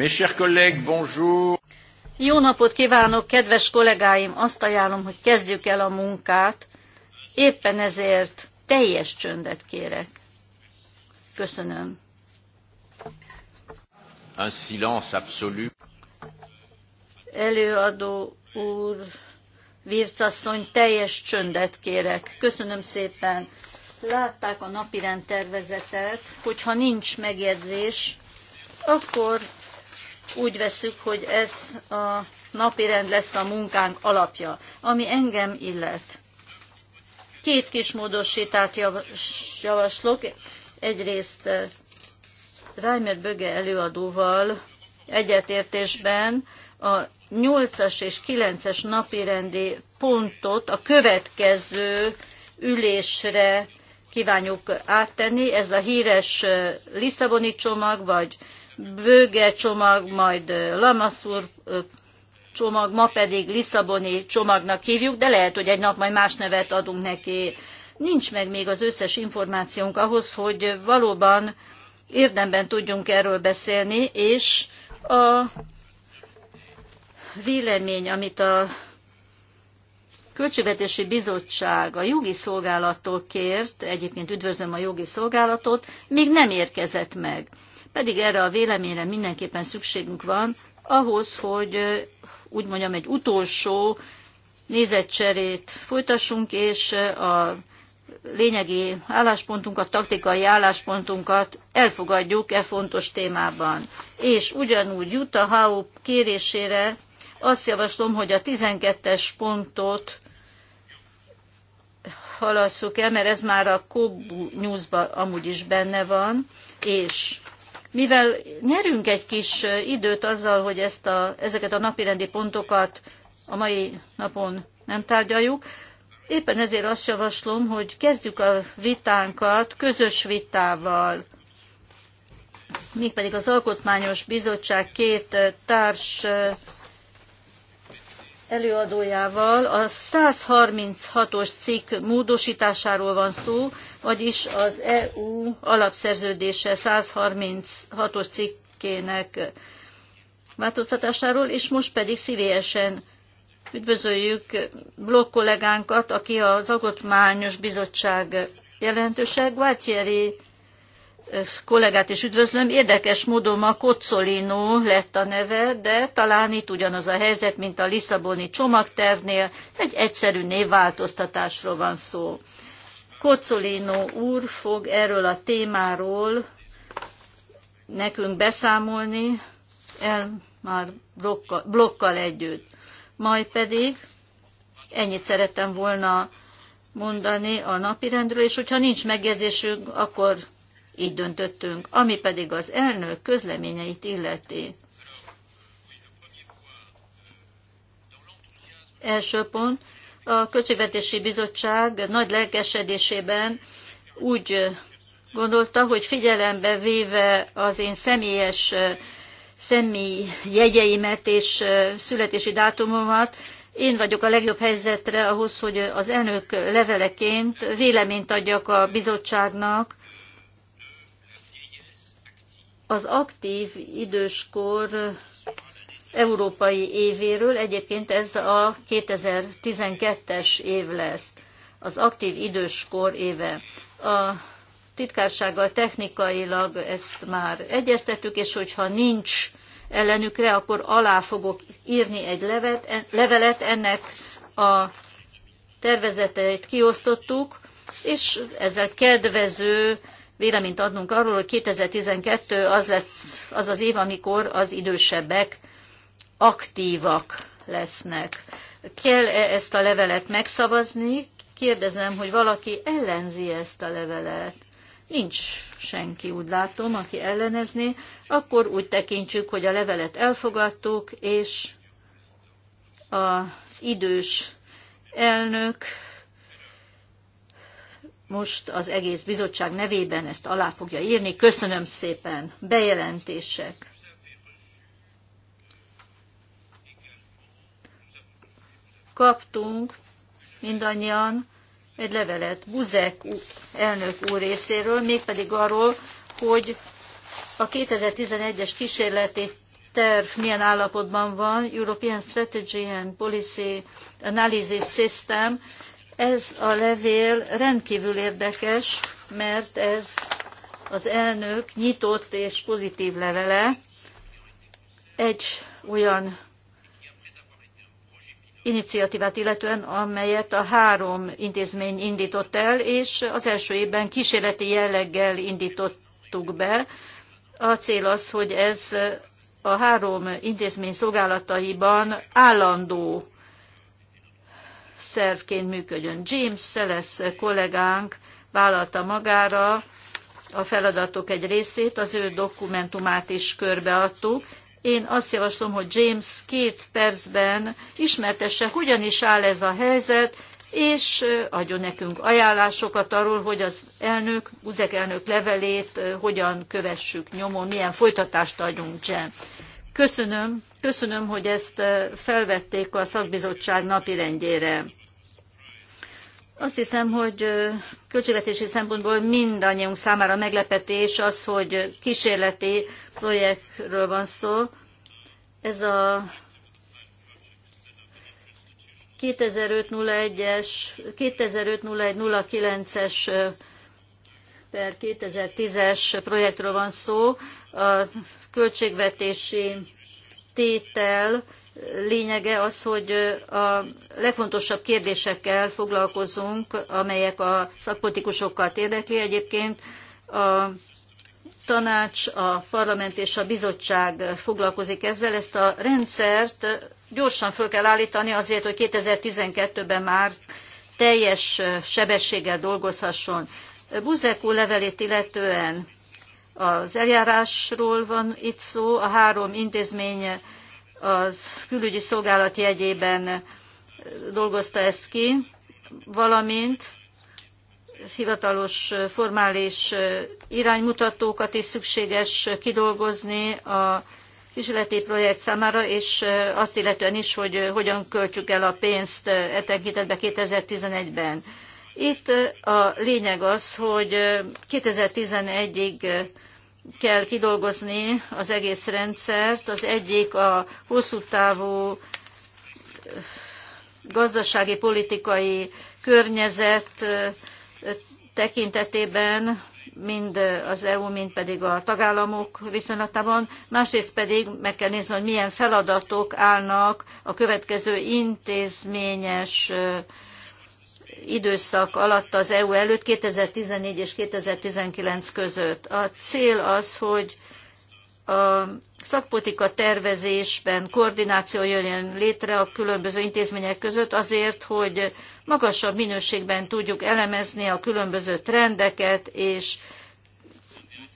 Mes chers collègues, bonjour. Jó napot kívánok, kedves kollégáim! Azt ajánlom, hogy kezdjük el a munkát. Éppen ezért teljes csöndet kérek. Köszönöm. Un silence absolu. Előadó úr, Vircasszony, teljes csöndet kérek. Köszönöm szépen. Látták a napirend tervezetet, hogyha nincs megjegyzés, akkor úgy veszük, hogy ez a napirend lesz a munkánk alapja, ami engem illet. Két kis módosítást javaslok. Egyrészt eh, Reimer Böge előadóval egyetértésben a 8-as és 9-es napirendi pontot a következő ülésre kívánjuk áttenni. Ez a híres eh, Lisszaboni csomag, vagy bőge csomag, majd lamaszúr csomag, ma pedig Lisszaboni csomagnak hívjuk, de lehet, hogy egy nap majd más nevet adunk neki. Nincs meg még az összes információnk ahhoz, hogy valóban érdemben tudjunk erről beszélni, és a vélemény, amit a Költségvetési Bizottság a jogi szolgálattól kért, egyébként üdvözlöm a jogi szolgálatot, még nem érkezett meg. Pedig erre a véleményre mindenképpen szükségünk van, ahhoz, hogy úgy mondjam, egy utolsó nézetcserét folytassunk, és a lényegi álláspontunkat, taktikai álláspontunkat elfogadjuk e fontos témában. És ugyanúgy Jutta Haup kérésére azt javaslom, hogy a 12-es pontot halasszuk el, mert ez már a Kobu News-ban amúgy is benne van, és mivel nyerünk egy kis időt azzal, hogy ezt a, ezeket a napirendi pontokat a mai napon nem tárgyaljuk, éppen ezért azt javaslom, hogy kezdjük a vitánkat közös vitával, mégpedig az Alkotmányos Bizottság két társ előadójával. A 136-os cikk módosításáról van szó, vagyis az EU alapszerződése 136-os cikkének változtatásáról, és most pedig szívélyesen üdvözöljük blokk kollégánkat, aki az Alkotmányos Bizottság jelentőség Guatieri kollégát is üdvözlöm. Érdekes módon ma Kocolino lett a neve, de talán itt ugyanaz a helyzet, mint a Lisszaboni csomagtervnél. Egy egyszerű névváltoztatásról van szó. Kocolino úr fog erről a témáról nekünk beszámolni, el már blokkal, blokkal együtt. Majd pedig ennyit szerettem volna mondani a napirendről, és hogyha nincs megjegyzésünk, akkor így döntöttünk. Ami pedig az elnök közleményeit illeti. Első pont, a Költségvetési Bizottság nagy lelkesedésében úgy gondolta, hogy figyelembe véve az én személyes személy jegyeimet és születési dátumomat, én vagyok a legjobb helyzetre ahhoz, hogy az elnök leveleként véleményt adjak a bizottságnak az aktív időskor európai évéről, egyébként ez a 2012-es év lesz, az aktív időskor éve. A titkársággal technikailag ezt már egyeztettük, és hogyha nincs ellenükre, akkor alá fogok írni egy levet, levelet, ennek a tervezeteit kiosztottuk, és ezzel kedvező véleményt adnunk arról, hogy 2012 az lesz az az év, amikor az idősebbek aktívak lesznek. Kell-e ezt a levelet megszavazni? Kérdezem, hogy valaki ellenzi ezt a levelet. Nincs senki, úgy látom, aki ellenezni. Akkor úgy tekintsük, hogy a levelet elfogadtuk, és az idős elnök most az egész bizottság nevében ezt alá fogja írni. Köszönöm szépen. Bejelentések. Kaptunk mindannyian egy levelet Buzek elnök úr részéről, mégpedig arról, hogy a 2011-es kísérleti terv milyen állapotban van, European Strategy and Policy Analysis System, ez a levél rendkívül érdekes, mert ez az elnök nyitott és pozitív levele egy olyan iniciatívát illetően, amelyet a három intézmény indított el, és az első évben kísérleti jelleggel indítottuk be. A cél az, hogy ez a három intézmény szolgálataiban állandó szervként működjön. James seles kollégánk vállalta magára a feladatok egy részét, az ő dokumentumát is körbeadtuk. Én azt javaslom, hogy James két percben ismertesse, hogyan is áll ez a helyzet, és adjon nekünk ajánlásokat arról, hogy az elnök, Buzek elnök levelét hogyan kövessük nyomon, milyen folytatást adjunk James. Köszönöm, köszönöm, hogy ezt eh, felvették a szakbizottság napirendjére. Azt hiszem, hogy eh, költségvetési szempontból mindannyiunk számára meglepetés az, hogy kísérleti projektről van szó. Ez a 2005-01-es, 09 es per 2010-es projektről van szó, a költségvetési tétel lényege az, hogy a legfontosabb kérdésekkel foglalkozunk, amelyek a szakpolitikusokat érdekli. Egyébként a tanács, a parlament és a bizottság foglalkozik ezzel. Ezt a rendszert gyorsan föl kell állítani azért, hogy 2012-ben már teljes sebességgel dolgozhasson. Buzekú levelét illetően az eljárásról van itt szó, a három intézmény az külügyi szolgálat jegyében dolgozta ezt ki, valamint hivatalos, formális iránymutatókat is szükséges kidolgozni a kísérleti projekt számára, és azt illetően is, hogy hogyan költjük el a pénzt e tekintetbe 2011-ben. Itt a lényeg az, hogy 2011-ig kell kidolgozni az egész rendszert. Az egyik a hosszú távú eh, gazdasági politikai környezet eh, tekintetében mind az EU, mind pedig a tagállamok viszonylatában. Másrészt pedig meg kell nézni, hogy milyen feladatok állnak a következő intézményes eh, időszak alatt az EU előtt, 2014 és 2019 között. A cél az, hogy a szakpolitika tervezésben koordináció jöjjön létre a különböző intézmények között azért, hogy magasabb minőségben tudjuk elemezni a különböző trendeket és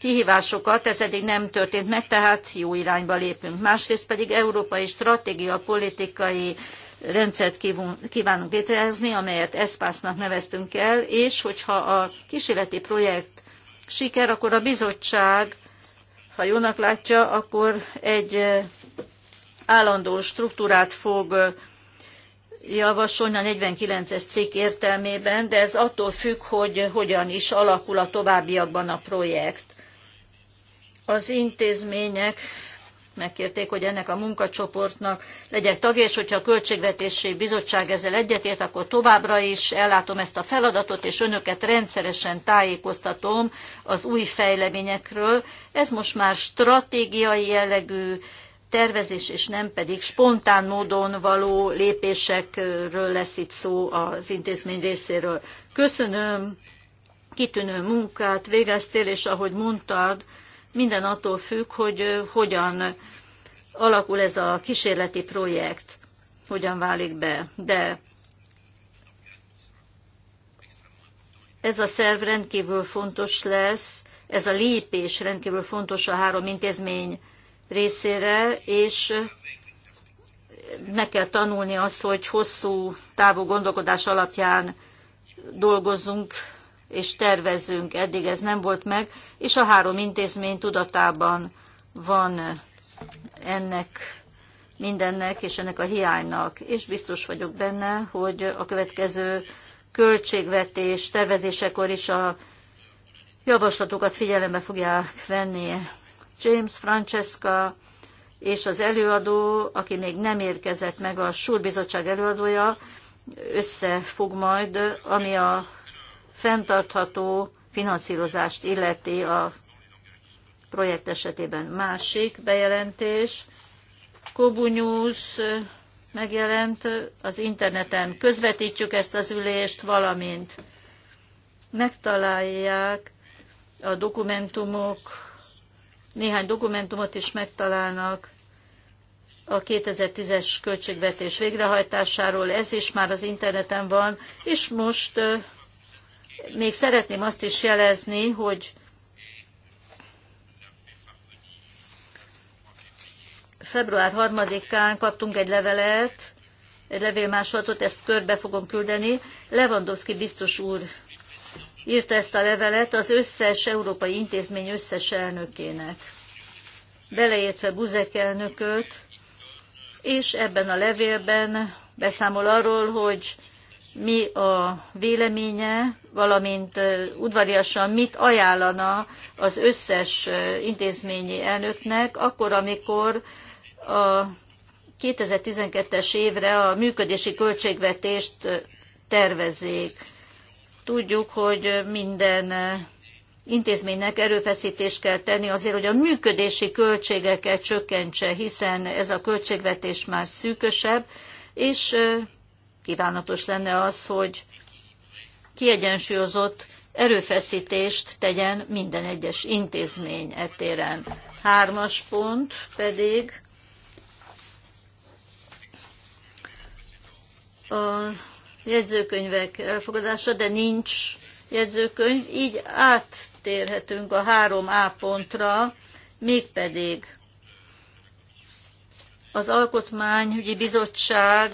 kihívásokat, ez eddig nem történt meg, tehát jó irányba lépünk. Másrészt pedig európai stratégia politikai rendszert kívánunk létrehozni, amelyet ESPASZ-nak neveztünk el, és hogyha a kísérleti projekt siker, akkor a bizottság, ha jónak látja, akkor egy eh, állandó struktúrát fog eh, javasolni a 49-es cikk értelmében, de ez attól függ, hogy hogyan is alakul a továbbiakban a projekt. Az intézmények megkérték, hogy ennek a munkacsoportnak legyek tagja, és hogyha a Költségvetési Bizottság ezzel egyetért, akkor továbbra is ellátom ezt a feladatot, és önöket rendszeresen tájékoztatom az új fejleményekről. Ez most már stratégiai jellegű tervezés, és nem pedig spontán módon való lépésekről lesz itt szó az intézmény részéről. Köszönöm, kitűnő munkát végeztél, és ahogy mondtad, minden attól függ, hogy hogyan alakul ez a kísérleti projekt, hogyan válik be. De ez a szerv rendkívül fontos lesz, ez a lépés rendkívül fontos a három intézmény részére, és meg kell tanulni azt, hogy hosszú távú gondolkodás alapján dolgozzunk és tervezünk, eddig ez nem volt meg, és a három intézmény tudatában van ennek mindennek és ennek a hiánynak, és biztos vagyok benne, hogy a következő költségvetés tervezésekor is a javaslatokat figyelembe fogják venni. James, Francesca és az előadó, aki még nem érkezett meg, a Súrbizottság előadója, össze fog majd, ami a fenntartható finanszírozást illeti a projekt esetében. Másik bejelentés, Kobu News megjelent, az interneten közvetítjük ezt az ülést, valamint megtalálják a dokumentumok, néhány dokumentumot is megtalálnak a 2010-es költségvetés végrehajtásáról, ez is már az interneten van, és most még szeretném azt is jelezni, hogy február 3-án kaptunk egy levelet, egy levélmásolatot, ezt körbe fogom küldeni. Lewandowski biztos úr írta ezt a levelet az összes európai intézmény összes elnökének, beleértve Buzek elnököt, és ebben a levélben beszámol arról, hogy mi a véleménye, valamint udvariasan mit ajánlana az összes intézményi elnöknek, akkor, amikor a 2012-es évre a működési költségvetést tervezzék. Tudjuk, hogy minden intézménynek erőfeszítést kell tenni azért, hogy a működési költségeket csökkentse, hiszen ez a költségvetés már szűkösebb, és kívánatos lenne az, hogy kiegyensúlyozott erőfeszítést tegyen minden egyes intézmény etéren. Hármas pont pedig a jegyzőkönyvek elfogadása, de nincs jegyzőkönyv, így áttérhetünk a 3A pontra, mégpedig az Alkotmányügyi Bizottság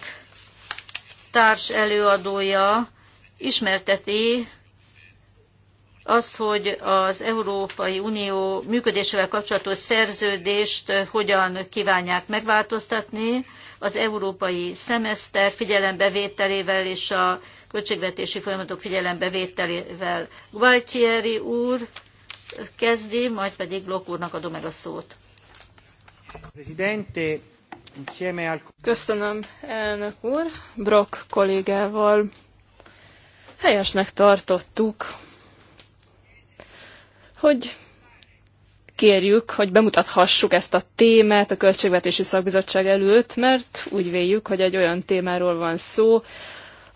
társ előadója ismerteti azt, hogy az Európai Unió működésével kapcsolatos szerződést hogyan kívánják megváltoztatni, az európai szemeszter figyelembevételével és a költségvetési folyamatok figyelembevételével. Gualtieri úr kezdi, majd pedig Blok úrnak adom meg a szót. Presidente, Köszönöm, elnök úr. Brock kollégával helyesnek tartottuk, hogy kérjük, hogy bemutathassuk ezt a témát a Költségvetési Szakbizottság előtt, mert úgy véljük, hogy egy olyan témáról van szó,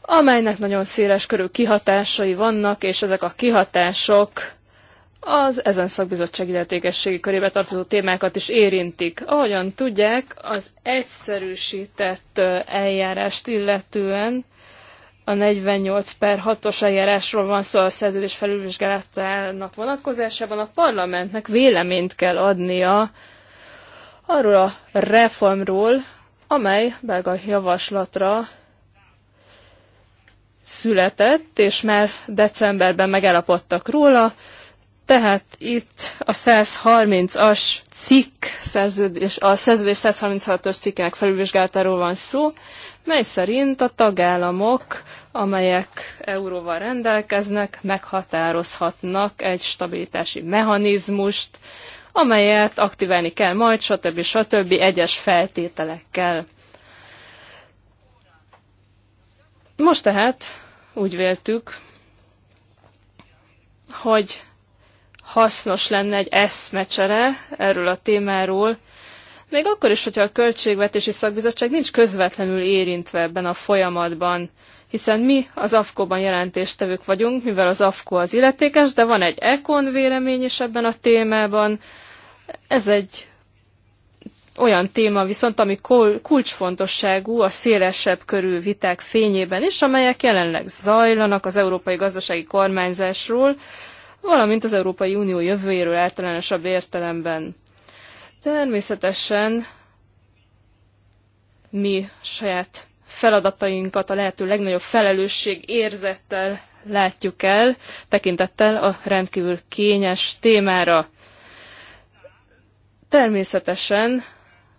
amelynek nagyon széles körű kihatásai vannak, és ezek a kihatások az ezen szakbizottság illetékességi körébe tartozó témákat is érintik. Ahogyan tudják, az egyszerűsített eljárást illetően a 48 per 6-os eljárásról van szó a szerződés felülvizsgálatának vonatkozásában, a parlamentnek véleményt kell adnia arról a reformról, amely belga javaslatra született, és már decemberben megállapodtak róla, tehát itt a 130-as cikk, szerződés, a szerződés 136-os cikkének felülvizsgálatáról van szó, mely szerint a tagállamok, amelyek euróval rendelkeznek, meghatározhatnak egy stabilitási mechanizmust, amelyet aktiválni kell majd, stb. stb. egyes feltételekkel. Most tehát úgy véltük, hogy hasznos lenne egy eszmecsere erről a témáról, még akkor is, hogyha a Költségvetési Szakbizottság nincs közvetlenül érintve ebben a folyamatban, hiszen mi az AFKO-ban jelentéstevők vagyunk, mivel az AFKO az illetékes, de van egy ekon vélemény is ebben a témában. Ez egy olyan téma viszont, ami kulcsfontosságú a szélesebb körű viták fényében is, amelyek jelenleg zajlanak az európai gazdasági kormányzásról, valamint az Európai Unió jövőjéről általánosabb értelemben. Természetesen mi saját feladatainkat a lehető legnagyobb felelősség érzettel látjuk el, tekintettel a rendkívül kényes témára. Természetesen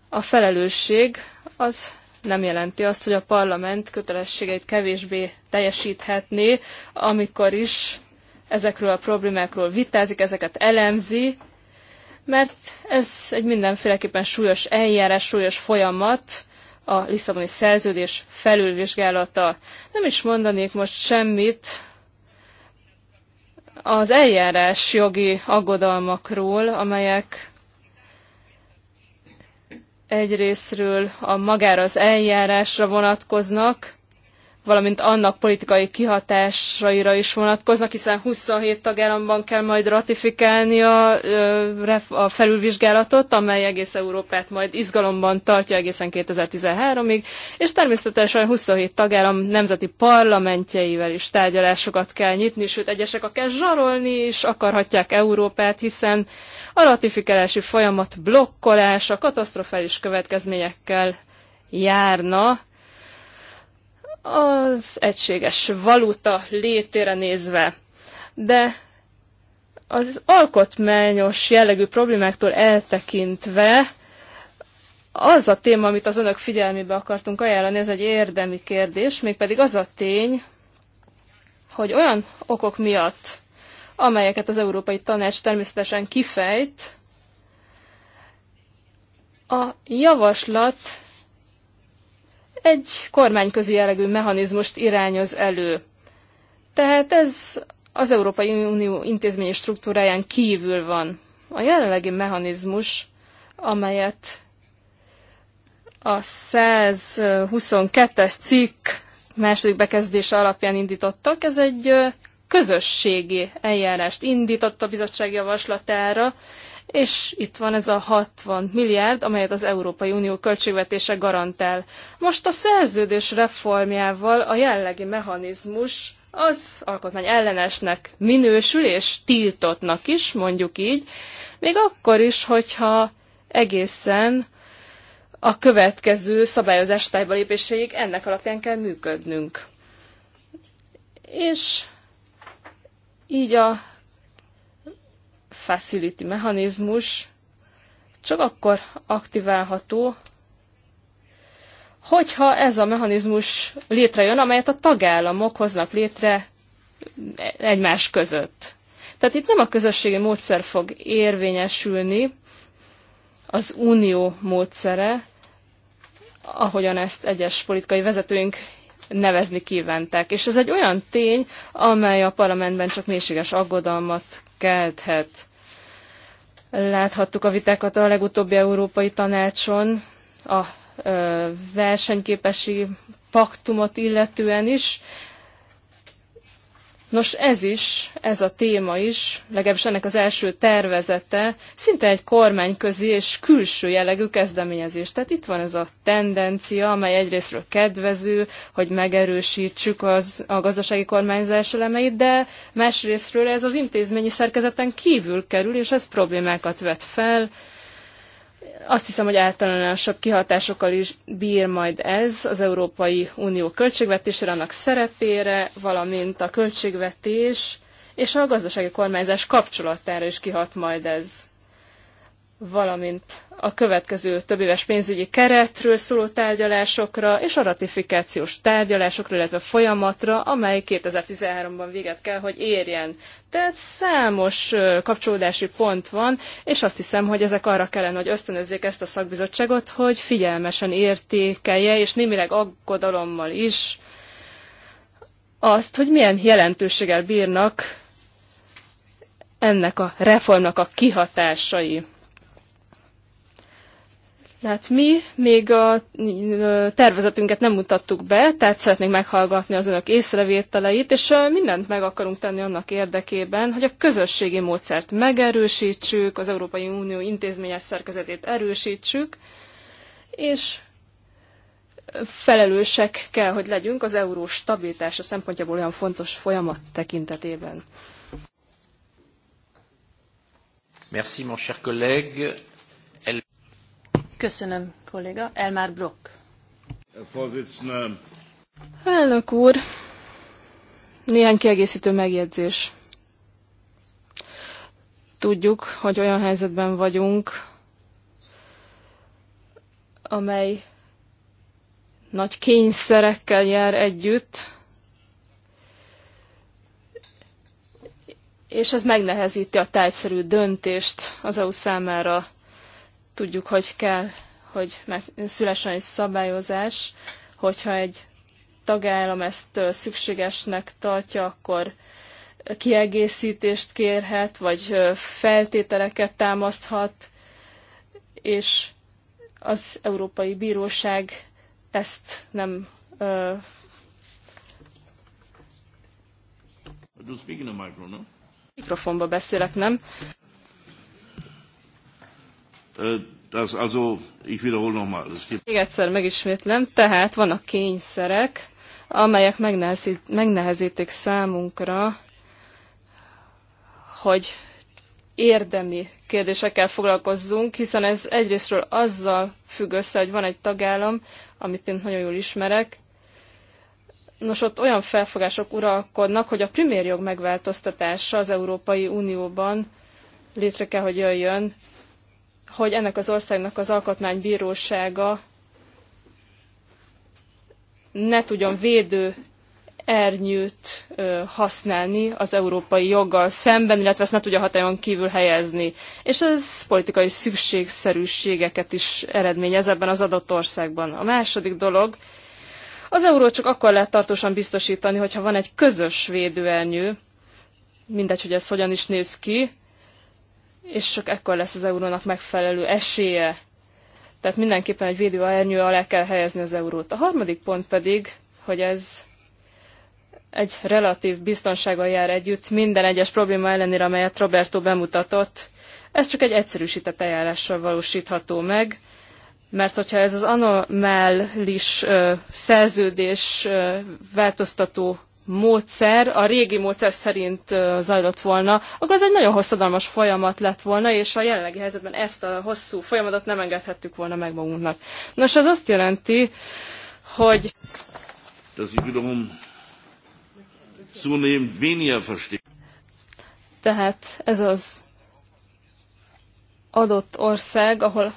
a felelősség az nem jelenti azt, hogy a parlament kötelességeit kevésbé teljesíthetné, amikor is ezekről a problémákról vitázik, ezeket elemzi, mert ez egy mindenféleképpen súlyos eljárás, súlyos folyamat, a Lisszaboni szerződés felülvizsgálata. Nem is mondanék most semmit az eljárás jogi aggodalmakról, amelyek egyrésztről a magára az eljárásra vonatkoznak, valamint annak politikai kihatásaira is vonatkoznak, hiszen 27 tagállamban kell majd ratifikálni a, a felülvizsgálatot, amely egész Európát majd izgalomban tartja egészen 2013-ig, és természetesen 27 tagállam nemzeti parlamentjeivel is tárgyalásokat kell nyitni, sőt egyesek akár zsarolni is akarhatják Európát, hiszen a ratifikálási folyamat blokkolása katasztrofális következményekkel járna, az egységes valuta létére nézve. De az alkotmányos jellegű problémáktól eltekintve az a téma, amit az önök figyelmébe akartunk ajánlani, ez egy érdemi kérdés, mégpedig az a tény, hogy olyan okok miatt, amelyeket az Európai Tanács természetesen kifejt, a javaslat egy kormányközi jellegű mechanizmust irányoz elő. Tehát ez az Európai Unió intézményi struktúráján kívül van. A jelenlegi mechanizmus, amelyet a 122-es cikk második bekezdése alapján indítottak, ez egy közösségi eljárást indított a bizottság javaslatára, és itt van ez a 60 milliárd, amelyet az Európai Unió költségvetése garantál. Most a szerződés reformjával a jellegi mechanizmus az alkotmány ellenesnek minősül, és tiltottnak is, mondjuk így, még akkor is, hogyha egészen a következő szabályozás tájba lépéséig ennek alapján kell működnünk. És így a facility mechanizmus csak akkor aktiválható, hogyha ez a mechanizmus létrejön, amelyet a tagállamok hoznak létre egymás között. Tehát itt nem a közösségi módszer fog érvényesülni, az unió módszere, ahogyan ezt egyes politikai vezetőink nevezni kívánták. És ez egy olyan tény, amely a parlamentben csak mélységes aggodalmat kelthet. Láthattuk a vitákat a legutóbbi Európai Tanácson a versenyképesi paktumot illetően is, Nos, ez is, ez a téma is, legalábbis ennek az első tervezete, szinte egy kormányközi és külső jellegű kezdeményezés. Tehát itt van ez a tendencia, amely egyrésztről kedvező, hogy megerősítsük az, a gazdasági kormányzás elemeit, de másrésztről ez az intézményi szerkezeten kívül kerül, és ez problémákat vet fel, azt hiszem, hogy általánosabb kihatásokkal is bír majd ez az Európai Unió költségvetésére, annak szerepére, valamint a költségvetés és a gazdasági kormányzás kapcsolatára is kihat majd ez valamint a következő többéves pénzügyi keretről szóló tárgyalásokra és a ratifikációs tárgyalásokra, illetve folyamatra, amely 2013-ban véget kell, hogy érjen. Tehát számos kapcsolódási pont van, és azt hiszem, hogy ezek arra kellene, hogy ösztönözzék ezt a szakbizottságot, hogy figyelmesen értékelje, és némileg aggodalommal is azt, hogy milyen jelentőséggel bírnak ennek a reformnak a kihatásai. Hát mi még a tervezetünket nem mutattuk be, tehát szeretnénk meghallgatni az önök észrevételeit, és mindent meg akarunk tenni annak érdekében, hogy a közösségi módszert megerősítsük, az Európai Unió intézményes szerkezetét erősítsük, és felelősek kell, hogy legyünk az euró stabilitása szempontjából olyan fontos folyamat tekintetében. Merci, mon cher collègue. Köszönöm, kolléga. Elmár Brock. Elnök úr, néhány kiegészítő megjegyzés. Tudjuk, hogy olyan helyzetben vagyunk, amely nagy kényszerekkel jár együtt, és ez megnehezíti a tájszerű döntést az EU számára. Tudjuk, hogy kell, hogy szülessen egy szabályozás, hogyha egy tagállam ezt szükségesnek tartja, akkor kiegészítést kérhet, vagy feltételeket támaszthat, és az Európai Bíróság ezt nem ö... Mikrofonba beszélek, nem? az, azó, így wiederhole nochmal. Még egyszer megismétlem, tehát vannak kényszerek, amelyek megnehezít, megnehezítik számunkra, hogy érdemi kérdésekkel foglalkozzunk, hiszen ez egyrésztről azzal függ össze, hogy van egy tagállam, amit én nagyon jól ismerek. Nos, ott olyan felfogások uralkodnak, hogy a primérjog megváltoztatása az Európai Unióban létre kell, hogy jöjjön, hogy ennek az országnak az alkotmánybírósága ne tudjon védő ernyőt használni az európai joggal szemben, illetve ezt ne tudja hatályon kívül helyezni. És ez politikai szükségszerűségeket is eredményez ebben az adott országban. A második dolog, az eurót csak akkor lehet tartósan biztosítani, hogyha van egy közös védőernyő, mindegy, hogy ez hogyan is néz ki, és csak ekkor lesz az eurónak megfelelő esélye. Tehát mindenképpen egy ernyő alá kell helyezni az eurót. A harmadik pont pedig, hogy ez egy relatív biztonsággal jár együtt minden egyes probléma ellenére, amelyet Roberto bemutatott. Ez csak egy egyszerűsített eljárással valósítható meg, mert hogyha ez az anomális ö, szerződés változtató módszer a régi módszer szerint zajlott volna, akkor az egy nagyon hosszadalmas folyamat lett volna, és a jelenlegi helyzetben ezt a hosszú folyamatot nem engedhettük volna meg magunknak. Nos, ez azt jelenti, hogy... Tehát ez az adott ország, ahol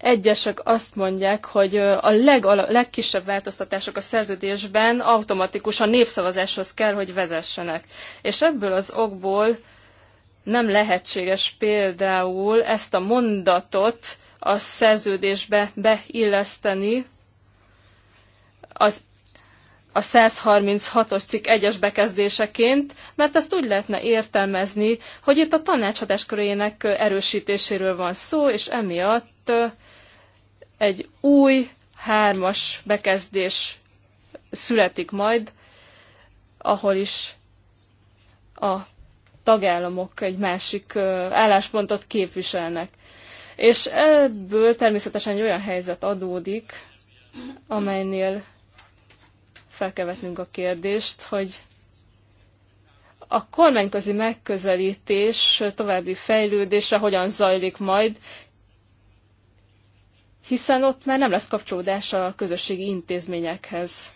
egyesek azt mondják, hogy a legala, legkisebb változtatások a szerződésben automatikusan népszavazáshoz kell, hogy vezessenek. És ebből az okból nem lehetséges például ezt a mondatot a szerződésbe beilleszteni az a 136-os cikk egyes bekezdéseként, mert ezt úgy lehetne értelmezni, hogy itt a tanácsadás körének erősítéséről van szó, és emiatt egy új hármas bekezdés születik majd, ahol is a tagállamok egy másik álláspontot képviselnek. És ebből természetesen egy olyan helyzet adódik, amelynél fel kell vetnünk a kérdést, hogy a kormányközi megközelítés további fejlődése hogyan zajlik majd, hiszen ott már nem lesz kapcsolódás a közösségi intézményekhez.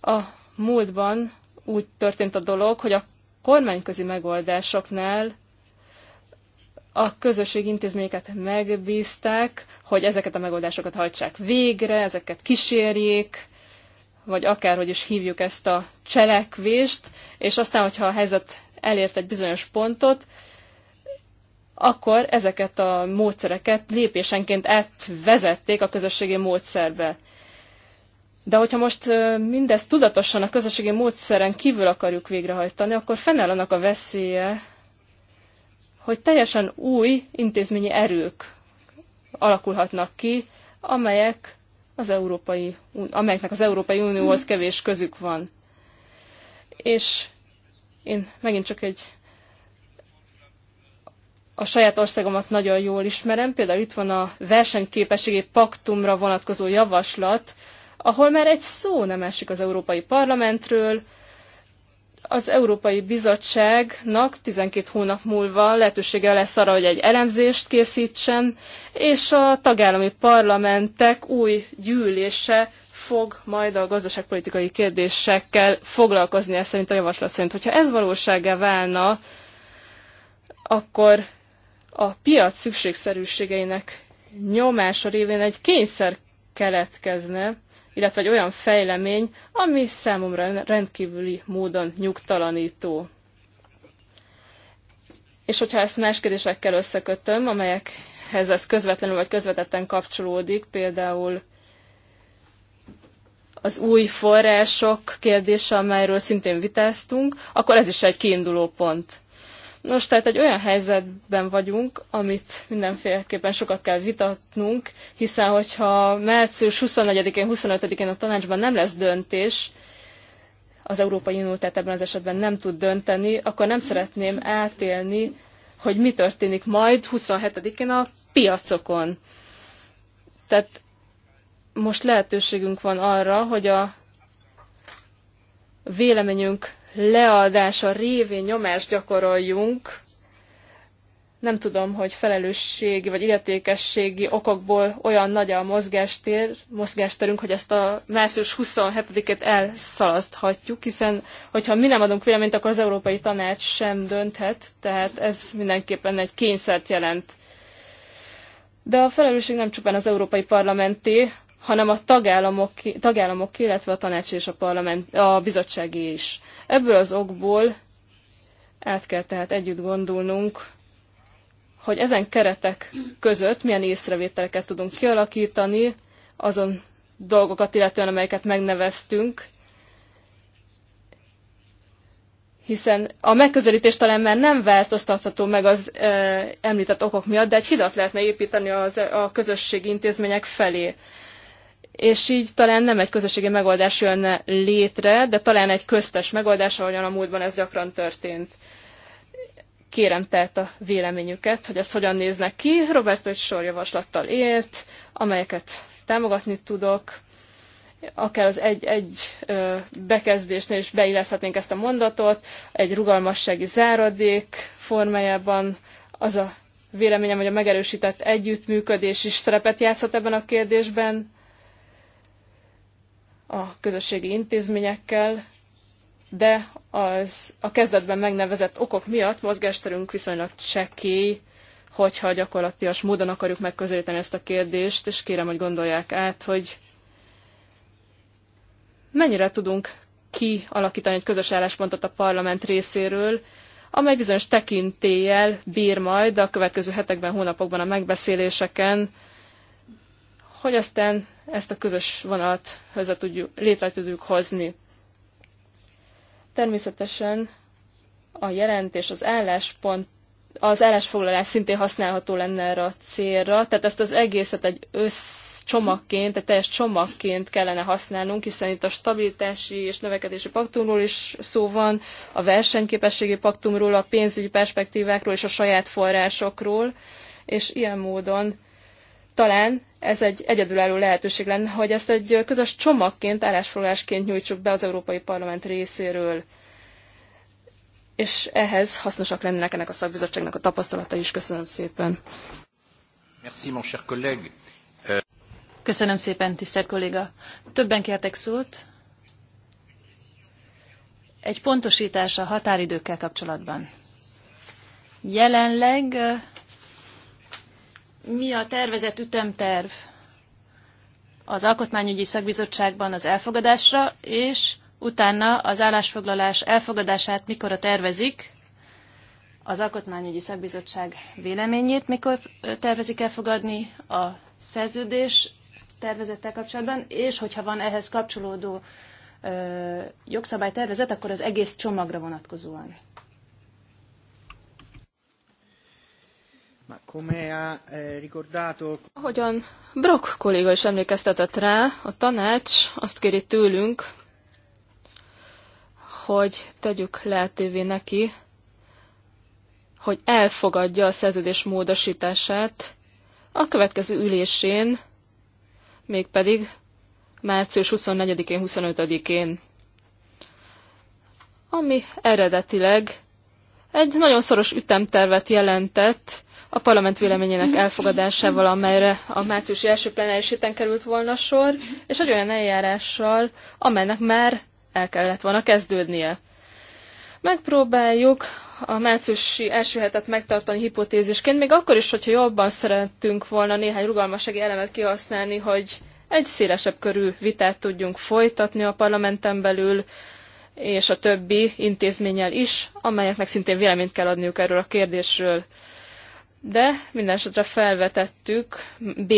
A múltban úgy történt a dolog, hogy a kormányközi megoldásoknál a közösségi intézményeket megbízták, hogy ezeket a megoldásokat hajtsák végre, ezeket kísérjék, vagy akárhogy is hívjuk ezt a cselekvést, és aztán, hogyha a helyzet elért egy bizonyos pontot, akkor ezeket a módszereket lépésenként átvezették a közösségi módszerbe. De hogyha most mindezt tudatosan a közösségi módszeren kívül akarjuk végrehajtani, akkor fennáll annak a veszélye, hogy teljesen új intézményi erők alakulhatnak ki, amelyek az Európai, amelyeknek az Európai Unióhoz kevés közük van. És én megint csak egy a saját országomat nagyon jól ismerem. Például itt van a versenyképességi paktumra vonatkozó javaslat, ahol már egy szó nem esik az Európai Parlamentről. Az Európai Bizottságnak 12 hónap múlva lehetősége lesz arra, hogy egy elemzést készítsen, és a tagállami parlamentek új gyűlése fog majd a gazdaságpolitikai kérdésekkel foglalkozni, ez szerint a javaslat szerint. Hogyha ez valósággá válna, akkor a piac szükségszerűségeinek nyomása révén egy kényszer keletkezne, illetve egy olyan fejlemény, ami számomra rendkívüli módon nyugtalanító. És hogyha ezt más kérdésekkel összekötöm, amelyekhez ez közvetlenül vagy közvetetten kapcsolódik, például az új források kérdése, amelyről szintén vitáztunk, akkor ez is egy kiinduló pont. Nos, tehát egy olyan helyzetben vagyunk, amit mindenféleképpen sokat kell vitatnunk, hiszen hogyha március 24-én, 25-én a tanácsban nem lesz döntés, az Európai Unió tehát ebben az esetben nem tud dönteni, akkor nem szeretném átélni, hogy mi történik majd 27-én a piacokon. Tehát most lehetőségünk van arra, hogy a véleményünk leadása révén nyomást gyakoroljunk, nem tudom, hogy felelősségi vagy illetékességi okokból olyan nagy a mozgástér, mozgásterünk, hogy ezt a március 27-et elszalaszthatjuk, hiszen hogyha mi nem adunk véleményt, akkor az Európai Tanács sem dönthet, tehát ez mindenképpen egy kényszert jelent. De a felelősség nem csupán az Európai Parlamenté, hanem a tagállamok, tagállamok illetve a tanács és a, parlament, a bizottsági is. Ebből az okból át kell tehát együtt gondolnunk, hogy ezen keretek között milyen észrevételeket tudunk kialakítani, azon dolgokat illetően, amelyeket megneveztünk, hiszen a megközelítés talán már nem változtatható meg az e, említett okok miatt, de egy hidat lehetne építeni az, a közösségi intézmények felé és így talán nem egy közösségi megoldás jönne létre, de talán egy köztes megoldás, ahogyan a múltban ez gyakran történt. Kérem tehát a véleményüket, hogy ez hogyan néznek ki. Roberto egy sor javaslattal élt, amelyeket támogatni tudok. Akár az egy-egy bekezdésnél is beilleszthetnénk ezt a mondatot, egy rugalmassági záradék formájában az a véleményem, hogy a megerősített együttműködés is szerepet játszhat ebben a kérdésben, a közösségi intézményekkel, de az a kezdetben megnevezett okok miatt mozgásterünk viszonylag csekély, hogyha gyakorlatias módon akarjuk megközelíteni ezt a kérdést, és kérem, hogy gondolják át, hogy mennyire tudunk kialakítani egy közös álláspontot a parlament részéről, amely bizonyos tekintéllyel bír majd a következő hetekben, hónapokban a megbeszéléseken, hogy aztán ezt a közös vonalat hozzá tudjuk, létre tudjuk hozni. Természetesen a jelentés, az álláspont, az állásfoglalás szintén használható lenne erre a célra, tehát ezt az egészet egy összcsomagként, egy teljes csomagként kellene használnunk, hiszen itt a stabilitási és növekedési paktumról is szó van, a versenyképességi paktumról, a pénzügyi perspektívákról és a saját forrásokról, és ilyen módon talán ez egy egyedülálló lehetőség lenne, hogy ezt egy közös csomagként, állásfoglalásként nyújtsuk be az Európai Parlament részéről. És ehhez hasznosak lennének ennek a szakbizottságnak a tapasztalata is. Köszönöm szépen. Merci, mon cher collègue. Köszönöm szépen, tisztelt kolléga. Többen kértek szót. Egy pontosítás a határidőkkel kapcsolatban. Jelenleg mi a tervezett ütemterv az Alkotmányügyi Szakbizottságban az elfogadásra, és utána az állásfoglalás elfogadását mikor tervezik, az Alkotmányügyi Szakbizottság véleményét mikor tervezik elfogadni a szerződés tervezettel kapcsolatban, és hogyha van ehhez kapcsolódó jogszabálytervezet, akkor az egész csomagra vonatkozóan. Eh, Ahogyan Brock kolléga is emlékeztetett rá, a tanács azt kéri tőlünk, hogy tegyük lehetővé neki, hogy elfogadja a szerződés módosítását a következő ülésén, mégpedig március 24-én, 25-én, ami eredetileg egy nagyon szoros ütemtervet jelentett, a parlament véleményének elfogadásával, amelyre a márciusi első plenáris héten került volna sor, és egy olyan eljárással, amelynek már el kellett volna kezdődnie. Megpróbáljuk a márciusi első hetet megtartani hipotézisként, még akkor is, hogyha jobban szerettünk volna néhány rugalmasági elemet kihasználni, hogy egy szélesebb körű vitát tudjunk folytatni a parlamenten belül, és a többi intézménnyel is, amelyeknek szintén véleményt kell adniuk erről a kérdésről de minden esetre felvetettük b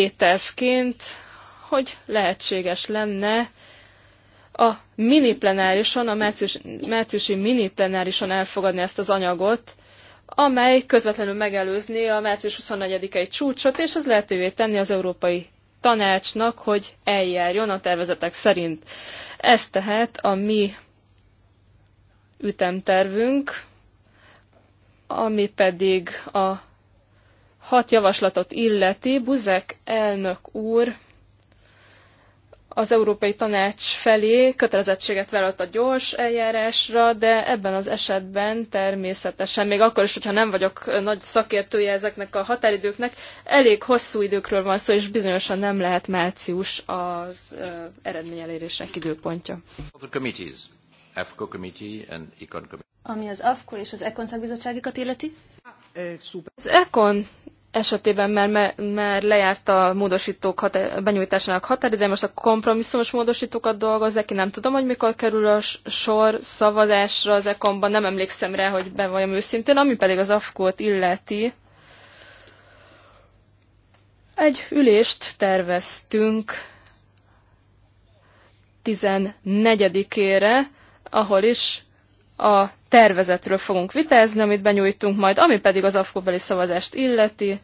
hogy lehetséges lenne a mini plenárison, a márciusi, márciusi mini plenárison elfogadni ezt az anyagot, amely közvetlenül megelőzni a március 24-i csúcsot, és ez lehetővé tenni az Európai Tanácsnak, hogy eljárjon a tervezetek szerint. Ez tehát a mi ütemtervünk, ami pedig a hat javaslatot illeti, Buzek elnök úr az Európai Tanács felé kötelezettséget vállalt a gyors eljárásra, de ebben az esetben természetesen, még akkor is, hogyha nem vagyok nagy szakértője ezeknek a határidőknek, elég hosszú időkről van szó, és bizonyosan nem lehet március az uh, eredmény elérések időpontja. Ami az AFKO és az ECON szakbizottságokat illeti? Ah, eh, az ECON esetében már, már lejárt a módosítók határ, benyújtásának de most a kompromisszumos módosítókat dolgozzák ki, nem tudom, hogy mikor kerül a sor szavazásra az ekonban, nem emlékszem rá, hogy be őszintén, ami pedig az afkót illeti. Egy ülést terveztünk 14-ére, ahol is a tervezetről fogunk vitázni, amit benyújtunk majd, ami pedig az afkóbeli szavazást illeti.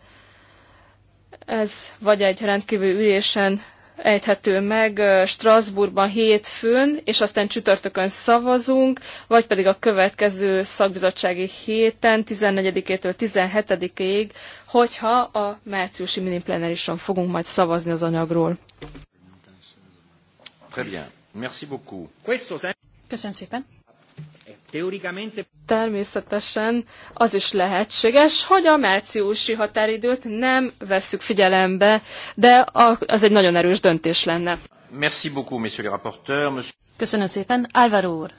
Ez vagy egy rendkívül ülésen ejthető meg Strasbourgban hétfőn, és aztán csütörtökön szavazunk, vagy pedig a következő szakbizottsági héten, 14-től 17-ig, hogyha a márciusi miniplenárison fogunk majd szavazni az anyagról. Köszönöm szépen. Természetesen az is lehetséges, hogy a márciusi határidőt nem vesszük figyelembe, de az egy nagyon erős döntés lenne. Merci beaucoup, messieurs les rapporteurs. Monsieur... Köszönöm szépen. Álvaro úr.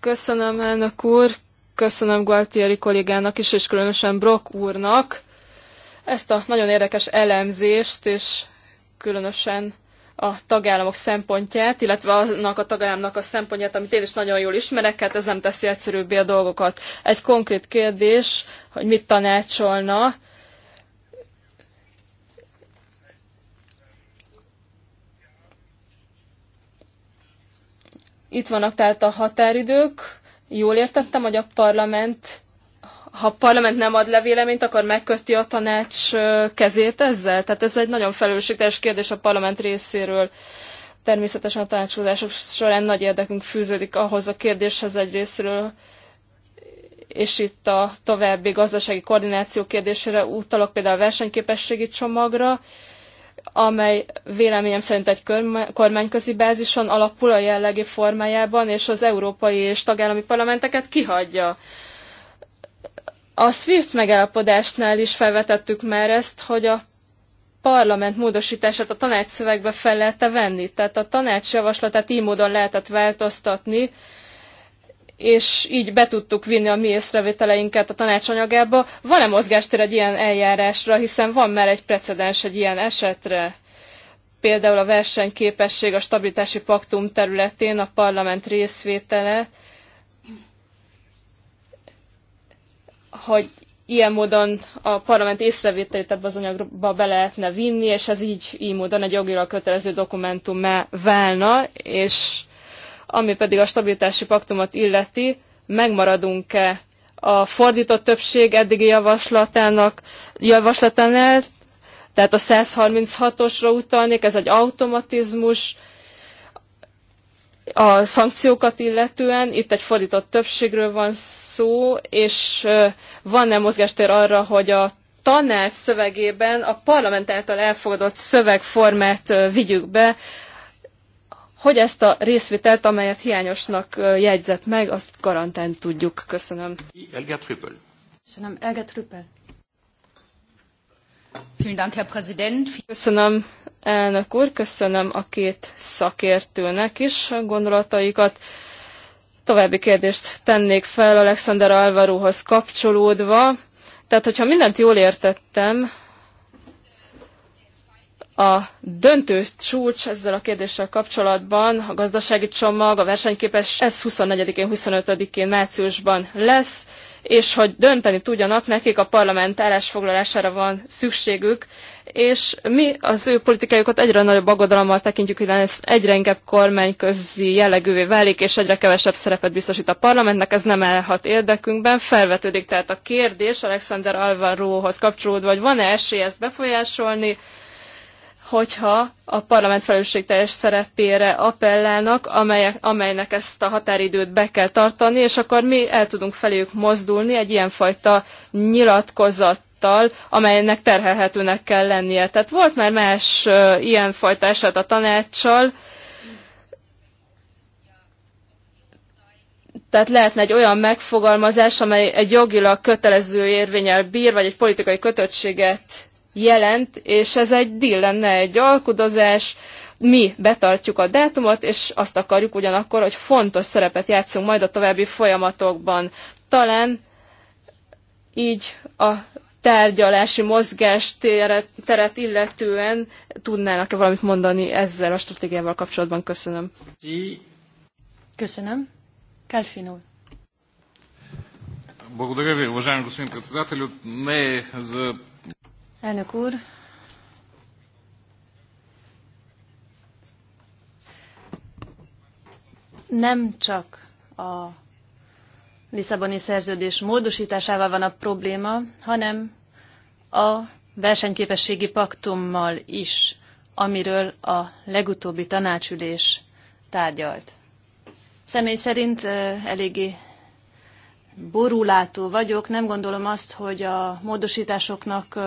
Köszönöm, elnök úr. Köszönöm Gualtieri kollégának is, és különösen Brock úrnak ezt a nagyon érdekes elemzést, és különösen a tagállamok szempontját, illetve annak a tagállamnak a szempontját, amit én is nagyon jól ismerek, hát ez nem teszi egyszerűbbé a dolgokat. Egy konkrét kérdés, hogy mit tanácsolna, Itt vannak tehát a határidők. Jól értettem, hogy a parlament ha a parlament nem ad levéleményt, akkor megköti a tanács kezét ezzel? Tehát ez egy nagyon felelősséges kérdés a parlament részéről. Természetesen a tanácsolások során nagy érdekünk fűződik ahhoz a kérdéshez egy részről, és itt a további gazdasági koordináció kérdésére utalok például a versenyképességi csomagra, amely véleményem szerint egy kormányközi bázison alapul a jellegi formájában, és az európai és tagállami parlamenteket kihagyja. A SWIFT megállapodásnál is felvetettük már ezt, hogy a parlament módosítását a tanács szövegbe fel lehet -e venni. Tehát a tanács javaslatát így módon lehetett változtatni, és így be tudtuk vinni a mi észrevételeinket a anyagába. Van-e mozgástér egy ilyen eljárásra, hiszen van már egy precedens egy ilyen esetre? Például a versenyképesség a stabilitási paktum területén a parlament részvétele, hogy ilyen módon a parlament észrevételét ebbe az anyagba be lehetne vinni, és ez így, így módon egy jogilag kötelező dokumentumá válna, és ami pedig a stabilitási paktumot illeti, megmaradunk-e a fordított többség eddigi javaslatának, javaslatánál, tehát a 136-osra utalnék, ez egy automatizmus, a szankciókat illetően itt egy fordított többségről van szó, és van-e mozgástér arra, hogy a tanács szövegében a parlament által elfogadott szövegformát vigyük be, hogy ezt a részvételt, amelyet hiányosnak jegyzett meg, azt garantálni tudjuk. Köszönöm. Elga Trüppel. Köszönöm. Elga Trüppel. Köszönöm, elnök úr, köszönöm a két szakértőnek is a gondolataikat. További kérdést tennék fel Alexander Alvaróhoz kapcsolódva. Tehát, hogyha mindent jól értettem, a döntő csúcs ezzel a kérdéssel kapcsolatban, a gazdasági csomag, a versenyképes, ez 24-én, 25-én márciusban lesz és hogy dönteni tudjanak, nekik a parlament állásfoglalására van szükségük, és mi az ő politikájukat egyre nagyobb aggodalommal tekintjük, hiszen ez egyre inkább kormányközi jellegűvé válik, és egyre kevesebb szerepet biztosít a parlamentnek, ez nem állhat érdekünkben. Felvetődik tehát a kérdés Alexander Alvaróhoz kapcsolódva, hogy van-e esély ezt befolyásolni, hogyha a parlament felelősségteljes szerepére appellálnak, amelyek, amelynek ezt a határidőt be kell tartani, és akkor mi el tudunk feléjük mozdulni egy ilyenfajta nyilatkozat amelynek terhelhetőnek kell lennie. Tehát volt már más uh, ilyenfajta eset a tanácssal, Tehát lehetne egy olyan megfogalmazás, amely egy jogilag kötelező érvényel bír, vagy egy politikai kötöttséget jelent, és ez egy deal lenne, egy alkudozás, mi betartjuk a dátumot, és azt akarjuk ugyanakkor, hogy fontos szerepet játszunk majd a további folyamatokban. Talán így a tárgyalási mozgás teret illetően tudnának-e valamit mondani ezzel a stratégiával kapcsolatban? Köszönöm. Köszönöm. Kelfinul. Благодаря ви, уважаеми господин председател. Не за Elnök úr, nem csak a Lisszaboni szerződés módosításával van a probléma, hanem a versenyképességi paktummal is, amiről a legutóbbi tanácsülés tárgyalt. Személy szerint eh, eléggé borulátó vagyok. Nem gondolom azt, hogy a módosításoknak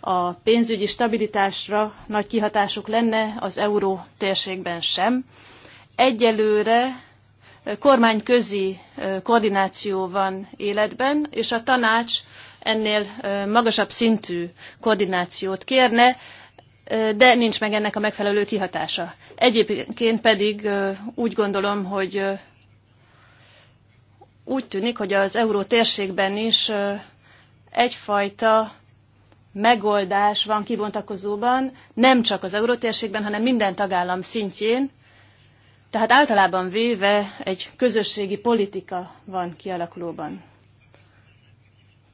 a pénzügyi stabilitásra nagy kihatásuk lenne az euró térségben sem. Egyelőre kormányközi koordináció van életben, és a tanács ennél magasabb szintű koordinációt kérne, de nincs meg ennek a megfelelő kihatása. Egyébként pedig úgy gondolom, hogy úgy tűnik, hogy az euró térségben is egyfajta megoldás van kibontakozóban, nem csak az eurótérségben, hanem minden tagállam szintjén. Tehát általában véve egy közösségi politika van kialakulóban.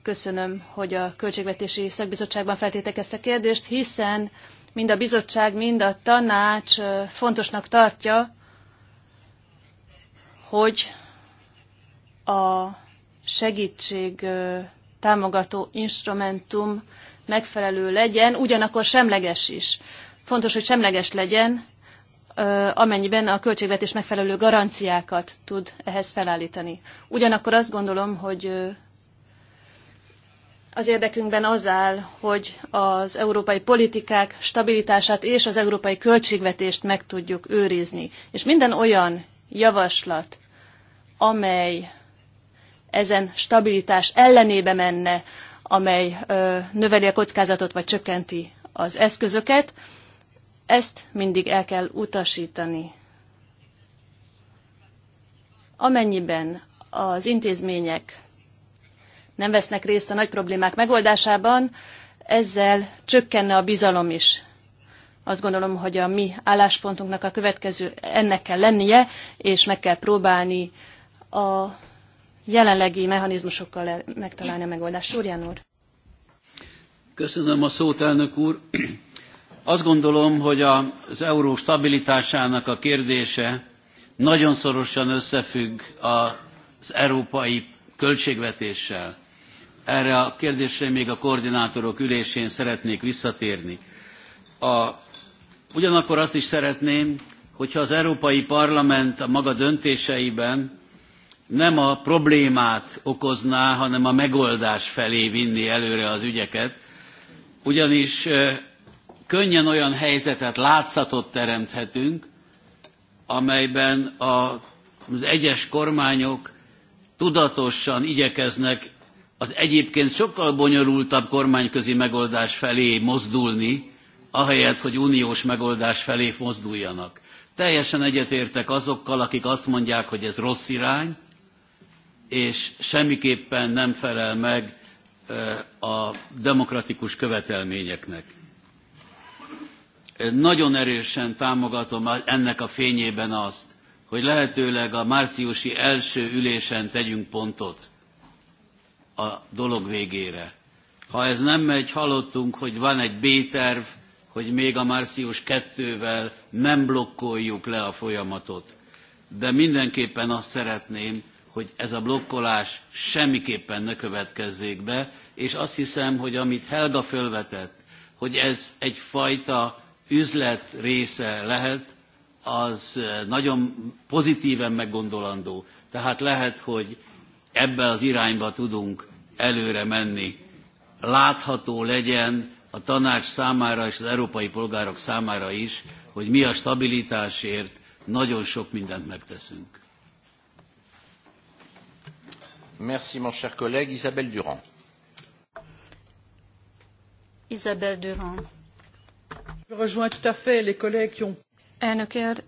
Köszönöm, hogy a Költségvetési Szakbizottságban feltétek ezt a kérdést, hiszen mind a bizottság, mind a tanács fontosnak tartja, hogy a segítség támogató instrumentum megfelelő legyen, ugyanakkor semleges is. Fontos, hogy semleges legyen, amennyiben a költségvetés megfelelő garanciákat tud ehhez felállítani. Ugyanakkor azt gondolom, hogy az érdekünkben az áll, hogy az európai politikák stabilitását és az európai költségvetést meg tudjuk őrizni. És minden olyan javaslat, amely ezen stabilitás ellenébe menne, amely ö, növeli a kockázatot vagy csökkenti az eszközöket, ezt mindig el kell utasítani. Amennyiben az intézmények nem vesznek részt a nagy problémák megoldásában, ezzel csökkenne a bizalom is. Azt gondolom, hogy a mi álláspontunknak a következő ennek kell lennie, és meg kell próbálni a jelenlegi mechanizmusokkal megtalálni a megoldást. Súrján úr. Köszönöm a szót, elnök úr. Azt gondolom, hogy az euró stabilitásának a kérdése nagyon szorosan összefügg az európai költségvetéssel. Erre a kérdésre még a koordinátorok ülésén szeretnék visszatérni. A, ugyanakkor azt is szeretném, hogyha az Európai Parlament a maga döntéseiben nem a problémát okozná, hanem a megoldás felé vinni előre az ügyeket, ugyanis könnyen olyan helyzetet, látszatot teremthetünk, amelyben az egyes kormányok tudatosan igyekeznek az egyébként sokkal bonyolultabb kormányközi megoldás felé mozdulni, ahelyett, hogy uniós megoldás felé mozduljanak. Teljesen egyetértek azokkal, akik azt mondják, hogy ez rossz irány, és semmiképpen nem felel meg a demokratikus követelményeknek. Nagyon erősen támogatom ennek a fényében azt, hogy lehetőleg a márciusi első ülésen tegyünk pontot a dolog végére. Ha ez nem megy, hallottunk, hogy van egy B-terv, hogy még a március kettővel nem blokkoljuk le a folyamatot. De mindenképpen azt szeretném, hogy ez a blokkolás semmiképpen ne következzék be, és azt hiszem, hogy amit Helga fölvetett, hogy ez egyfajta üzlet része lehet, az eh, nagyon pozitíven meggondolandó. Tehát lehet, hogy ebbe az irányba tudunk előre menni. Látható legyen a tanács számára és az európai polgárok számára is, hogy mi a stabilitásért nagyon sok mindent megteszünk. Merci, mon cher collègue. Isabelle Durand. Isabelle Durand. Je rejoins tout à fait les collègues qui ont... Elnök ér,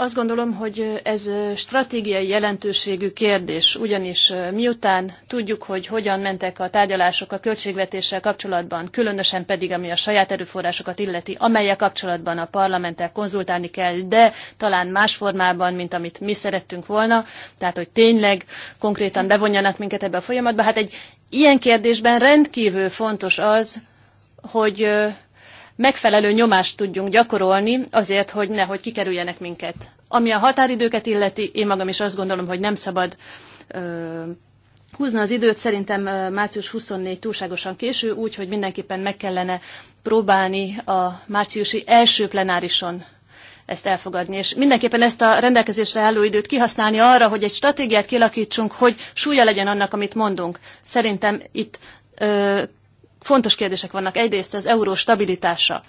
azt gondolom, hogy ez stratégiai jelentőségű kérdés, ugyanis miután tudjuk, hogy hogyan mentek a tárgyalások a költségvetéssel kapcsolatban, különösen pedig ami a saját erőforrásokat illeti, amelyek kapcsolatban a parlamenttel konzultálni kell, de talán más formában, mint amit mi szerettünk volna, tehát hogy tényleg konkrétan bevonjanak minket ebbe a folyamatba. Hát egy ilyen kérdésben rendkívül fontos az, hogy megfelelő nyomást tudjunk gyakorolni azért, hogy nehogy kikerüljenek minket. Ami a határidőket illeti, én magam is azt gondolom, hogy nem szabad ö, húzni az időt. Szerintem március 24 túlságosan késő, úgyhogy mindenképpen meg kellene próbálni a márciusi első plenárison ezt elfogadni. És mindenképpen ezt a rendelkezésre álló időt kihasználni arra, hogy egy stratégiát kilakítsunk, hogy súlya legyen annak, amit mondunk. Szerintem itt ö, fontos kérdések vannak. Egyrészt az euró stabilitása.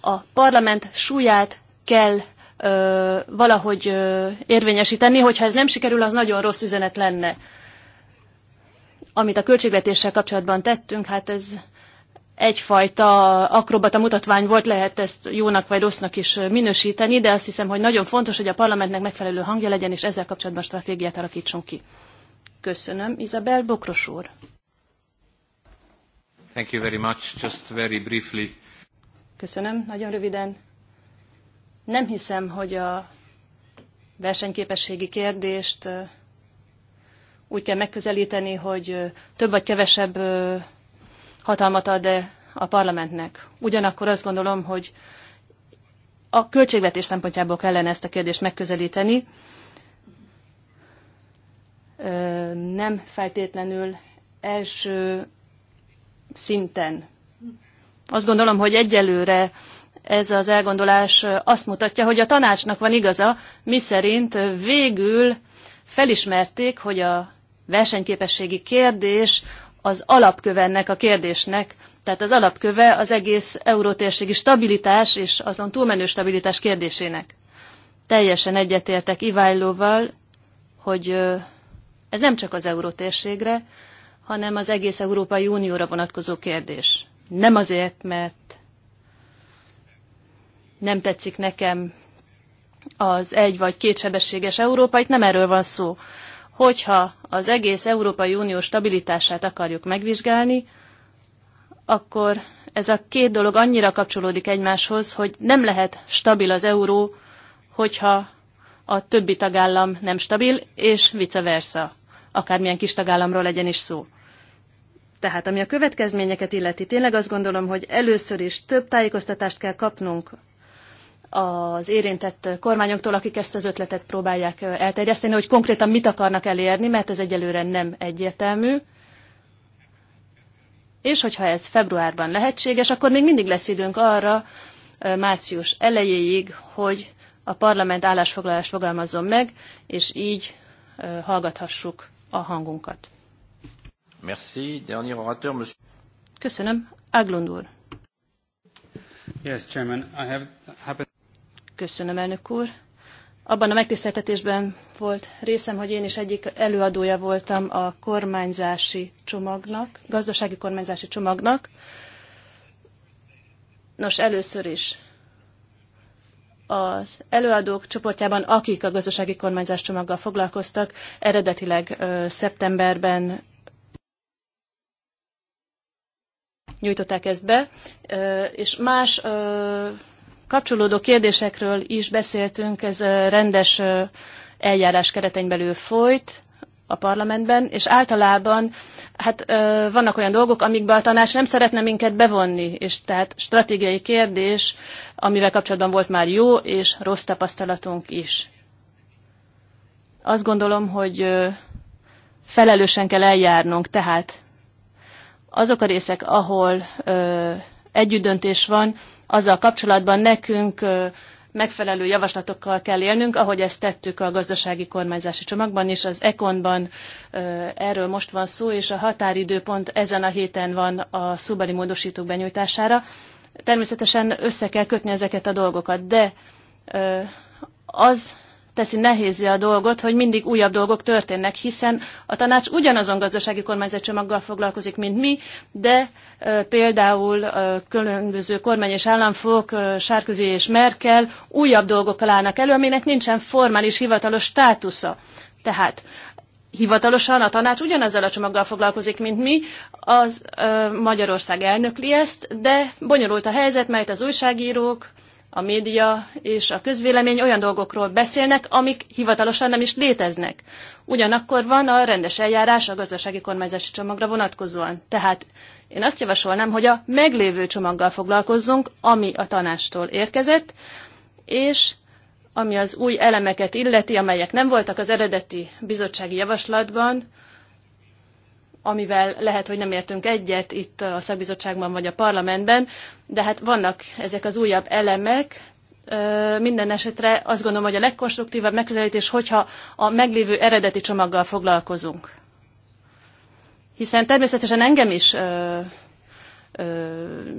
A parlament súlyát kell ö, valahogy ö, érvényesíteni, hogyha ez nem sikerül, az nagyon rossz üzenet lenne. Amit a költségvetéssel kapcsolatban tettünk, hát ez egyfajta akrobata mutatvány volt, lehet ezt jónak vagy rossznak is minősíteni, de azt hiszem, hogy nagyon fontos, hogy a parlamentnek megfelelő hangja legyen, és ezzel kapcsolatban stratégiát alakítsunk ki. Köszönöm. Izabel Bokros úr. Thank you very much. Just very briefly. Köszönöm, nagyon röviden. Nem hiszem, hogy a versenyképességi kérdést úgy kell megközelíteni, hogy több vagy kevesebb hatalmat ad -e a parlamentnek. Ugyanakkor azt gondolom, hogy a költségvetés szempontjából kellene ezt a kérdést megközelíteni. Nem feltétlenül első szinten. Azt gondolom, hogy egyelőre ez az elgondolás azt mutatja, hogy a tanácsnak van igaza, miszerint végül felismerték, hogy a versenyképességi kérdés az alapkövennek a kérdésnek, tehát az alapköve az egész eurótérségi stabilitás és azon túlmenő stabilitás kérdésének. Teljesen egyetértek Iványlóval, hogy ez nem csak az eurótérségre, hanem az egész Európai Unióra vonatkozó kérdés. Nem azért, mert nem tetszik nekem az egy vagy kétsebességes Európa, itt nem erről van szó. Hogyha az egész Európai Unió stabilitását akarjuk megvizsgálni, akkor ez a két dolog annyira kapcsolódik egymáshoz, hogy nem lehet stabil az euró, hogyha a többi tagállam nem stabil, és vice versa, akármilyen kis tagállamról legyen is szó. Tehát ami a következményeket illeti, tényleg azt gondolom, hogy először is több tájékoztatást kell kapnunk az érintett kormányoktól, akik ezt az ötletet próbálják elterjeszteni, hogy konkrétan mit akarnak elérni, mert ez egyelőre nem egyértelmű. És hogyha ez februárban lehetséges, akkor még mindig lesz időnk arra, március elejéig, hogy a parlament állásfoglalást fogalmazzon meg, és így hallgathassuk a hangunkat. Merci. Dernier orateur, monsieur... Köszönöm. Aglund úr. Yes, Chairman, I have happened... Köszönöm, elnök úr. Abban a megtiszteltetésben volt részem, hogy én is egyik előadója voltam a kormányzási csomagnak, gazdasági kormányzási csomagnak. Nos, először is az előadók csoportjában, akik a gazdasági kormányzás csomaggal foglalkoztak, eredetileg szeptemberben nyújtották ezt be, és más kapcsolódó kérdésekről is beszéltünk, ez rendes eljárás keretein belül folyt a parlamentben, és általában hát vannak olyan dolgok, amikbe a tanács nem szeretne minket bevonni, és tehát stratégiai kérdés, amivel kapcsolatban volt már jó és rossz tapasztalatunk is. Azt gondolom, hogy felelősen kell eljárnunk, tehát azok a részek, ahol együttdöntés van, azzal kapcsolatban nekünk megfelelő javaslatokkal kell élnünk, ahogy ezt tettük a gazdasági kormányzási csomagban is, az Econban erről most van szó, és a határidőpont ezen a héten van a szóbeli módosítók benyújtására. Természetesen össze kell kötni ezeket a dolgokat, de az teszi nehézé a dolgot, hogy mindig újabb dolgok történnek, hiszen a tanács ugyanazon gazdasági kormányzatcsomaggal foglalkozik, mint mi, de e, például e, különböző kormány és államfok, e, Sárközi és Merkel újabb dolgokkal állnak elő, aminek nincsen formális hivatalos státusza. Tehát hivatalosan a tanács ugyanezzel a csomaggal foglalkozik, mint mi, az ö, Magyarország elnökli ezt, de bonyolult a helyzet, mert az újságírók, a média és a közvélemény olyan dolgokról beszélnek, amik hivatalosan nem is léteznek. Ugyanakkor van a rendes eljárás a gazdasági kormányzási csomagra vonatkozóan. Tehát én azt javasolnám, hogy a meglévő csomaggal foglalkozzunk, ami a tanástól érkezett, és ami az új elemeket illeti, amelyek nem voltak az eredeti bizottsági javaslatban, amivel lehet, hogy nem értünk egyet itt a szakbizottságban vagy a parlamentben, de hát vannak ezek az újabb elemek, minden esetre azt gondolom, hogy a legkonstruktívabb megközelítés, hogyha a meglévő eredeti csomaggal foglalkozunk. Hiszen természetesen engem is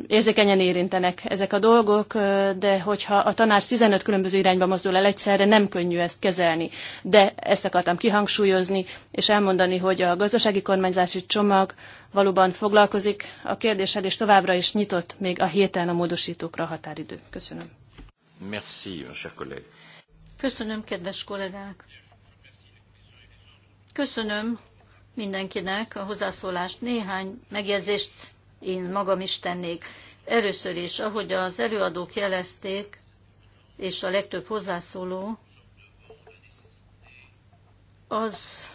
érzékenyen érintenek ezek a dolgok, de hogyha a tanács 15 különböző irányba mozdul el egyszerre, nem könnyű ezt kezelni. De ezt akartam kihangsúlyozni, és elmondani, hogy a gazdasági kormányzási csomag valóban foglalkozik a kérdéssel, és továbbra is nyitott még a héten a módosítókra a határidő. Köszönöm. Merci, Köszönöm, kedves kollégák. Köszönöm mindenkinek a hozzászólást. Néhány megjegyzést én magam is tennék. Először is, ahogy az előadók jelezték, és a legtöbb hozzászóló, az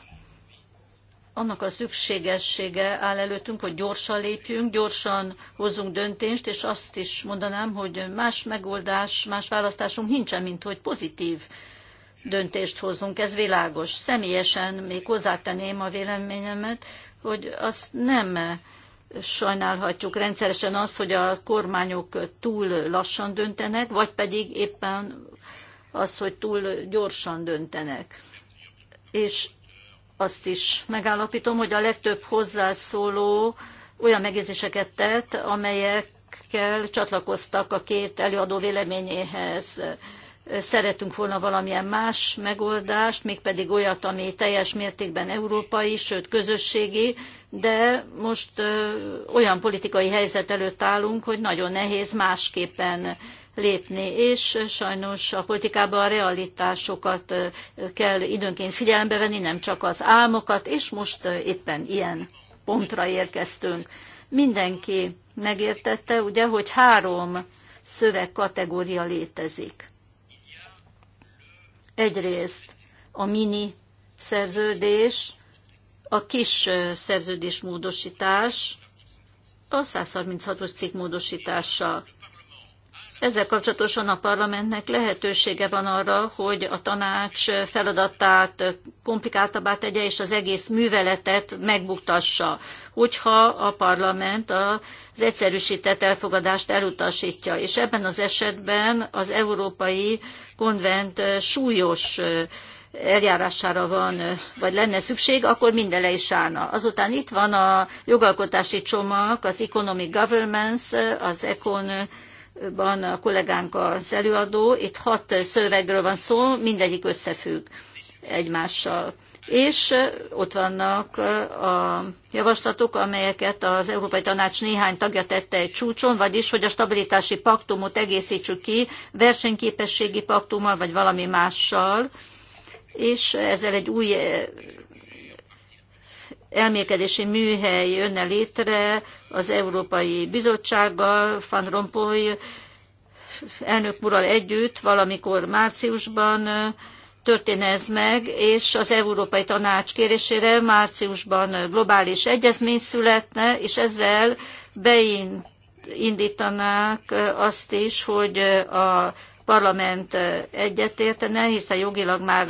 annak a szükségessége áll előttünk, hogy gyorsan lépjünk, gyorsan hozzunk döntést, és azt is mondanám, hogy más megoldás, más választásunk nincsen, mint hogy pozitív döntést hozzunk. Ez világos. Személyesen még hozzátenném a véleményemet, hogy azt nem sajnálhatjuk rendszeresen az, hogy a kormányok túl lassan döntenek, vagy pedig éppen az, hogy túl gyorsan döntenek. És azt is megállapítom, hogy a legtöbb hozzászóló olyan megjegyzéseket tett, amelyekkel csatlakoztak a két előadó véleményéhez. Szeretünk volna valamilyen más megoldást, mégpedig olyat, ami teljes mértékben európai, sőt közösségi, de most olyan politikai helyzet előtt állunk, hogy nagyon nehéz másképpen lépni, és sajnos a politikában a realitásokat kell időnként figyelembe venni, nem csak az álmokat, és most éppen ilyen pontra érkeztünk. Mindenki megértette, ugye, hogy három szövegkategória létezik. Egyrészt a mini szerződés, a kis szerződésmódosítás a 136-os cikk módosítással. Ezzel kapcsolatosan a parlamentnek lehetősége van arra, hogy a tanács feladatát komplikáltabbá tegye, és az egész műveletet megbuktassa, hogyha a parlament az egyszerűsített elfogadást elutasítja. És ebben az esetben az Európai Konvent súlyos eljárására van, vagy lenne szükség, akkor minden le is állna. Azután itt van a jogalkotási csomag, az Economic Governance, az Econ van a kollégánk az előadó, itt hat szövegről van szó, mindegyik összefügg egymással. És ott vannak a javaslatok, amelyeket az Európai Tanács néhány tagja tette egy csúcson, vagyis, hogy a stabilitási paktumot egészítsük ki versenyképességi paktummal, vagy valami mással, és ezzel egy új eh, elmélkedési műhely jönne létre az Európai Bizottsággal, Van Rompuy elnök ural együtt valamikor márciusban eh, történne ez meg, és az Európai Tanács kérésére márciusban globális egyezmény születne, és ezzel beindítanák eh, azt is, hogy a parlament egyetértene, hiszen jogilag már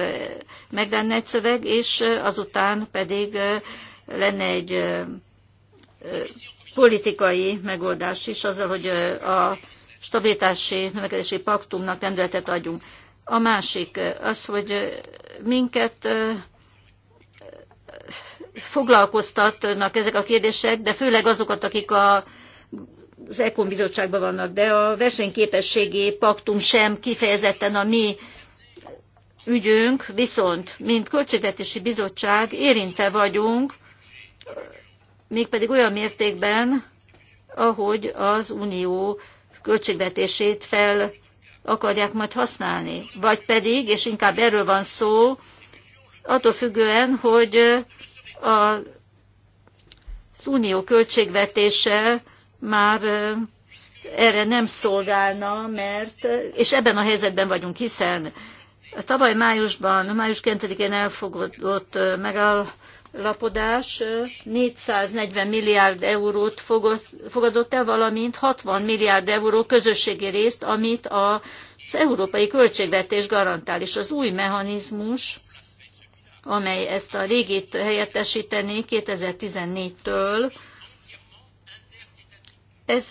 meg lenne egy szöveg, és azután pedig lenne egy politikai megoldás is azzal, hogy a stabilitási növekedési paktumnak rendeletet adjunk. A másik az, hogy minket foglalkoztatnak ezek a kérdések, de főleg azokat, akik a az ECOM bizottságban vannak, de a versenyképességi paktum sem kifejezetten a mi ügyünk, viszont mint költségvetési bizottság érintve vagyunk, mégpedig olyan mértékben, ahogy az unió költségvetését fel akarják majd használni. Vagy pedig, és inkább erről van szó, attól függően, hogy a, az unió költségvetése már erre nem szolgálna, mert, és ebben a helyzetben vagyunk, hiszen tavaly májusban, május 9-én elfogadott megállapodás 440 milliárd eurót fogadott el, valamint 60 milliárd euró közösségi részt, amit az európai költségvetés garantál, és az új mechanizmus, amely ezt a régit helyettesítené 2014-től, ez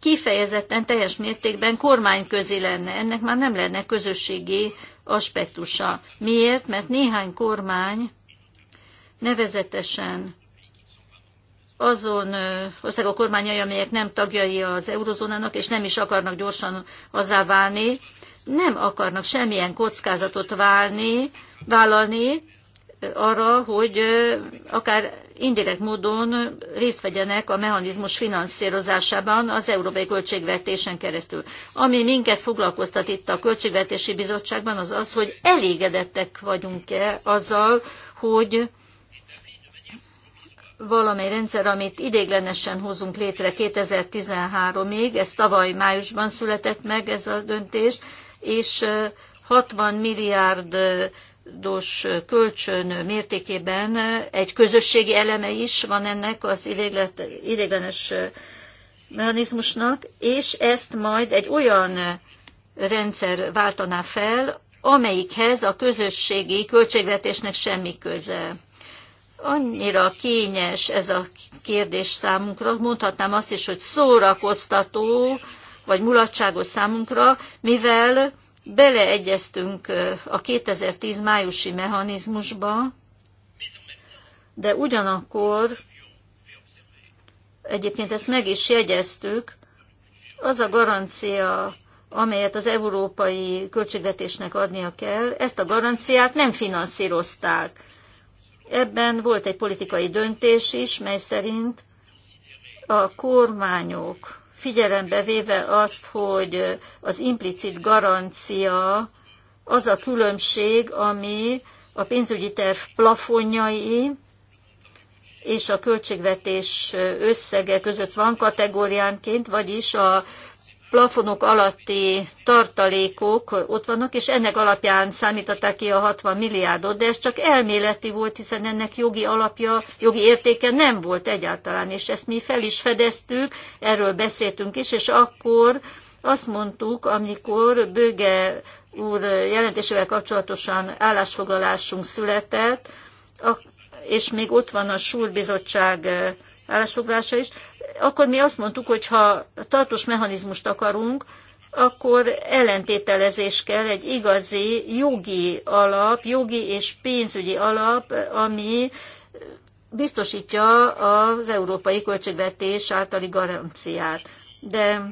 kifejezetten teljes mértékben kormányközi lenne, ennek már nem lenne közösségi aspektusa. Miért? Mert néhány kormány nevezetesen azon országok kormányai, amelyek nem tagjai az eurozónának, és nem is akarnak gyorsan hozzá válni, nem akarnak semmilyen kockázatot válni, vállalni arra, hogy akár indirekt módon részt vegyenek a mechanizmus finanszírozásában az európai költségvetésen keresztül. Ami minket foglalkoztat itt a Költségvetési Bizottságban az az, hogy elégedettek vagyunk-e azzal, hogy valamely rendszer, amit idéglenesen hozunk létre 2013-ig, ez tavaly májusban született meg ez a döntés, és 60 milliárd milliárdos kölcsön mértékében egy közösségi eleme is van ennek az ideiglenes mechanizmusnak, és ezt majd egy olyan rendszer váltaná fel, amelyikhez a közösségi költségvetésnek semmi köze. Annyira kényes ez a kérdés számunkra, mondhatnám azt is, hogy szórakoztató, vagy mulatságos számunkra, mivel beleegyeztünk a 2010 májusi mechanizmusba, de ugyanakkor egyébként ezt meg is jegyeztük, az a garancia, amelyet az európai költségvetésnek adnia kell, ezt a garanciát nem finanszírozták. Ebben volt egy politikai döntés is, mely szerint a kormányok figyelembe véve azt, hogy az implicit garancia az a különbség, ami a pénzügyi terv plafonjai és a költségvetés összege között van kategóriánként, vagyis a plafonok alatti tartalékok ott vannak, és ennek alapján számították ki a 60 milliárdot, de ez csak elméleti volt, hiszen ennek jogi alapja, jogi értéke nem volt egyáltalán, és ezt mi fel is fedeztük, erről beszéltünk is, és akkor azt mondtuk, amikor Bőge úr jelentésével kapcsolatosan állásfoglalásunk született, és még ott van a súrbizottság eh, állásfoglalása is, akkor mi azt mondtuk, hogy ha tartós mechanizmust akarunk, akkor ellentételezés kell, egy igazi jogi alap, jogi és pénzügyi alap, ami biztosítja az európai költségvetés általi garanciát. De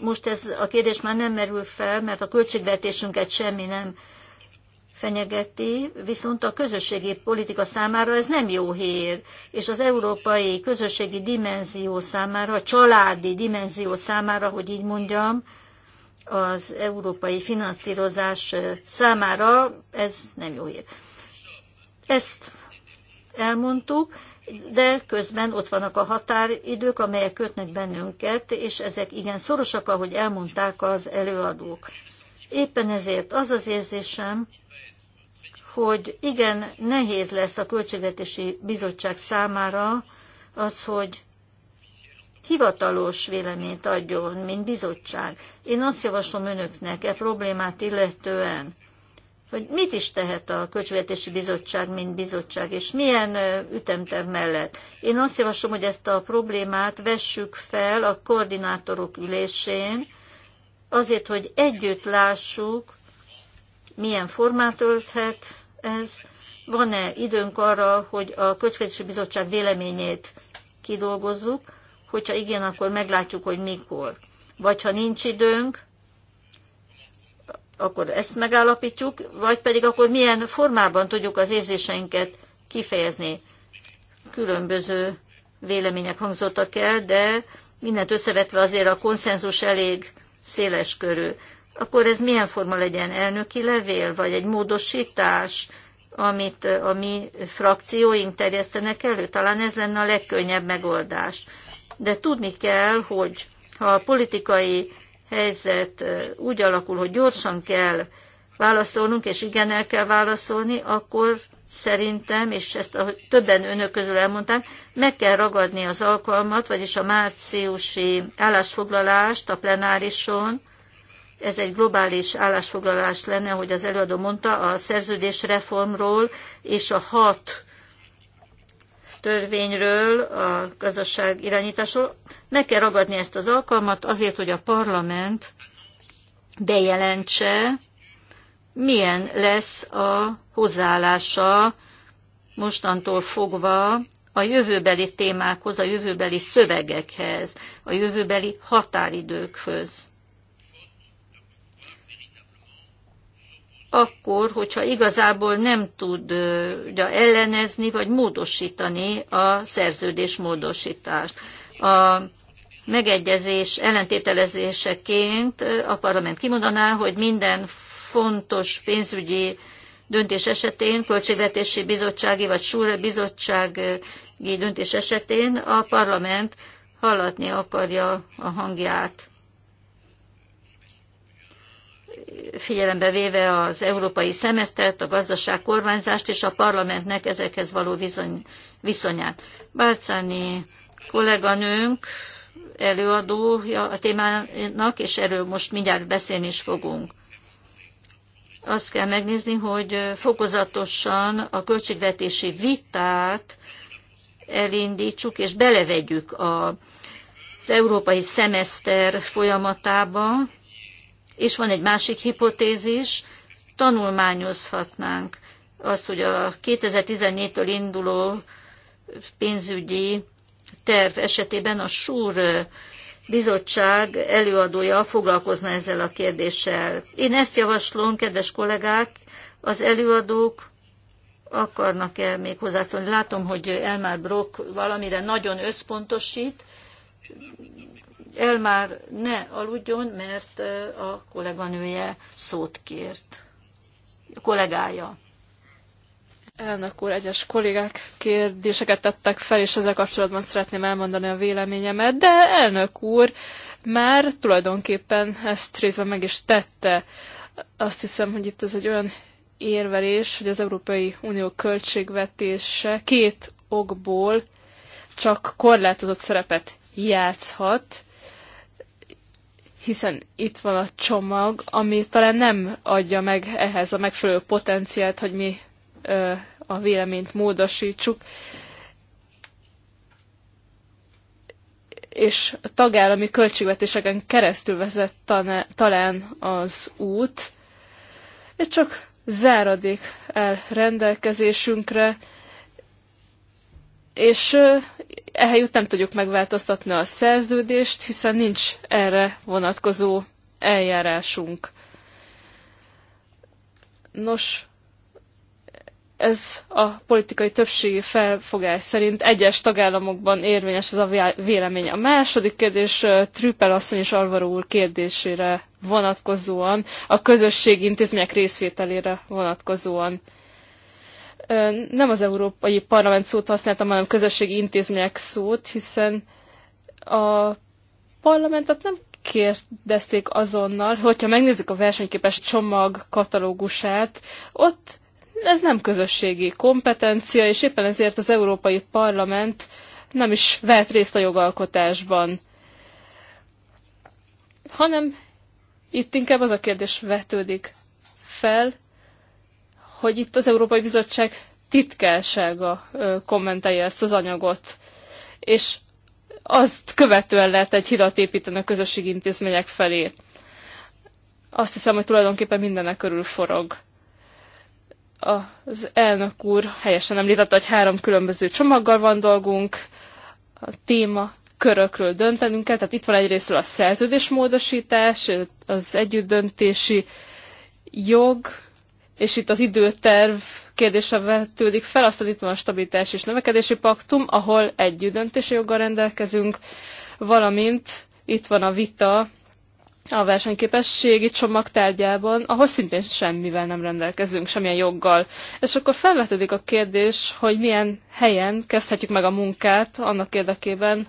most ez a kérdés már nem merül fel, mert a költségvetésünket semmi nem fenyegeti, viszont a közösségi politika számára ez nem jó hír, és az európai közösségi dimenzió számára, a családi dimenzió számára, hogy így mondjam, az európai finanszírozás számára ez nem jó hír. Ezt elmondtuk, de közben ott vannak a határidők, amelyek kötnek bennünket, és ezek igen szorosak, ahogy elmondták az előadók. Éppen ezért az az érzésem, hogy igen, nehéz lesz a Költségvetési Bizottság számára az, hogy hivatalos véleményt adjon, mint bizottság. Én azt javaslom önöknek e problémát illetően, hogy mit is tehet a Költségvetési Bizottság, mint bizottság, és milyen ütemterv mellett. Én azt javaslom, hogy ezt a problémát vessük fel a koordinátorok ülésén, azért, hogy együtt lássuk, milyen formát ölthet ez. Van-e időnk arra, hogy a Költségvetési Bizottság véleményét kidolgozzuk? Hogyha igen, akkor meglátjuk, hogy mikor. Vagy ha nincs időnk, akkor ezt megállapítjuk, vagy pedig akkor milyen formában tudjuk az érzéseinket kifejezni. Különböző vélemények hangzottak el, de mindent összevetve azért a konszenzus elég széles körül akkor ez milyen forma legyen? Elnöki levél, vagy egy módosítás, amit a mi frakcióink terjesztenek elő? Talán ez lenne a legkönnyebb megoldás. De tudni kell, hogy ha a politikai helyzet úgy alakul, hogy gyorsan kell válaszolnunk, és igen el kell válaszolni, akkor szerintem, és ezt a többen önök közül elmondták, meg kell ragadni az alkalmat, vagyis a márciusi állásfoglalást a plenárison, ez egy globális állásfoglalás lenne, hogy az előadó mondta, a szerződés reformról és a hat törvényről, a gazdaság irányításról. Ne kell ragadni ezt az alkalmat azért, hogy a parlament bejelentse, milyen lesz a hozzáállása mostantól fogva a jövőbeli témákhoz, a jövőbeli szövegekhez, a jövőbeli határidőkhöz. akkor, hogyha igazából nem tudja ellenezni vagy módosítani a szerződés módosítást. A megegyezés ellentételezéseként a parlament kimondaná, hogy minden fontos pénzügyi döntés esetén, költségvetési bizottsági vagy súra bizottsági döntés esetén a parlament hallatni akarja a hangját figyelembe véve az európai szemesztert, a gazdaság kormányzást és a parlamentnek ezekhez való viszony, viszonyát. Bálcáni kolléganőnk előadója a témának, és erről most mindjárt beszélni is fogunk. Azt kell megnézni, hogy fokozatosan a költségvetési vitát elindítsuk, és belevegyük a, az európai szemeszter folyamatába, és van egy másik hipotézis, tanulmányozhatnánk azt, hogy a 2014-től induló pénzügyi terv esetében a SUR bizottság előadója foglalkozna ezzel a kérdéssel. Én ezt javaslom, kedves kollégák, az előadók akarnak-e még hozzászólni? Látom, hogy Elmar Brock valamire nagyon összpontosít, el már ne aludjon, mert a kolléganője szót kért. A kollégája. Elnök úr, egyes kollégák kérdéseket tettek fel, és ezzel kapcsolatban szeretném elmondani a véleményemet, de elnök úr már tulajdonképpen ezt részben meg is tette. Azt hiszem, hogy itt ez egy olyan érvelés, hogy az Európai Unió költségvetése két okból csak korlátozott szerepet játszhat, hiszen itt van a csomag, ami talán nem adja meg ehhez a megfelelő potenciált, hogy mi ö, a véleményt módosítsuk. És a tagállami költségvetéseken keresztül vezet talán az út, és csak záradék el rendelkezésünkre, és ehelyütt nem tudjuk megváltoztatni a szerződést, hiszen nincs erre vonatkozó eljárásunk. Nos, ez a politikai többségi felfogás szerint egyes tagállamokban érvényes ez a vélemény. A második kérdés Trüppel asszony és Alvaro úr kérdésére vonatkozóan, a közösségi intézmények részvételére vonatkozóan nem az Európai Parlament szót használtam, hanem közösségi intézmények szót, hiszen a parlamentet nem kérdezték azonnal, hogyha megnézzük a versenyképes csomag katalógusát, ott ez nem közösségi kompetencia, és éppen ezért az Európai Parlament nem is vett részt a jogalkotásban, hanem itt inkább az a kérdés vetődik fel, hogy itt az Európai Bizottság titkársága kommentelje ezt az anyagot. És azt követően lehet egy hidat építeni a közösségi intézmények felé. Azt hiszem, hogy tulajdonképpen mindennek körül forog. Az elnök úr helyesen említette, hogy három különböző csomaggal van dolgunk, a téma körökről döntenünk kell, tehát itt van egyrésztről a szerződésmódosítás, az együttdöntési jog, és itt az időterv kérdése vetődik fel, aztán itt van a stabilitás és növekedési paktum, ahol egy döntési joggal rendelkezünk, valamint itt van a vita a versenyképességi csomag tárgyában, ahol szintén semmivel nem rendelkezünk, semmilyen joggal. És akkor felvetődik a kérdés, hogy milyen helyen kezdhetjük meg a munkát annak érdekében,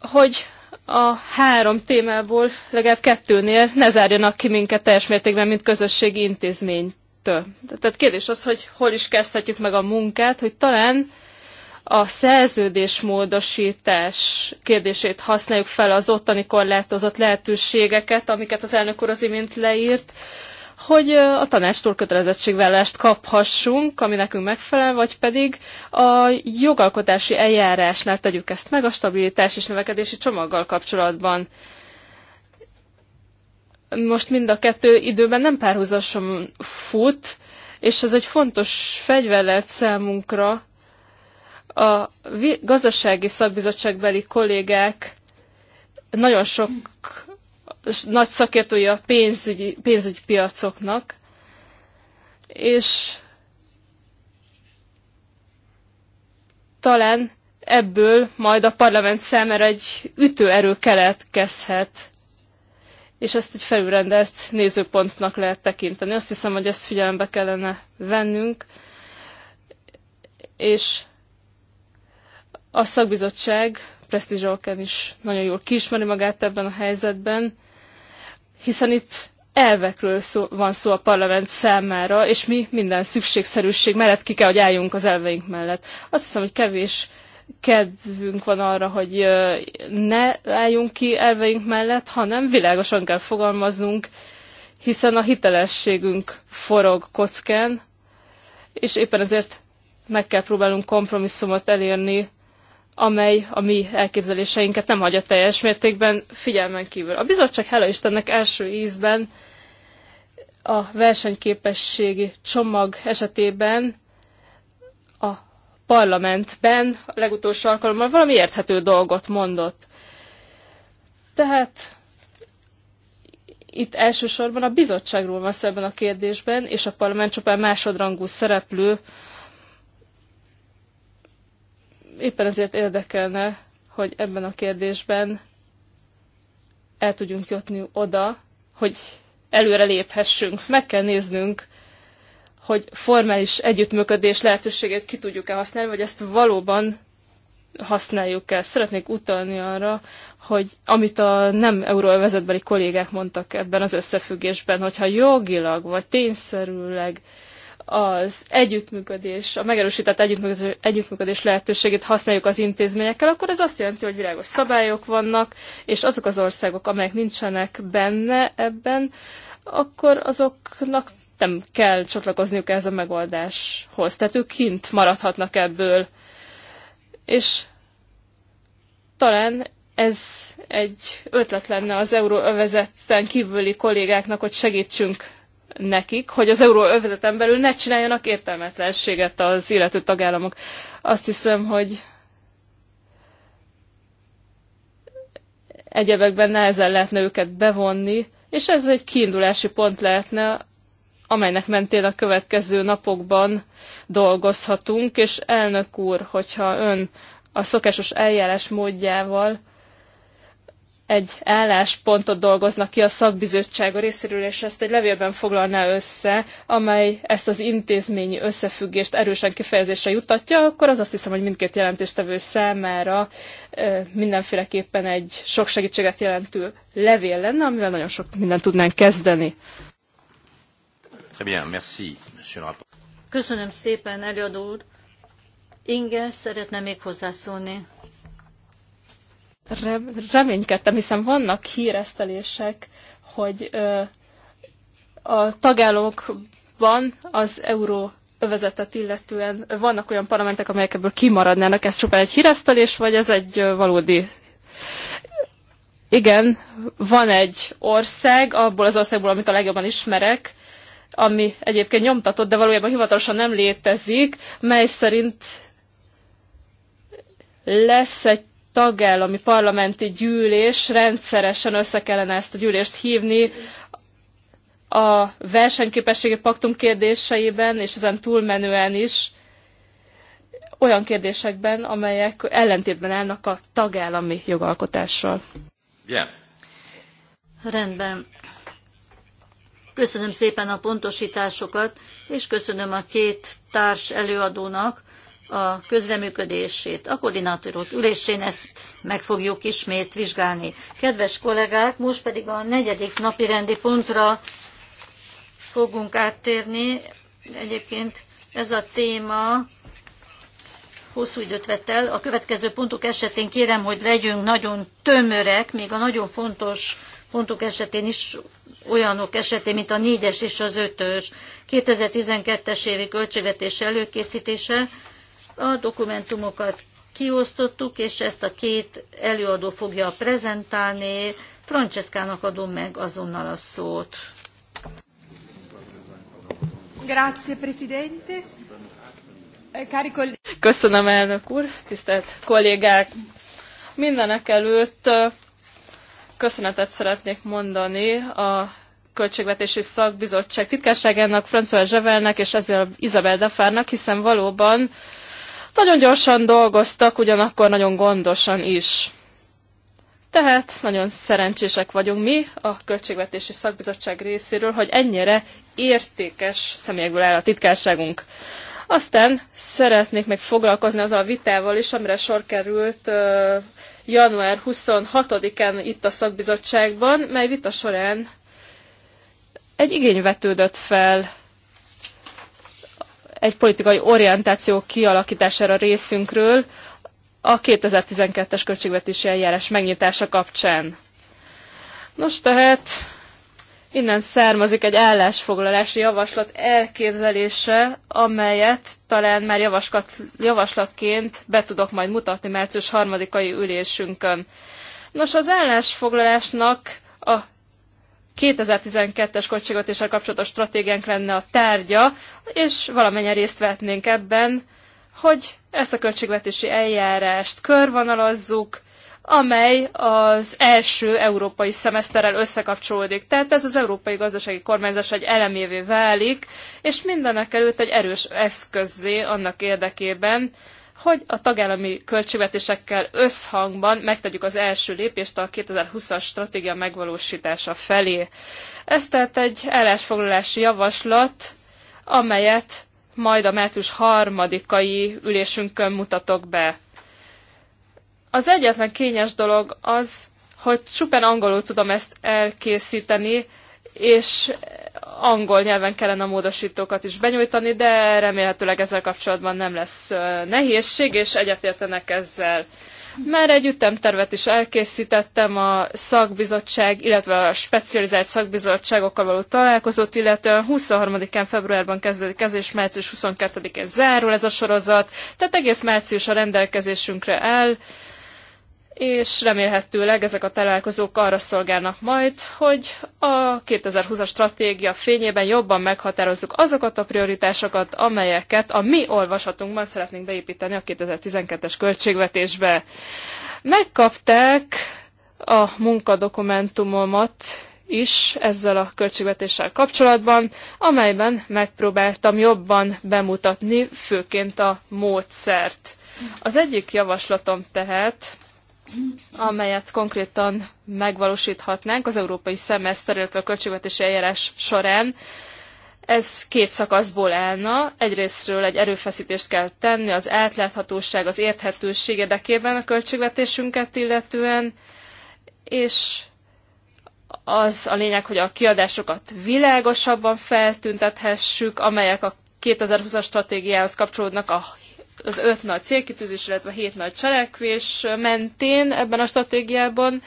hogy a három témából legalább kettőnél ne zárjanak ki minket teljes mértékben, mint közösségi intézménytől. Tehát kérdés az, hogy hol is kezdhetjük meg a munkát, hogy talán a szerződésmódosítás kérdését használjuk fel az ottani korlátozott lehetőségeket, amiket az elnök úr az imént leírt, hogy a tanástól kötelezettségvállást kaphassunk, ami nekünk megfelel, vagy pedig a jogalkotási eljárásnál tegyük ezt meg a stabilitás és növekedési csomaggal kapcsolatban. Most mind a kettő időben nem párhuzasom fut, és ez egy fontos fegyver lehet számunkra. A gazdasági szakbizottságbeli kollégák nagyon sok nagy szakértője a pénzügyi, pénzügyi piacoknak, és talán ebből majd a parlament számára egy ütőerő keletkezhet, és ezt egy felülrendelt nézőpontnak lehet tekinteni. Azt hiszem, hogy ezt figyelembe kellene vennünk, és a szakbizottság presztízsalken is nagyon jól kiismeri magát ebben a helyzetben, hiszen itt elvekről szó, van szó a parlament számára, és mi minden szükségszerűség mellett ki kell, hogy álljunk az elveink mellett. Azt hiszem, hogy kevés kedvünk van arra, hogy ne álljunk ki elveink mellett, hanem világosan kell fogalmaznunk, hiszen a hitelességünk forog kockán, és éppen ezért meg kell próbálnunk kompromisszumot elérni amely a mi elképzeléseinket nem hagyja teljes mértékben figyelmen kívül. A bizottság, hála Istennek, első ízben a versenyképességi csomag esetében a parlamentben a legutolsó alkalommal valami érthető dolgot mondott. Tehát itt elsősorban a bizottságról van szó ebben a kérdésben, és a parlament csupán másodrangú szereplő, éppen ezért érdekelne, hogy ebben a kérdésben el tudjunk jutni oda, hogy előre léphessünk. Meg kell néznünk, hogy formális együttműködés lehetőségét ki tudjuk-e használni, vagy ezt valóban használjuk el. Szeretnék utalni arra, hogy amit a nem euróvezetbeli kollégák mondtak ebben az összefüggésben, hogyha jogilag vagy tényszerűleg az együttműködés, a megerősített együttműködés, együttműködés lehetőségét használjuk az intézményekkel, akkor ez azt jelenti, hogy világos szabályok vannak, és azok az országok, amelyek nincsenek benne ebben, akkor azoknak nem kell csatlakozniuk ehhez a megoldáshoz. Tehát ők kint maradhatnak ebből. És talán ez egy ötlet lenne az euróövezeten kívüli kollégáknak, hogy segítsünk nekik, hogy az euróövezeten belül ne csináljanak értelmetlenséget az illető tagállamok. Azt hiszem, hogy egyebekben nehezen lehetne őket bevonni, és ez egy kiindulási pont lehetne, amelynek mentén a következő napokban dolgozhatunk, és elnök úr, hogyha ön a szokásos eljárás módjával egy álláspontot dolgoznak ki a szakbizottsága részéről, és ezt egy levélben foglalná össze, amely ezt az intézményi összefüggést erősen kifejezésre jutatja, akkor az azt hiszem, hogy mindkét jelentéstevő számára mindenféleképpen egy sok segítséget jelentő levél lenne, amivel nagyon sok mindent tudnánk kezdeni. Köszönöm szépen, előadó úr. Inge szeretne még hozzászólni reménykedtem, hiszen vannak híresztelések, hogy a tagállamokban az euró övezetet illetően vannak olyan parlamentek, amelyek ebből kimaradnának. Ez csupán egy híresztelés, vagy ez egy valódi igen, van egy ország, abból az országból, amit a legjobban ismerek, ami egyébként nyomtatott, de valójában hivatalosan nem létezik, mely szerint lesz egy tagállami parlamenti gyűlés, rendszeresen össze kellene ezt a gyűlést hívni a versenyképességi paktum kérdéseiben, és ezen túlmenően is olyan kérdésekben, amelyek ellentétben állnak a tagállami jogalkotással. Yeah. Rendben. Köszönöm szépen a pontosításokat, és köszönöm a két társ előadónak, a közreműködését. A koordinátorok ülésén ezt meg fogjuk ismét vizsgálni. Kedves kollégák, most pedig a negyedik napi rendi pontra fogunk áttérni. Egyébként ez a téma hosszú időt vett el. A következő pontok esetén kérem, hogy legyünk nagyon tömörek, még a nagyon fontos pontok esetén is olyanok esetén, mint a 4-es és az 5-ös 2012-es évi költségvetés előkészítése, a dokumentumokat kiosztottuk, és ezt a két előadó fogja prezentálni. Franceskának adom meg azonnal a szót. Grazie, Presidente. Eh, Köszönöm, elnök úr, tisztelt kollégák! Mindenek előtt eh, köszönetet szeretnék mondani a Költségvetési Szakbizottság titkárságának, François Zsevelnek és ezzel Izabel Defárnak, hiszen valóban nagyon gyorsan dolgoztak, ugyanakkor nagyon gondosan is. Tehát nagyon szerencsések vagyunk mi a Költségvetési Szakbizottság részéről, hogy ennyire értékes személyekből áll a titkárságunk. Aztán szeretnék még foglalkozni az a vitával is, amire sor került uh, január 26-án itt a szakbizottságban, mely vita során egy igény vetődött fel egy politikai orientáció kialakítására részünkről a 2012-es költségvetési eljárás megnyitása kapcsán. Nos, tehát innen származik egy állásfoglalási javaslat elképzelése, amelyet talán már javaslat, javaslatként be tudok majd mutatni március harmadikai ülésünkön. Nos, az állásfoglalásnak a 2012-es költségvetéssel kapcsolatos stratégiánk lenne a tárgya, és valamennyire részt vehetnénk ebben, hogy ezt a költségvetési eljárást körvonalazzuk, amely az első európai szemeszterrel összekapcsolódik. Tehát ez az európai gazdasági kormányzás egy elemévé válik, és mindenek előtt egy erős eszközzé annak érdekében, hogy a tagállami költségvetésekkel összhangban megtegyük az első lépést a 2020-as stratégia megvalósítása felé. Ez tehát egy állásfoglalási javaslat, amelyet majd a március harmadikai ülésünkön mutatok be. Az egyetlen kényes dolog az, hogy csupán angolul tudom ezt elkészíteni, és angol nyelven kellene a módosítókat is benyújtani, de remélhetőleg ezzel kapcsolatban nem lesz nehézség, és egyetértenek ezzel. Már egy ütemtervet is elkészítettem a szakbizottság, illetve a specializált szakbizottságokkal való találkozót, illetően 23-án februárban kezdődik ez, és március 22-én zárul ez a sorozat, tehát egész március a rendelkezésünkre áll és remélhetőleg ezek a találkozók arra szolgálnak majd, hogy a 2020-as stratégia fényében jobban meghatározzuk azokat a prioritásokat, amelyeket a mi olvasatunkban szeretnénk beépíteni a 2012-es költségvetésbe. Megkapták a munkadokumentumomat is ezzel a költségvetéssel kapcsolatban, amelyben megpróbáltam jobban bemutatni főként a módszert. Az egyik javaslatom tehát, amelyet konkrétan megvalósíthatnánk az európai szemeszter, illetve a költségvetési eljárás során. Ez két szakaszból állna. Egyrésztről egy erőfeszítést kell tenni az átláthatóság, az érthetőség érdekében a költségvetésünket illetően, és az a lényeg, hogy a kiadásokat világosabban feltüntethessük, amelyek a 2020-as stratégiához kapcsolódnak a az öt nagy célkitűzés, illetve hét nagy cselekvés mentén ebben a stratégiában,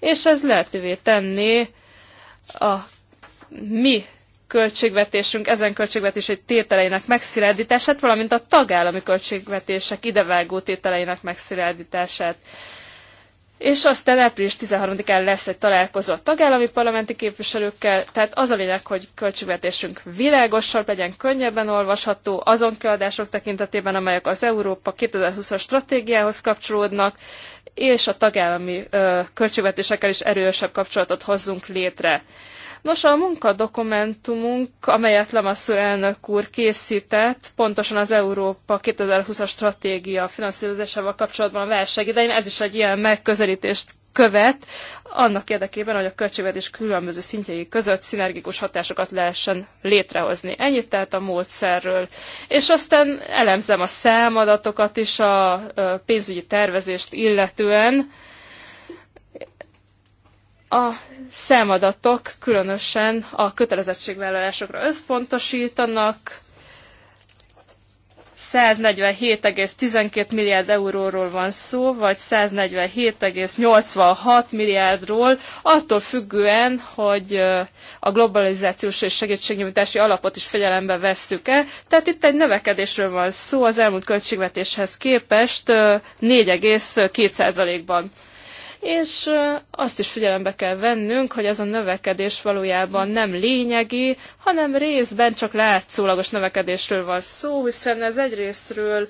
és ez lehetővé tenni a mi költségvetésünk ezen költségvetési tételeinek megszilárdítását, valamint a tagállami költségvetések idevágó tételeinek megszilárdítását és aztán április 13-án lesz egy találkozó a tagállami parlamenti képviselőkkel, tehát az a lényeg, hogy költségvetésünk világosabb legyen, könnyebben olvasható azon kiadások tekintetében, amelyek az Európa 2020-as stratégiához kapcsolódnak, és a tagállami ö, költségvetésekkel is erősebb kapcsolatot hozzunk létre. Nos, a munkadokumentumunk, amelyet Lemasszú elnök úr készített, pontosan az Európa 2020-as stratégia finanszírozásával kapcsolatban a válság idején, ez is egy ilyen megközelítést követ, annak érdekében, hogy a költségvetés különböző szintjei között szinergikus hatásokat lehessen létrehozni. Ennyit tehát a módszerről. És aztán elemzem a számadatokat is, a pénzügyi tervezést illetően, a számadatok különösen a kötelezettségvállalásokra összpontosítanak. 147,12 milliárd euróról van szó, vagy 147,86 milliárdról, attól függően, hogy a globalizációs és segítségnyújtási alapot is figyelembe vesszük-e. Tehát itt egy növekedésről van szó az elmúlt költségvetéshez képest 4,2%-ban és azt is figyelembe kell vennünk, hogy ez a növekedés valójában nem lényegi, hanem részben csak látszólagos növekedésről van szó, hiszen ez egyrésztről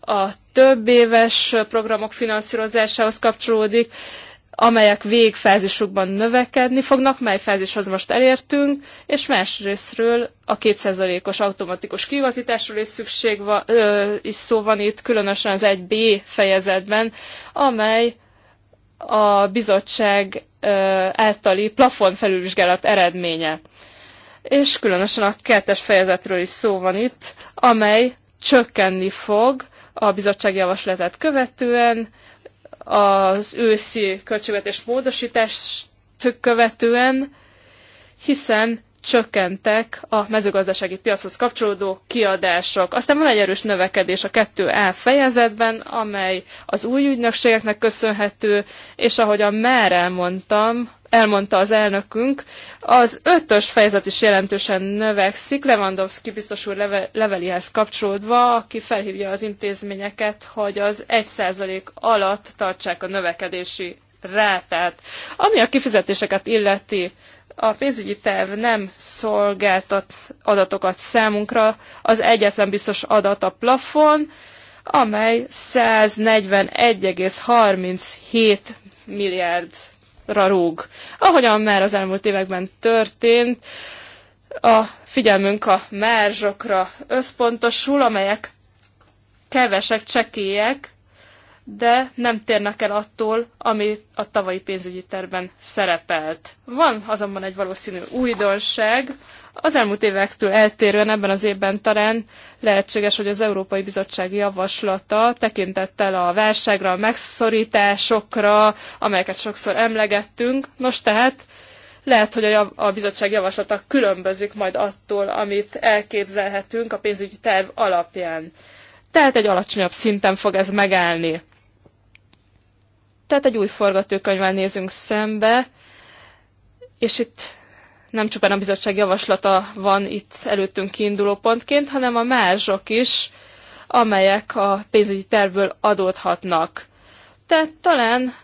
a több éves programok finanszírozásához kapcsolódik, amelyek végfázisukban növekedni fognak, mely fázishoz most elértünk, és másrésztről a kétszerzalékos automatikus kiigazításról is szükség van, ö, is szó van itt, különösen az 1B fejezetben, amely a bizottság általi plafon felülvizsgálat eredménye. És különösen a kettes fejezetről is szó van itt, amely csökkenni fog a bizottság javaslatát követően, az őszi költségvetés módosítást követően, hiszen csökkentek a mezőgazdasági piachoz kapcsolódó kiadások. Aztán van egy erős növekedés a 2A fejezetben, amely az új ügynökségeknek köszönhető, és ahogyan már elmondtam, elmondta az elnökünk, az ötös fejezet is jelentősen növekszik, Lewandowski biztos úr leve, levelihez kapcsolódva, aki felhívja az intézményeket, hogy az 1% alatt tartsák a növekedési rátát. Ami a kifizetéseket illeti, a pénzügyi terv nem szolgáltat adatokat számunkra, az egyetlen biztos adat a plafon, amely 141,37 milliárdra rúg. Ahogyan már az elmúlt években történt, a figyelmünk a márzsokra összpontosul, amelyek kevesek, csekélyek, de nem térnek el attól, ami a tavalyi pénzügyi terben szerepelt. Van azonban egy valószínű újdonság, az elmúlt évektől eltérően ebben az évben talán lehetséges, hogy az Európai Bizottság javaslata tekintettel a válságra, a megszorításokra, amelyeket sokszor emlegettünk. Nos tehát lehet, hogy a, a bizottság javaslata különbözik majd attól, amit elképzelhetünk a pénzügyi terv alapján. Tehát egy alacsonyabb szinten fog ez megállni. Tehát egy új forgatókönyvvel nézünk szembe, és itt nem csupán a bizottság javaslata van itt előttünk kiinduló pontként, hanem a mázsok is, amelyek a pénzügyi tervből adódhatnak. Tehát talán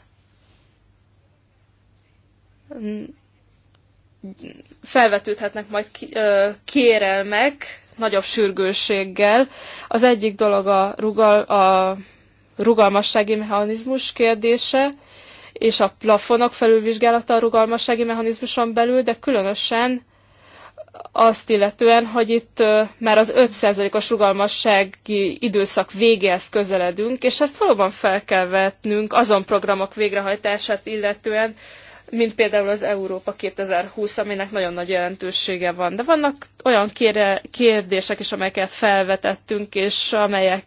felvetődhetnek majd kérelmek nagyobb sürgősséggel. Az egyik dolog a, rugal, a rugalmassági mechanizmus kérdése, és a plafonok felülvizsgálata a rugalmassági mechanizmuson belül, de különösen azt illetően, hogy itt már az 5%-os rugalmassági időszak végéhez közeledünk, és ezt valóban fel kell vetnünk azon programok végrehajtását illetően, mint például az Európa 2020, aminek nagyon nagy jelentősége van. De vannak olyan kérdések is, amelyeket felvetettünk, és amelyek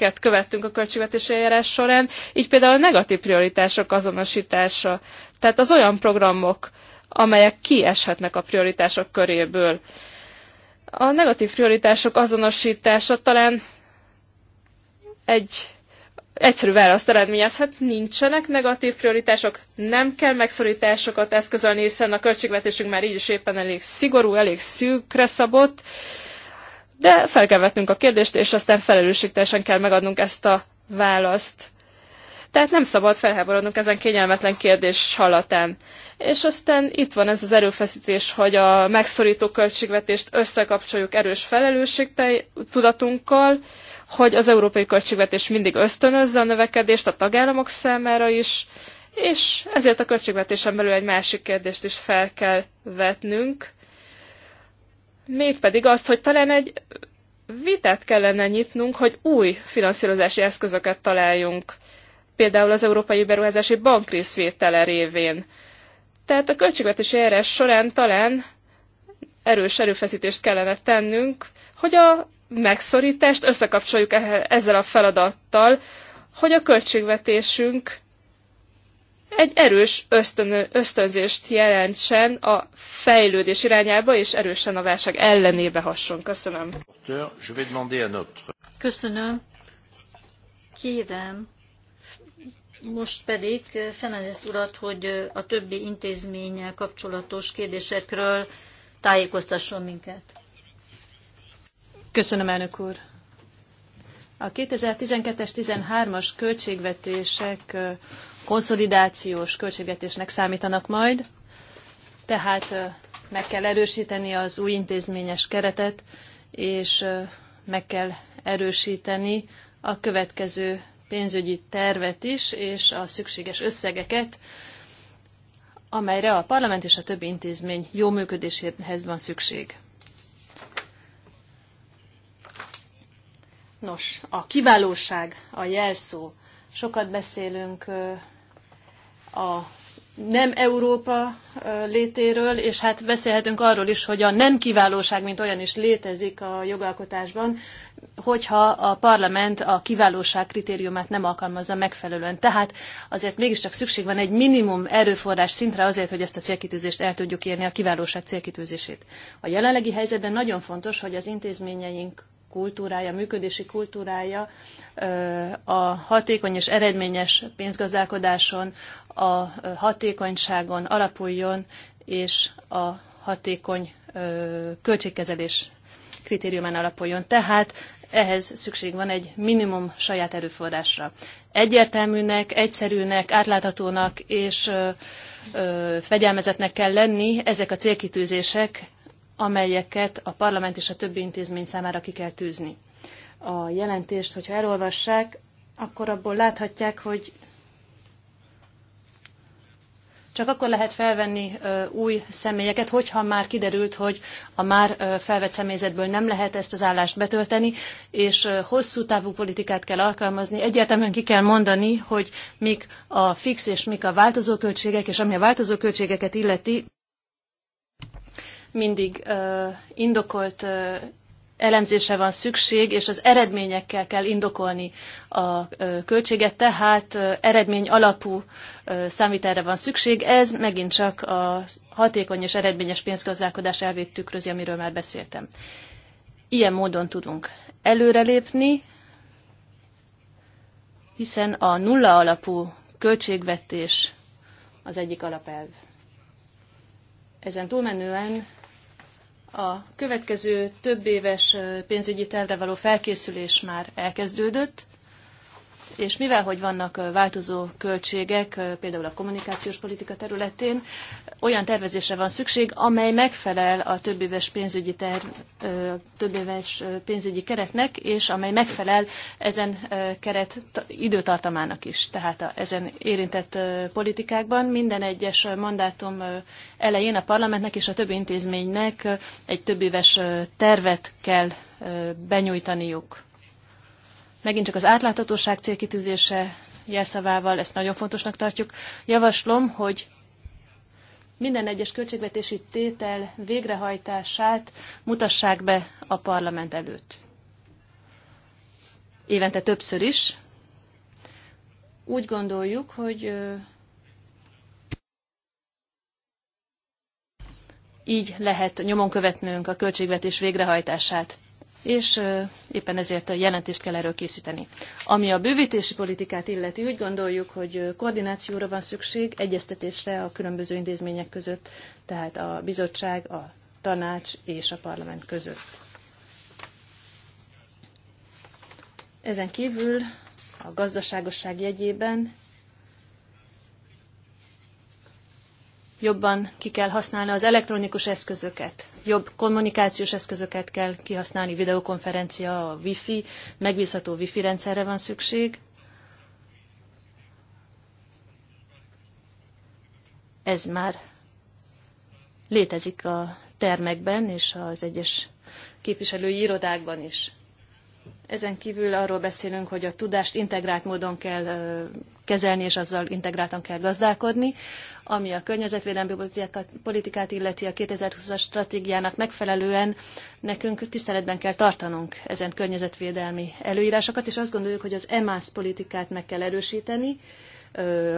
amiket követtünk a költségvetési eljárás során, így például a negatív prioritások azonosítása. Tehát az olyan programok, amelyek kieshetnek a prioritások köréből. A negatív prioritások azonosítása talán egy egyszerű választ eredményezhet, nincsenek negatív prioritások, nem kell megszorításokat eszközölni, hiszen a költségvetésünk már így is éppen elég szigorú, elég szűkre szabott, de fel kell vetnünk a kérdést, és aztán felelősségteljesen kell megadnunk ezt a választ. Tehát nem szabad felháborodnunk ezen kényelmetlen kérdés halatán. És aztán itt van ez az erőfeszítés, hogy a megszorító költségvetést összekapcsoljuk erős tudatunkkal, hogy az európai költségvetés mindig ösztönözze a növekedést a tagállamok számára is, és ezért a költségvetésen belül egy másik kérdést is fel kell vetnünk, mégpedig azt, hogy talán egy vitát kellene nyitnunk, hogy új finanszírozási eszközöket találjunk, például az Európai Beruházási Bank részvétele révén. Tehát a költségvetési eljárás során talán erős erőfeszítést kellene tennünk, hogy a megszorítást összekapcsoljuk ezzel a feladattal, hogy a költségvetésünk egy erős ösztön, ösztönzést jelentsen a fejlődés irányába, és erősen a válság ellenébe hasson. Köszönöm. Köszönöm. Kérem. Most pedig Fernandez urat, hogy a többi intézménnyel kapcsolatos kérdésekről tájékoztasson minket. Köszönöm, elnök úr. A 2012-es 13-as költségvetések konszolidációs költségvetésnek számítanak majd, tehát meg kell erősíteni az új intézményes keretet, és meg kell erősíteni a következő pénzügyi tervet is, és a szükséges összegeket, amelyre a parlament és a többi intézmény jó működéséhez van szükség. Nos, a kiválóság a jelszó. Sokat beszélünk a nem Európa létéről, és hát beszélhetünk arról is, hogy a nem kiválóság, mint olyan is létezik a jogalkotásban, hogyha a parlament a kiválóság kritériumát nem alkalmazza megfelelően. Tehát azért mégiscsak szükség van egy minimum erőforrás szintre azért, hogy ezt a célkitűzést el tudjuk érni, a kiválóság célkitűzését. A jelenlegi helyzetben nagyon fontos, hogy az intézményeink kultúrája, működési kultúrája a hatékony és eredményes pénzgazdálkodáson, a hatékonyságon alapuljon, és a hatékony költségkezelés kritériumán alapuljon. Tehát ehhez szükség van egy minimum saját erőforrásra. Egyértelműnek, egyszerűnek, átláthatónak és ö, ö, fegyelmezetnek kell lenni ezek a célkitűzések, amelyeket a parlament és a többi intézmény számára ki kell tűzni. A jelentést, hogyha elolvassák, akkor abból láthatják, hogy csak akkor lehet felvenni új személyeket, hogyha már kiderült, hogy a már felvett személyzetből nem lehet ezt az állást betölteni, és hosszú távú politikát kell alkalmazni. Egyértelműen ki kell mondani, hogy mik a fix és mik a változó költségek, és ami a változó költségeket illeti, mindig indokolt ö, elemzésre van szükség, és az eredményekkel kell indokolni a költséget, tehát eredmény alapú számvitelre van szükség. Ez megint csak a hatékony és eredményes pénzgazdálkodás elvét tükrözi, amiről már beszéltem. Ilyen módon tudunk előrelépni, hiszen a nulla alapú költségvetés az egyik alapelv. Ezen túlmenően a következő több éves pénzügyi tervre való felkészülés már elkezdődött, és mivel, hogy vannak változó költségek, például a kommunikációs politika területén, olyan tervezésre van szükség, amely megfelel a többéves pénzügyi, ter, többéves pénzügyi keretnek, és amely megfelel ezen keret időtartamának is. Tehát a, ezen érintett politikákban minden egyes mandátum elején a parlamentnek és a többi intézménynek egy többéves tervet kell benyújtaniuk Megint csak az átláthatóság célkitűzése jelszavával, ezt nagyon fontosnak tartjuk. Javaslom, hogy minden egyes költségvetési tétel végrehajtását mutassák be a parlament előtt. Évente többször is. Úgy gondoljuk, hogy így lehet nyomon követnünk a költségvetés végrehajtását és éppen ezért a jelentést kell erről készíteni. Ami a bővítési politikát illeti, úgy gondoljuk, hogy koordinációra van szükség, egyeztetésre a különböző intézmények között, tehát a bizottság, a tanács és a parlament között. Ezen kívül a gazdaságosság jegyében jobban ki kell használni az elektronikus eszközöket, jobb kommunikációs eszközöket kell kihasználni, videokonferencia, a wifi, megbízható wifi rendszerre van szükség. Ez már létezik a termekben és az egyes képviselői irodákban is. Ezen kívül arról beszélünk, hogy a tudást integrált módon kell kezelni, és azzal integráltan kell gazdálkodni, ami a környezetvédelmi politikát illeti a 2020-as stratégiának megfelelően nekünk tiszteletben kell tartanunk ezen környezetvédelmi előírásokat, és azt gondoljuk, hogy az EMAS politikát meg kell erősíteni,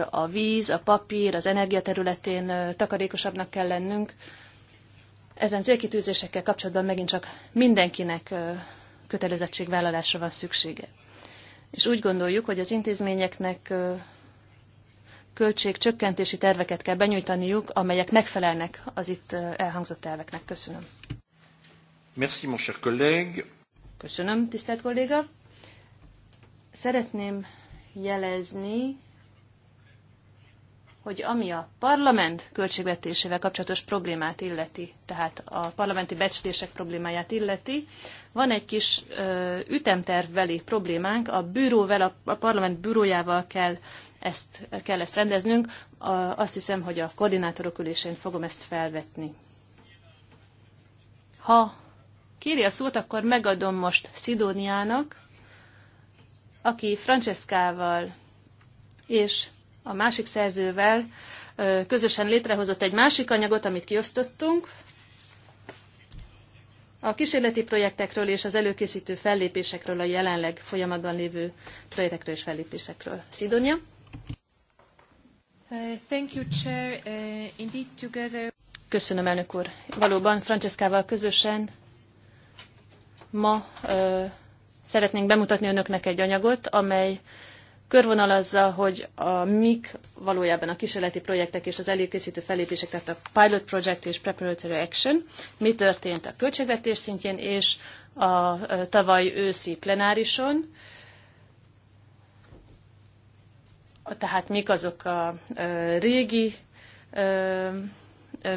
a víz, a papír, az energia területén takarékosabbnak kell lennünk. Ezen célkitűzésekkel kapcsolatban megint csak mindenkinek kötelezettségvállalásra van szüksége. És úgy gondoljuk, hogy az intézményeknek költségcsökkentési terveket kell benyújtaniuk, amelyek megfelelnek az itt elhangzott elveknek. Köszönöm. Merci, mon cher collègue. Köszönöm, tisztelt kolléga. Szeretném jelezni, hogy ami a parlament költségvetésével kapcsolatos problémát illeti, tehát a parlamenti becslések problémáját illeti, van egy kis ö, ütemtervbeli problémánk, a bűróvel, a, a parlament bűrójával kell ezt, kell ezt rendeznünk. A, azt hiszem, hogy a koordinátorok ülésén fogom ezt felvetni. Ha kéri a szót, akkor megadom most Szidóniának, aki Franceszkával és a másik szerzővel közösen létrehozott egy másik anyagot, amit kiosztottunk, a kísérleti projektekről és az előkészítő fellépésekről, a jelenleg folyamatban lévő projektekről és fellépésekről. Szidonia? Uh, uh, Köszönöm, elnök úr. Valóban Franceszkával közösen ma uh, szeretnénk bemutatni önöknek egy anyagot, amely körvonalazza, hogy a MIK valójában a kísérleti projektek és az előkészítő felépések, tehát a Pilot Project és Preparatory Action, mi történt a költségvetés szintjén és a tavaly őszi plenárison, tehát mik azok a régi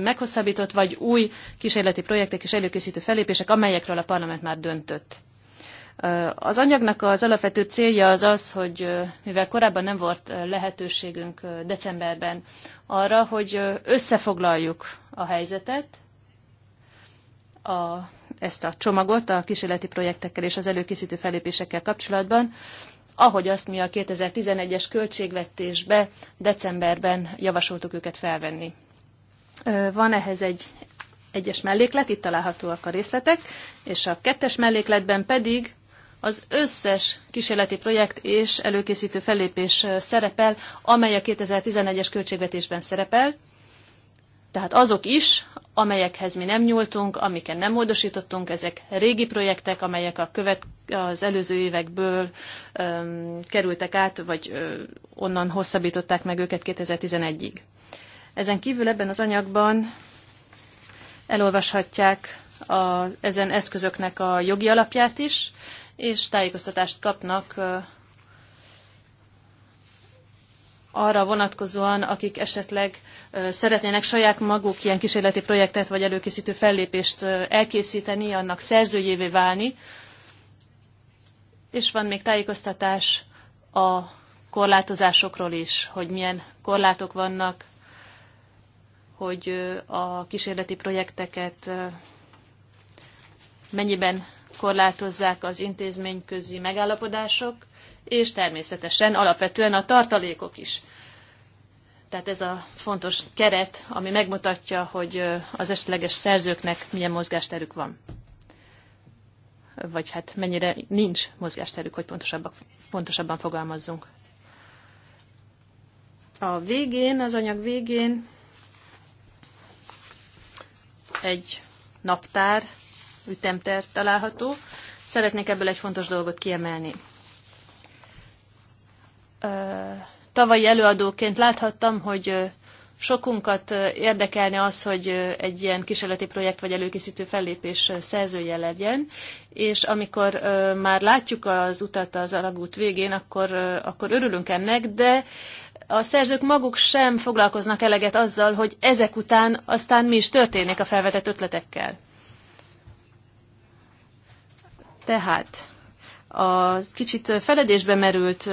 meghosszabbított vagy új kísérleti projektek és előkészítő felépések, amelyekről a parlament már döntött. Az anyagnak az alapvető célja az az, hogy mivel korábban nem volt lehetőségünk decemberben arra, hogy összefoglaljuk a helyzetet, a, ezt a csomagot a kísérleti projektekkel és az előkészítő felépésekkel kapcsolatban, ahogy azt mi a 2011-es költségvetésbe decemberben javasoltuk őket felvenni. Van ehhez egy egyes melléklet, itt találhatóak a részletek, és a kettes mellékletben pedig az összes kísérleti projekt és előkészítő fellépés szerepel, amely a 2011-es költségvetésben szerepel. Tehát azok is, amelyekhez mi nem nyúltunk, amiken nem módosítottunk, ezek régi projektek, amelyek a követ, az előző évekből öm, kerültek át, vagy ö, onnan hosszabbították meg őket 2011-ig. Ezen kívül ebben az anyagban elolvashatják a, ezen eszközöknek a jogi alapját is, és tájékoztatást kapnak arra vonatkozóan, akik esetleg szeretnének saját maguk ilyen kísérleti projektet vagy előkészítő fellépést elkészíteni, annak szerzőjévé válni. És van még tájékoztatás a korlátozásokról is, hogy milyen korlátok vannak, hogy a kísérleti projekteket mennyiben korlátozzák az intézményközi megállapodások, és természetesen alapvetően a tartalékok is. Tehát ez a fontos keret, ami megmutatja, hogy az esetleges szerzőknek milyen mozgásterük van. Vagy hát mennyire nincs mozgásterük, hogy pontosabban, pontosabban fogalmazzunk. A végén, az anyag végén egy naptár ütemter található. Szeretnék ebből egy fontos dolgot kiemelni. Tavalyi előadóként láthattam, hogy sokunkat érdekelne az, hogy egy ilyen kísérleti projekt vagy előkészítő fellépés szerzője legyen, és amikor már látjuk az utat az alagút végén, akkor, akkor örülünk ennek, de a szerzők maguk sem foglalkoznak eleget azzal, hogy ezek után aztán mi is történik a felvetett ötletekkel. Tehát a kicsit feledésbe merült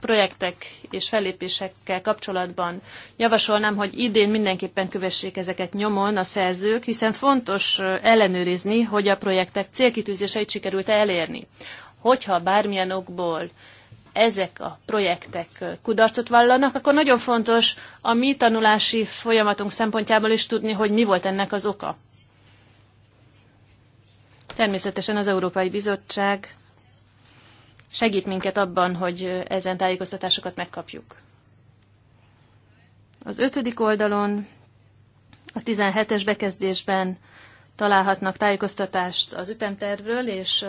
projektek és fellépésekkel kapcsolatban javasolnám, hogy idén mindenképpen kövessék ezeket nyomon a szerzők, hiszen fontos ellenőrizni, hogy a projektek célkitűzéseit sikerült elérni. Hogyha bármilyen okból ezek a projektek kudarcot vallanak, akkor nagyon fontos a mi tanulási folyamatunk szempontjából is tudni, hogy mi volt ennek az oka. Természetesen az Európai Bizottság segít minket abban, hogy ezen tájékoztatásokat megkapjuk. Az ötödik oldalon, a 17-es bekezdésben találhatnak tájékoztatást az ütemtervről, és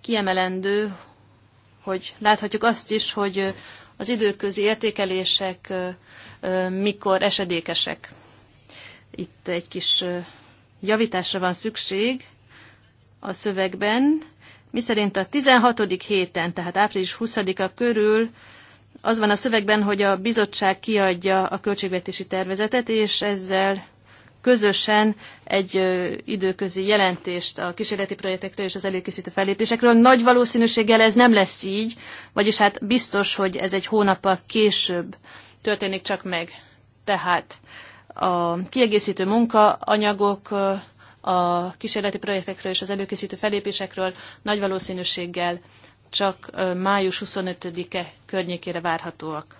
kiemelendő, hogy láthatjuk azt is, hogy az időközi értékelések mikor esedékesek. Itt egy kis javításra van szükség a szövegben, miszerint a 16. héten, tehát április 20-a körül az van a szövegben, hogy a bizottság kiadja a költségvetési tervezetet, és ezzel közösen egy időközi jelentést a kísérleti projektekről és az előkészítő fellépésekről. Nagy valószínűséggel ez nem lesz így, vagyis hát biztos, hogy ez egy hónappal később történik csak meg. Tehát a kiegészítő munkaanyagok a kísérleti projektekről és az előkészítő felépésekről nagy valószínűséggel csak május 25-e környékére várhatóak.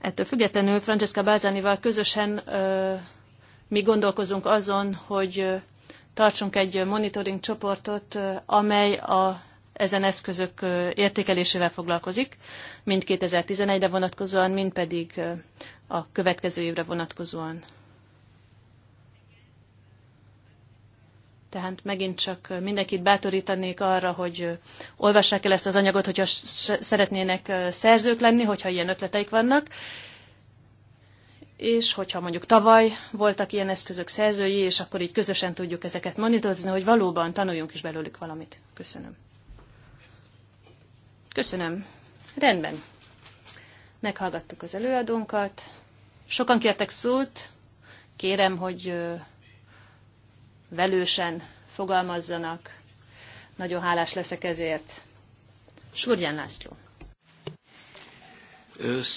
Ettől függetlenül Francesca Bázánival közösen ö, mi gondolkozunk azon, hogy tartsunk egy monitoring csoportot, amely a ezen eszközök értékelésével foglalkozik, mind 2011-re vonatkozóan, mind pedig a következő évre vonatkozóan. Tehát megint csak mindenkit bátorítanék arra, hogy olvassák el ezt az anyagot, hogyha szeretnének szerzők lenni, hogyha ilyen ötleteik vannak. És hogyha mondjuk tavaly voltak ilyen eszközök szerzői, és akkor így közösen tudjuk ezeket monitorozni, hogy valóban tanuljunk is belőlük valamit. Köszönöm. Köszönöm. Rendben. Meghallgattuk az előadónkat. Sokan kértek szót, kérem, hogy velősen fogalmazzanak. Nagyon hálás leszek ezért. Súrján László.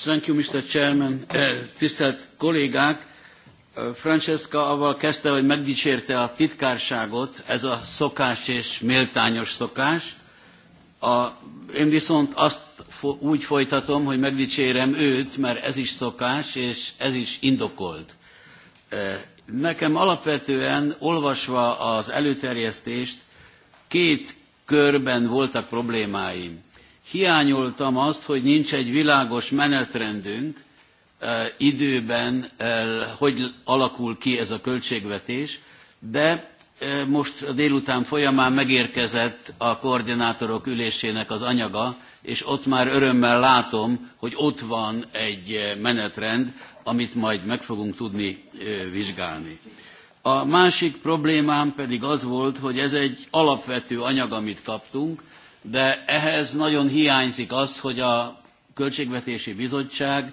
Thank you, Mr. Chairman. Tisztelt kollégák! Francesca avval kezdte, hogy megdicsérte a titkárságot, ez a szokás és méltányos szokás. A, én viszont azt fo- úgy folytatom, hogy megdicsérem őt, mert ez is szokás, és ez is indokolt. E, nekem alapvetően olvasva az előterjesztést két körben voltak problémáim. Hiányoltam azt, hogy nincs egy világos menetrendünk, e, időben, hogy alakul ki ez a költségvetés, de most a délután folyamán megérkezett a koordinátorok ülésének az anyaga, és ott már örömmel látom, hogy ott van egy menetrend, amit majd meg fogunk tudni vizsgálni. A másik problémám pedig az volt, hogy ez egy alapvető anyag, amit kaptunk, de ehhez nagyon hiányzik az, hogy a Költségvetési Bizottság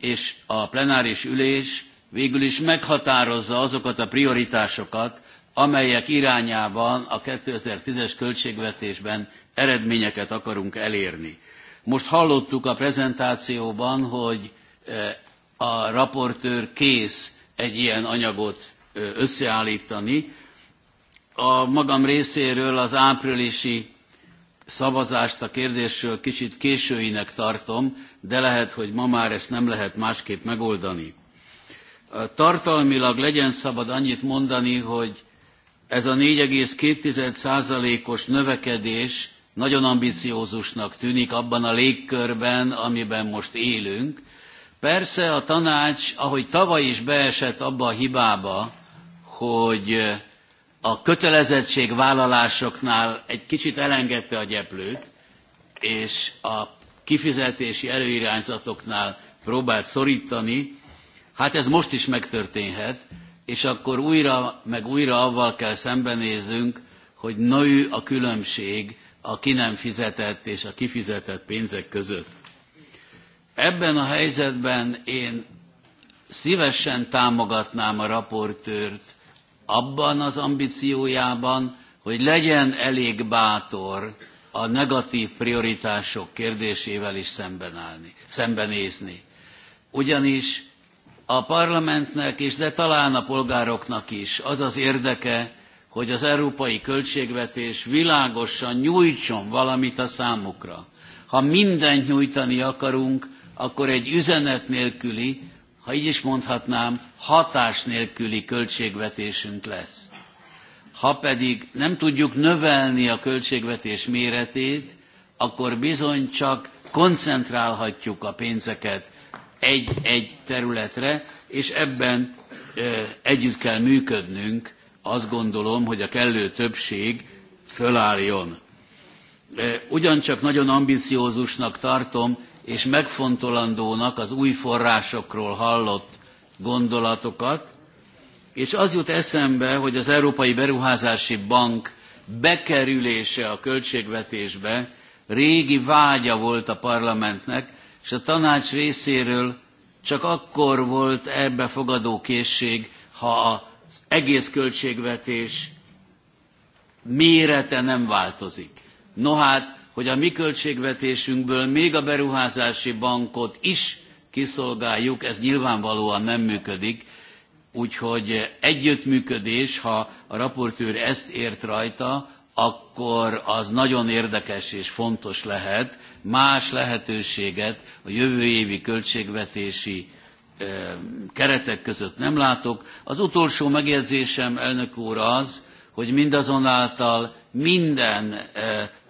és a plenáris ülés végül is meghatározza azokat a prioritásokat, amelyek irányában a 2010-es költségvetésben eredményeket akarunk elérni. Most hallottuk a prezentációban, hogy eh, a raportőr kész egy ilyen anyagot eh, összeállítani. A magam részéről az áprilisi szavazást a kérdésről kicsit későinek tartom, de lehet, hogy ma már ezt nem lehet másképp megoldani. Tartalmilag legyen szabad annyit mondani, hogy ez a 4,2%-os növekedés nagyon ambiciózusnak tűnik abban a légkörben, amiben most élünk. Persze a tanács, ahogy tavaly is beesett abba a hibába, hogy a kötelezettségvállalásoknál egy kicsit elengedte a gyeplőt, és a kifizetési előirányzatoknál próbált szorítani, hát ez most is megtörténhet, és akkor újra, meg újra avval kell szembenézünk, hogy nő a különbség a ki nem fizetett és a kifizetett pénzek között. Ebben a helyzetben én szívesen támogatnám a raportőrt abban az ambíciójában, hogy legyen elég bátor a negatív prioritások kérdésével is szembenállni, szembenézni. Ugyanis a parlamentnek is, de talán a polgároknak is az az érdeke, hogy az európai költségvetés világosan nyújtson valamit a számukra. Ha mindent nyújtani akarunk, akkor egy üzenet nélküli, ha így is mondhatnám, hatás nélküli költségvetésünk lesz. Ha pedig nem tudjuk növelni a költségvetés méretét, akkor bizony csak koncentrálhatjuk a pénzeket egy-egy területre, és ebben együtt kell működnünk, azt gondolom, hogy a kellő többség fölálljon. Ugyancsak nagyon ambiciózusnak tartom, és megfontolandónak az új forrásokról hallott gondolatokat, és az jut eszembe, hogy az Európai Beruházási Bank bekerülése a költségvetésbe régi vágya volt a parlamentnek, és a tanács részéről csak akkor volt ebbe fogadó készség, ha az egész költségvetés mérete nem változik. Nohát, hogy a mi költségvetésünkből még a beruházási bankot is kiszolgáljuk, ez nyilvánvalóan nem működik, úgyhogy együttműködés, ha a raportőr ezt ért rajta, akkor az nagyon érdekes és fontos lehet, más lehetőséget a jövő évi költségvetési keretek között nem látok. Az utolsó megjegyzésem, elnök úr, az, hogy mindazonáltal minden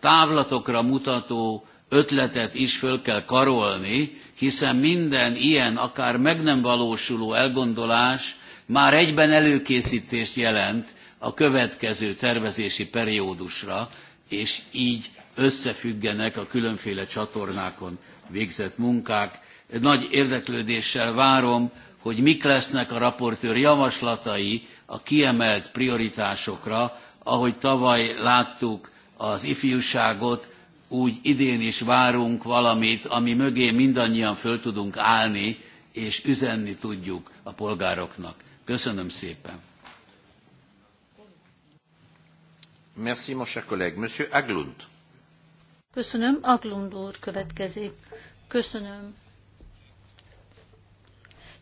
távlatokra mutató ötletet is föl kell karolni, hiszen minden ilyen, akár meg nem valósuló elgondolás már egyben előkészítést jelent a következő tervezési periódusra, és így összefüggenek a különféle csatornákon végzett munkák. Nagy érdeklődéssel várom, hogy mik lesznek a raportőr javaslatai a kiemelt prioritásokra, ahogy tavaly láttuk az ifjúságot, úgy idén is várunk valamit, ami mögé mindannyian föl tudunk állni, és üzenni tudjuk a polgároknak. Köszönöm szépen! Merci, mon cher collègue. Monsieur Aglund. Köszönöm. Aglund úr következik. Köszönöm.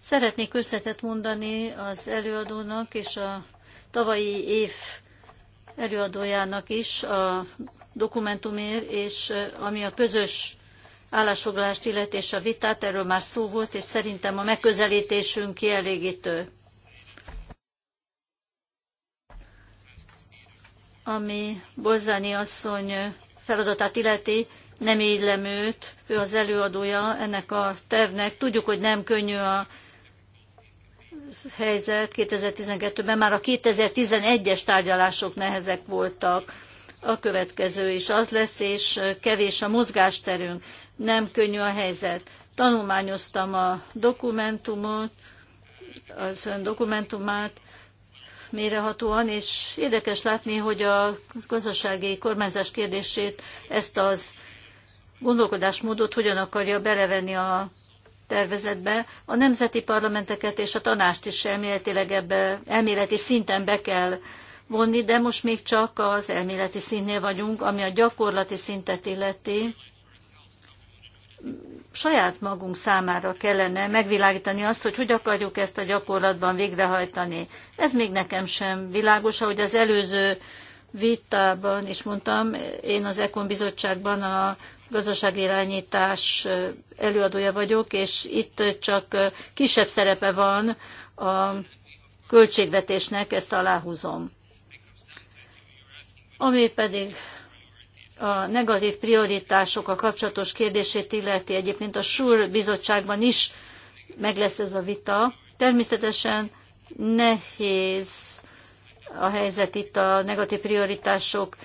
Szeretnék összetett mondani az előadónak és a tavalyi év előadójának is a dokumentumért, és eh, ami a közös állásfoglalást illeti és a vitát, erről már szó volt, és szerintem a megközelítésünk kielégítő. Ami Bolzáni asszony feladatát illeti, nem élem őt, ő az előadója ennek a tervnek. Tudjuk, hogy nem könnyű a helyzet 2012-ben, már a 2011-es tárgyalások nehezek voltak. A következő is az lesz, és kevés a mozgásterünk. Nem könnyű a helyzet. Tanulmányoztam a dokumentumot, az ön dokumentumát, mérehatóan, és érdekes látni, hogy a gazdasági kormányzás kérdését ezt az gondolkodásmódot hogyan akarja belevenni a tervezetbe. A nemzeti parlamenteket és a tanást is elméletileg ebbe elméleti szinten be kell vonni, de most még csak az elméleti szintnél vagyunk, ami a gyakorlati szintet illeti. Saját magunk számára kellene megvilágítani azt, hogy hogy akarjuk ezt a gyakorlatban végrehajtani. Ez még nekem sem világos, ahogy az előző vitában is mondtam, én az Ekon bizottságban a gazdaságirányítás előadója vagyok, és itt csak kisebb szerepe van a költségvetésnek, ezt aláhúzom. Ami pedig a negatív prioritásokkal kapcsolatos kérdését illeti, egyébként a SUR bizottságban is meg lesz ez a vita. Természetesen nehéz a helyzet itt a negatív prioritások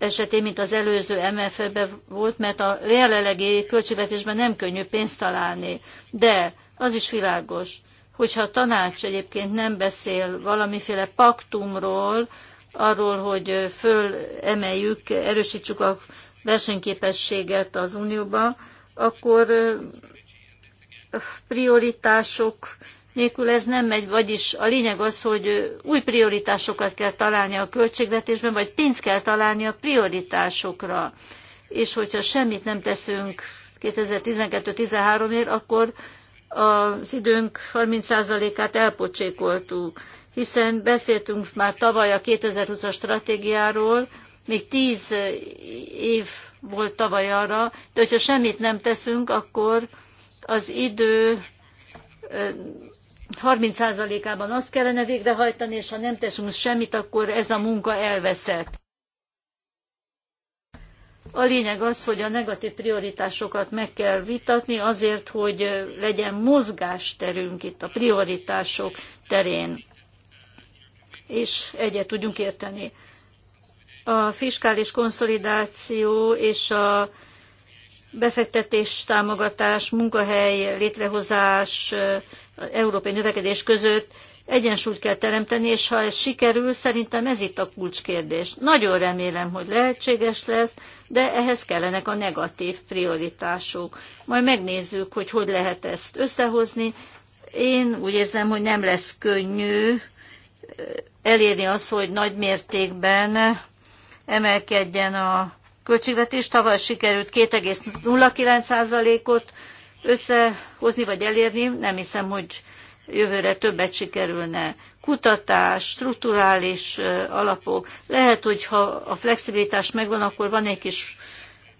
esetén, mint az előző MFF-ben volt, mert a jelenlegi költségvetésben nem könnyű pénzt találni. De az is világos, hogyha a tanács egyébként nem beszél valamiféle paktumról, arról, hogy fölemeljük, erősítsük a versenyképességet az Unióban, akkor prioritások nélkül ez nem megy, vagyis a lényeg az, hogy új prioritásokat kell találni a költségvetésben, vagy pénzt kell találni a prioritásokra. És hogyha semmit nem teszünk 2012-13-ért, akkor az időnk 30%-át elpocsékoltuk, hiszen beszéltünk már tavaly a 2020-as stratégiáról, még 10 év volt tavaly arra, de hogyha semmit nem teszünk, akkor az idő 30%-ában azt kellene végrehajtani, és ha nem teszünk semmit, akkor ez a munka elveszett. A lényeg az, hogy a negatív prioritásokat meg kell vitatni azért, hogy legyen mozgásterünk itt a prioritások terén, és egyet tudjunk érteni. A fiskális konszolidáció és a befektetés, támogatás, munkahely, létrehozás, európai növekedés között egyensúlyt kell teremteni, és ha ez sikerül, szerintem ez itt a kulcskérdés. Nagyon remélem, hogy lehetséges lesz, de ehhez kellenek a negatív prioritások. Majd megnézzük, hogy hogy lehet ezt összehozni. Én úgy érzem, hogy nem lesz könnyű elérni azt, hogy nagy mértékben emelkedjen a költségvetés. Tavaly sikerült 2,09%-ot összehozni vagy elérni. Nem hiszem, hogy jövőre többet sikerülne. Kutatás, strukturális alapok. Lehet, hogy ha a flexibilitás megvan, akkor van egy kis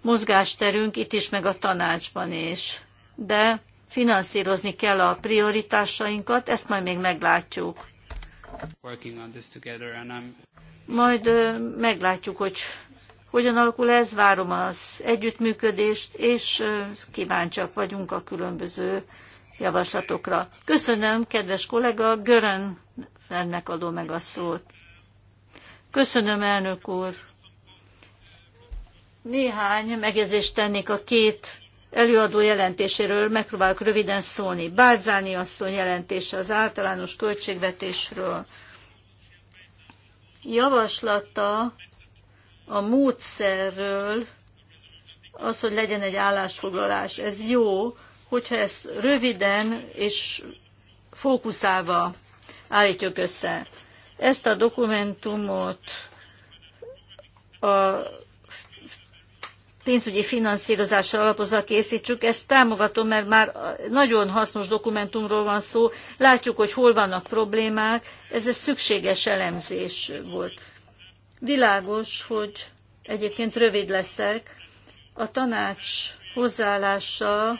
mozgásterünk itt is, meg a tanácsban is. De finanszírozni kell a prioritásainkat, ezt majd még meglátjuk. Majd meglátjuk, hogy hogyan alakul ez, várom az együttműködést, és kíváncsiak vagyunk a különböző javaslatokra. Köszönöm, kedves kollega, Görön Fernek adó meg a szót. Köszönöm, elnök úr. Néhány megjegyzést tennék a két előadó jelentéséről, megpróbálok röviden szólni. Bálzáni asszony jelentése az általános költségvetésről. Javaslata a módszerről, az, hogy legyen egy állásfoglalás, ez jó, hogyha ezt röviden és fókuszálva állítjuk össze. Ezt a dokumentumot a pénzügyi finanszírozásra alapozva készítsük. Ezt támogatom, mert már nagyon hasznos dokumentumról van szó. Látjuk, hogy hol vannak problémák. Ez egy szükséges elemzés volt. Világos, hogy egyébként rövid leszek, a tanács hozzáállása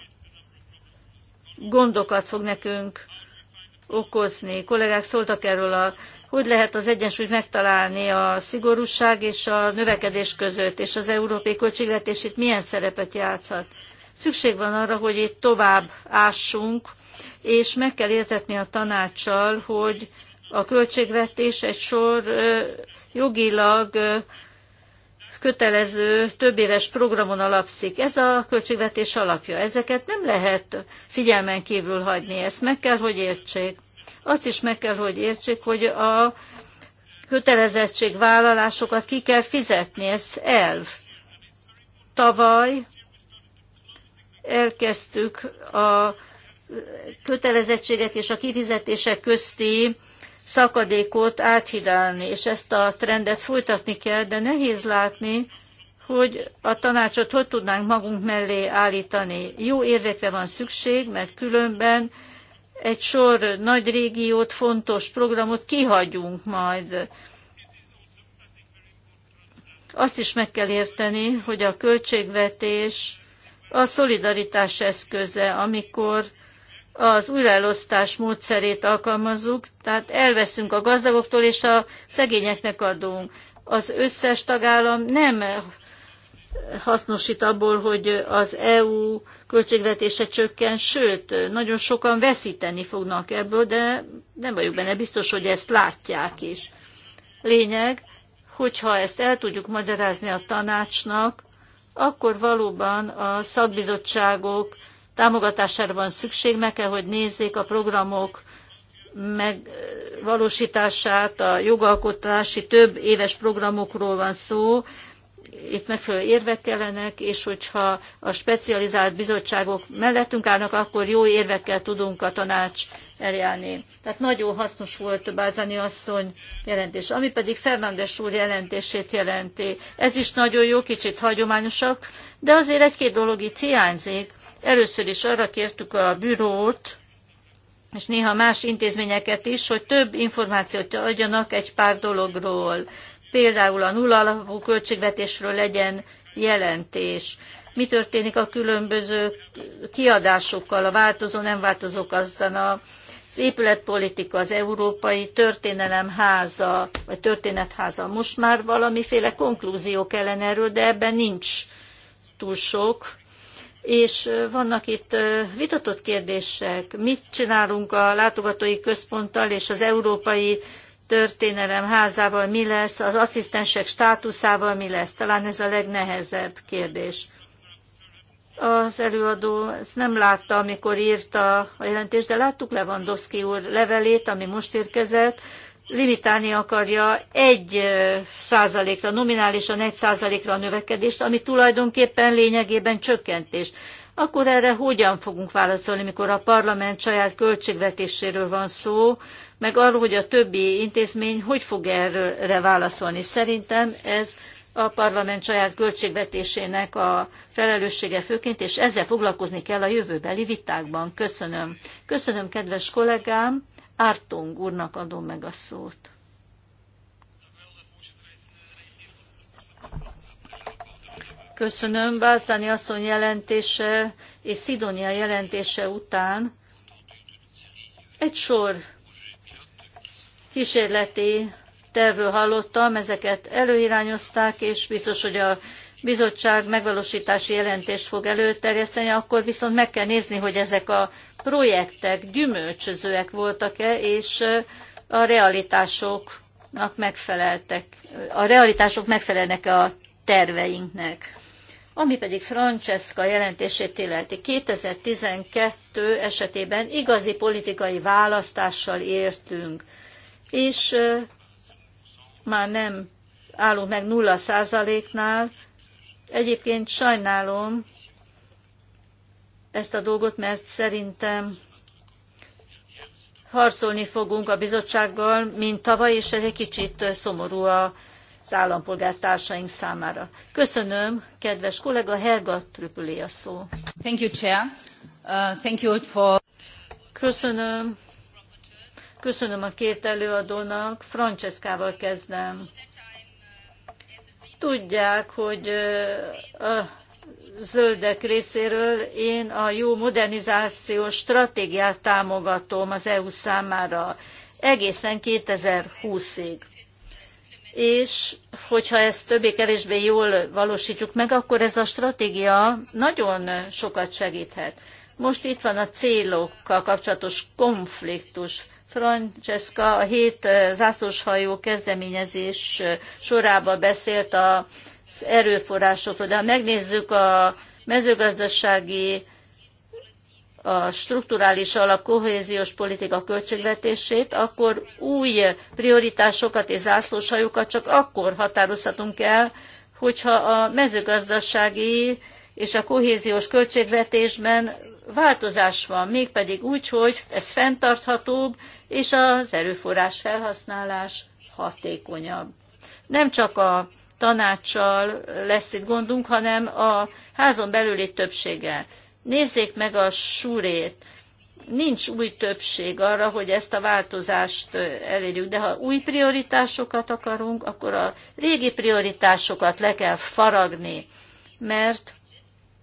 gondokat fog nekünk okozni. Kollégák szóltak erről, a, hogy lehet az egyensúlyt megtalálni a szigorúság és a növekedés között, és az európai költségvetés itt milyen szerepet játszhat. Szükség van arra, hogy itt tovább ássunk, és meg kell értetni a tanácssal, hogy a költségvetés egy sor jogilag kötelező többéves programon alapszik. Ez a költségvetés alapja. Ezeket nem lehet figyelmen kívül hagyni. Ezt meg kell, hogy értsék. Azt is meg kell, hogy értsék, hogy a kötelezettségvállalásokat ki kell fizetni. Ez elv. Tavaly elkezdtük a kötelezettségek és a kifizetések közti szakadékot áthidalni, és ezt a trendet folytatni kell, de nehéz látni, hogy a tanácsot hogy tudnánk magunk mellé állítani. Jó érvekre van szükség, mert különben egy sor nagy régiót, fontos programot kihagyunk majd. Azt is meg kell érteni, hogy a költségvetés a szolidaritás eszköze, amikor az újraelosztás módszerét alkalmazzuk, tehát elveszünk a gazdagoktól és a szegényeknek adunk. Az összes tagállam nem hasznosít abból, hogy az EU költségvetése csökken, sőt, nagyon sokan veszíteni fognak ebből, de nem vagyok benne biztos, hogy ezt látják is. Lényeg, hogyha ezt el tudjuk magyarázni a tanácsnak, akkor valóban a szakbizottságok támogatására van szükség, meg kell, hogy nézzék a programok megvalósítását, a jogalkotási több éves programokról van szó, itt megfelelő érvek kellenek, és hogyha a specializált bizottságok mellettünk állnak, akkor jó érvekkel tudunk a tanács eljárni. Tehát nagyon hasznos volt Bázani asszony jelentés. Ami pedig Fernandes úr jelentését jelenti. Ez is nagyon jó, kicsit hagyományosak, de azért egy-két dolog itt hiányzik. Először is arra kértük a bürót, és néha más intézményeket is, hogy több információt adjanak egy pár dologról. Például a nulla alapú költségvetésről legyen jelentés. Mi történik a különböző kiadásokkal, a változó, nem változó, aztán a, az épületpolitika, az Európai Történelem háza, vagy Történetháza. Most már valamiféle konklúzió kellene erről, de ebben nincs túl sok és vannak itt vitatott kérdések. Mit csinálunk a látogatói központtal és az Európai Történelem házával, mi lesz, az asszisztensek státuszával mi lesz? Talán ez a legnehezebb kérdés. Az előadó ezt nem látta, amikor írta a jelentést, de láttuk Lewandowski úr levelét, ami most érkezett, limitálni akarja egy százalékra, nominálisan egy százalékra a növekedést, ami tulajdonképpen lényegében csökkentés. Akkor erre hogyan fogunk válaszolni, mikor a parlament saját költségvetéséről van szó, meg arról, hogy a többi intézmény hogy fog erre válaszolni. Szerintem ez a parlament saját költségvetésének a felelőssége főként, és ezzel foglalkozni kell a jövőbeli vitákban. Köszönöm. Köszönöm, kedves kollégám. Ártong úrnak adom meg a szót. Köszönöm. Bálcáni asszony jelentése és Szidonia jelentése után egy sor kísérleti tervről hallottam, ezeket előirányozták, és biztos, hogy a bizottság megvalósítási jelentést fog előterjeszteni, akkor viszont meg kell nézni, hogy ezek a projektek gyümölcsözőek voltak-e, és a realitásoknak megfeleltek, a realitások megfelelnek -e a terveinknek. Ami pedig Francesca jelentését illeti, 2012 esetében igazi politikai választással értünk, és már nem állunk meg nulla százaléknál, Egyébként sajnálom ezt a dolgot, mert szerintem harcolni fogunk a bizottsággal, mint tavaly, és ez egy kicsit szomorú az állampolgártársaink számára. Köszönöm, kedves kollega Helga Trüpüli a szó. Thank you, Chair. Uh, thank you for... Köszönöm. Köszönöm a két előadónak. Franceszkával kezdem. Tudják, hogy a zöldek részéről én a jó modernizációs stratégiát támogatom az EU számára egészen 2020-ig. És hogyha ezt többé-kevésbé jól valósítjuk meg, akkor ez a stratégia nagyon sokat segíthet. Most itt van a célokkal kapcsolatos konfliktus. Francesca a hét zászlóshajó kezdeményezés sorába beszélt az erőforrásokról, de ha megnézzük a mezőgazdasági, a strukturális alap kohéziós politika költségvetését, akkor új prioritásokat és zászlóshajókat csak akkor határozhatunk el, hogyha a mezőgazdasági és a kohéziós költségvetésben változás van, mégpedig úgy, hogy ez fenntarthatóbb és az erőforrás felhasználás hatékonyabb. Nem csak a tanácssal lesz itt gondunk, hanem a házon belüli többséggel. Nézzék meg a súrét. Nincs új többség arra, hogy ezt a változást elérjük, de ha új prioritásokat akarunk, akkor a régi prioritásokat le kell faragni, mert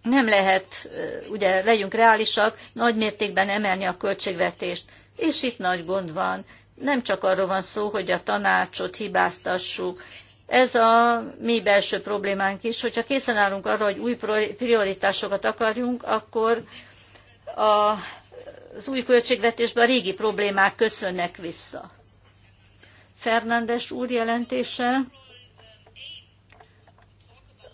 nem lehet, ugye legyünk reálisak, nagy mértékben emelni a költségvetést és itt nagy gond van. Nem csak arról van szó, hogy a tanácsot hibáztassuk, ez a mi belső problémánk is. Hogyha készen állunk arra, hogy új prioritásokat akarjunk, akkor a, az új költségvetésben a régi problémák köszönnek vissza. Fernandes úr jelentése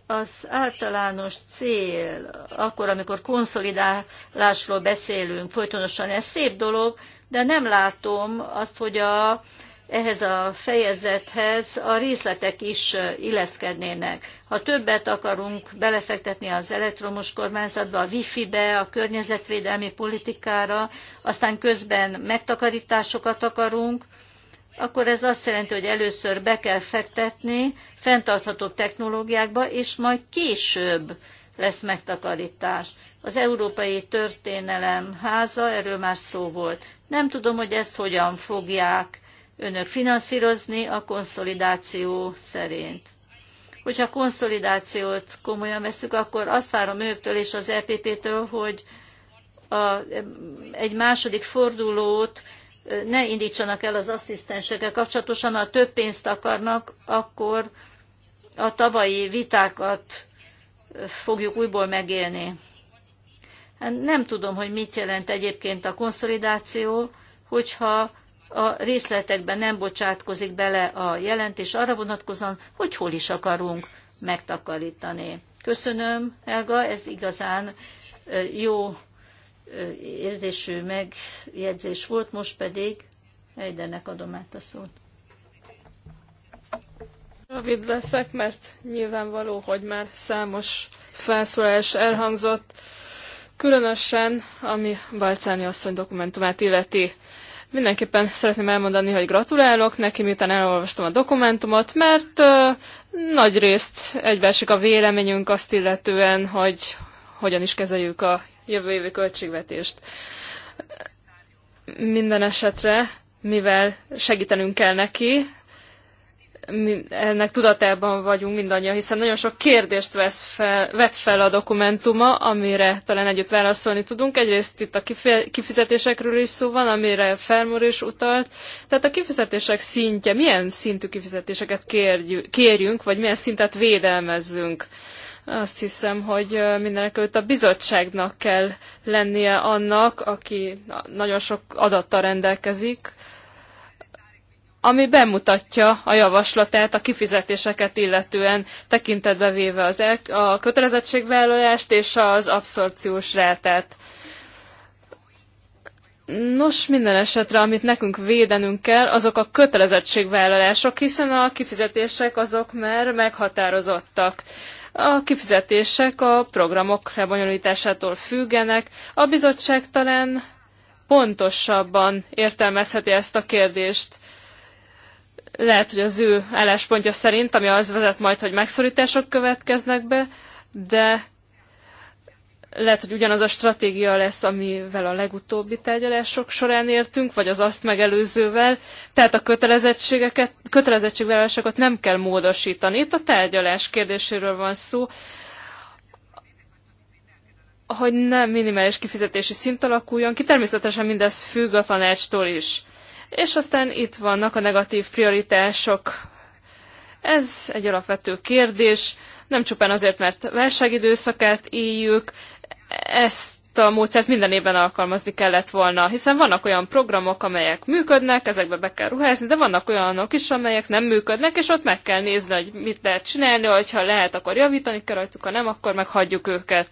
az általános cél, akkor, amikor konszolidálásról beszélünk folytonosan, ez szép dolog, de nem látom azt, hogy a, ehhez a fejezethez a részletek is illeszkednének. Ha többet akarunk belefektetni az elektromos kormányzatba, a wifi-be, a környezetvédelmi politikára, aztán közben megtakarításokat akarunk, akkor ez azt jelenti, hogy először be kell fektetni fenntartható technológiákba, és majd később lesz megtakarítás. Az Európai Történelem Háza, erről már szó volt. Nem tudom, hogy ezt hogyan fogják önök finanszírozni a konszolidáció szerint. Hogyha a konszolidációt komolyan veszük, akkor azt várom őktől és az EPP-től, hogy a, egy második fordulót ne indítsanak el az asszisztensekkel kapcsolatosan, ha több pénzt akarnak, akkor a tavalyi vitákat fogjuk újból megélni. Hát nem tudom, hogy mit jelent egyébként a konszolidáció, hogyha a részletekben nem bocsátkozik bele a jelentés arra vonatkozóan, hogy hol is akarunk megtakarítani. Köszönöm, Helga, ez igazán jó érzésű megjegyzés volt, most pedig Heidennek adom át a szót. Rövid leszek, mert nyilvánvaló, hogy már számos felszólás elhangzott. Különösen, ami Balcáni asszony dokumentumát illeti. Mindenképpen szeretném elmondani, hogy gratulálok neki, miután elolvastam a dokumentumot, mert ö, nagy részt egybeesik a véleményünk azt illetően, hogy hogyan is kezeljük a jövő évi költségvetést. Minden esetre, mivel segítenünk kell neki, ennek tudatában vagyunk mindannyian, hiszen nagyon sok kérdést vesz fel, vet fel a dokumentuma, amire talán együtt válaszolni tudunk. Egyrészt itt a kifizetésekről is szó van, amire Fermor is utalt. Tehát a kifizetések szintje, milyen szintű kifizetéseket kérjük, kérjünk, vagy milyen szintet védelmezzünk. Azt hiszem, hogy mindenek a bizottságnak kell lennie annak, aki nagyon sok adattal rendelkezik, ami bemutatja a javaslatát a kifizetéseket illetően tekintetbe véve az el, a kötelezettségvállalást és az abszorpciós rátát. Nos, minden esetre, amit nekünk védenünk kell, azok a kötelezettségvállalások, hiszen a kifizetések azok már meghatározottak. A kifizetések a programok lebonyolításától függenek, a bizottság talán pontosabban értelmezheti ezt a kérdést. Lehet, hogy az ő álláspontja szerint, ami az vezet majd, hogy megszorítások következnek be, de lehet, hogy ugyanaz a stratégia lesz, amivel a legutóbbi tárgyalások során értünk, vagy az azt megelőzővel, tehát a kötelezettségeket, kötelezettségvállalásokat nem kell módosítani. Itt a tárgyalás kérdéséről van szó, hogy nem minimális kifizetési szint alakuljon ki, természetesen mindez függ a tanácstól is. És aztán itt vannak a negatív prioritások. Ez egy alapvető kérdés, nem csupán azért, mert válságidőszakát éljük, ezt a módszert minden évben alkalmazni kellett volna, hiszen vannak olyan programok, amelyek működnek, ezekbe be kell ruházni, de vannak olyanok is, amelyek nem működnek, és ott meg kell nézni, hogy mit lehet csinálni, hogyha lehet, akkor javítani kell rajtuk, ha nem, akkor meghagyjuk őket.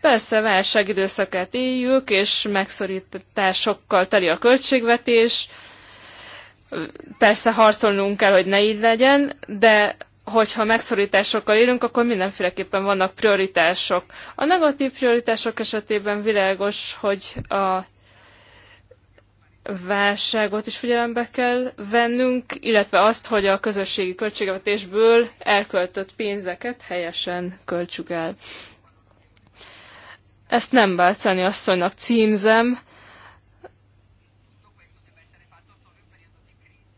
Persze válságidőszakát éljük, és megszorításokkal teli a költségvetés. Persze harcolnunk kell, hogy ne így legyen, de hogyha megszorításokkal élünk, akkor mindenféleképpen vannak prioritások. A negatív prioritások esetében világos, hogy a válságot is figyelembe kell vennünk, illetve azt, hogy a közösségi költségvetésből elköltött pénzeket helyesen költsük el. Ezt nem Bálcáni asszonynak címzem,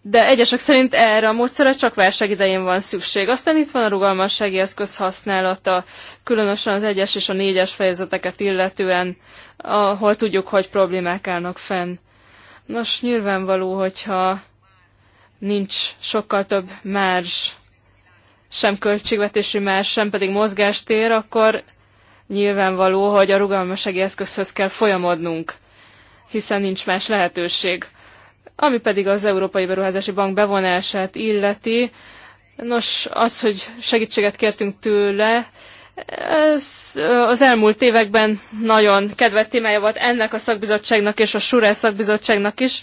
de egyesek szerint erre a módszere csak válság idején van szükség. Aztán itt van a rugalmassági eszköz használata, különösen az egyes és a négyes fejezeteket illetően, ahol tudjuk, hogy problémák állnak fenn. Nos, nyilvánvaló, hogyha nincs sokkal több márs, sem költségvetési márs, sem pedig mozgástér, akkor nyilvánvaló, hogy a rugalmassági eszközhöz kell folyamodnunk, hiszen nincs más lehetőség. Ami pedig az Európai Beruházási Bank bevonását illeti, nos, az, hogy segítséget kértünk tőle, ez az elmúlt években nagyon kedvelt témája volt ennek a szakbizottságnak és a Surel szakbizottságnak is.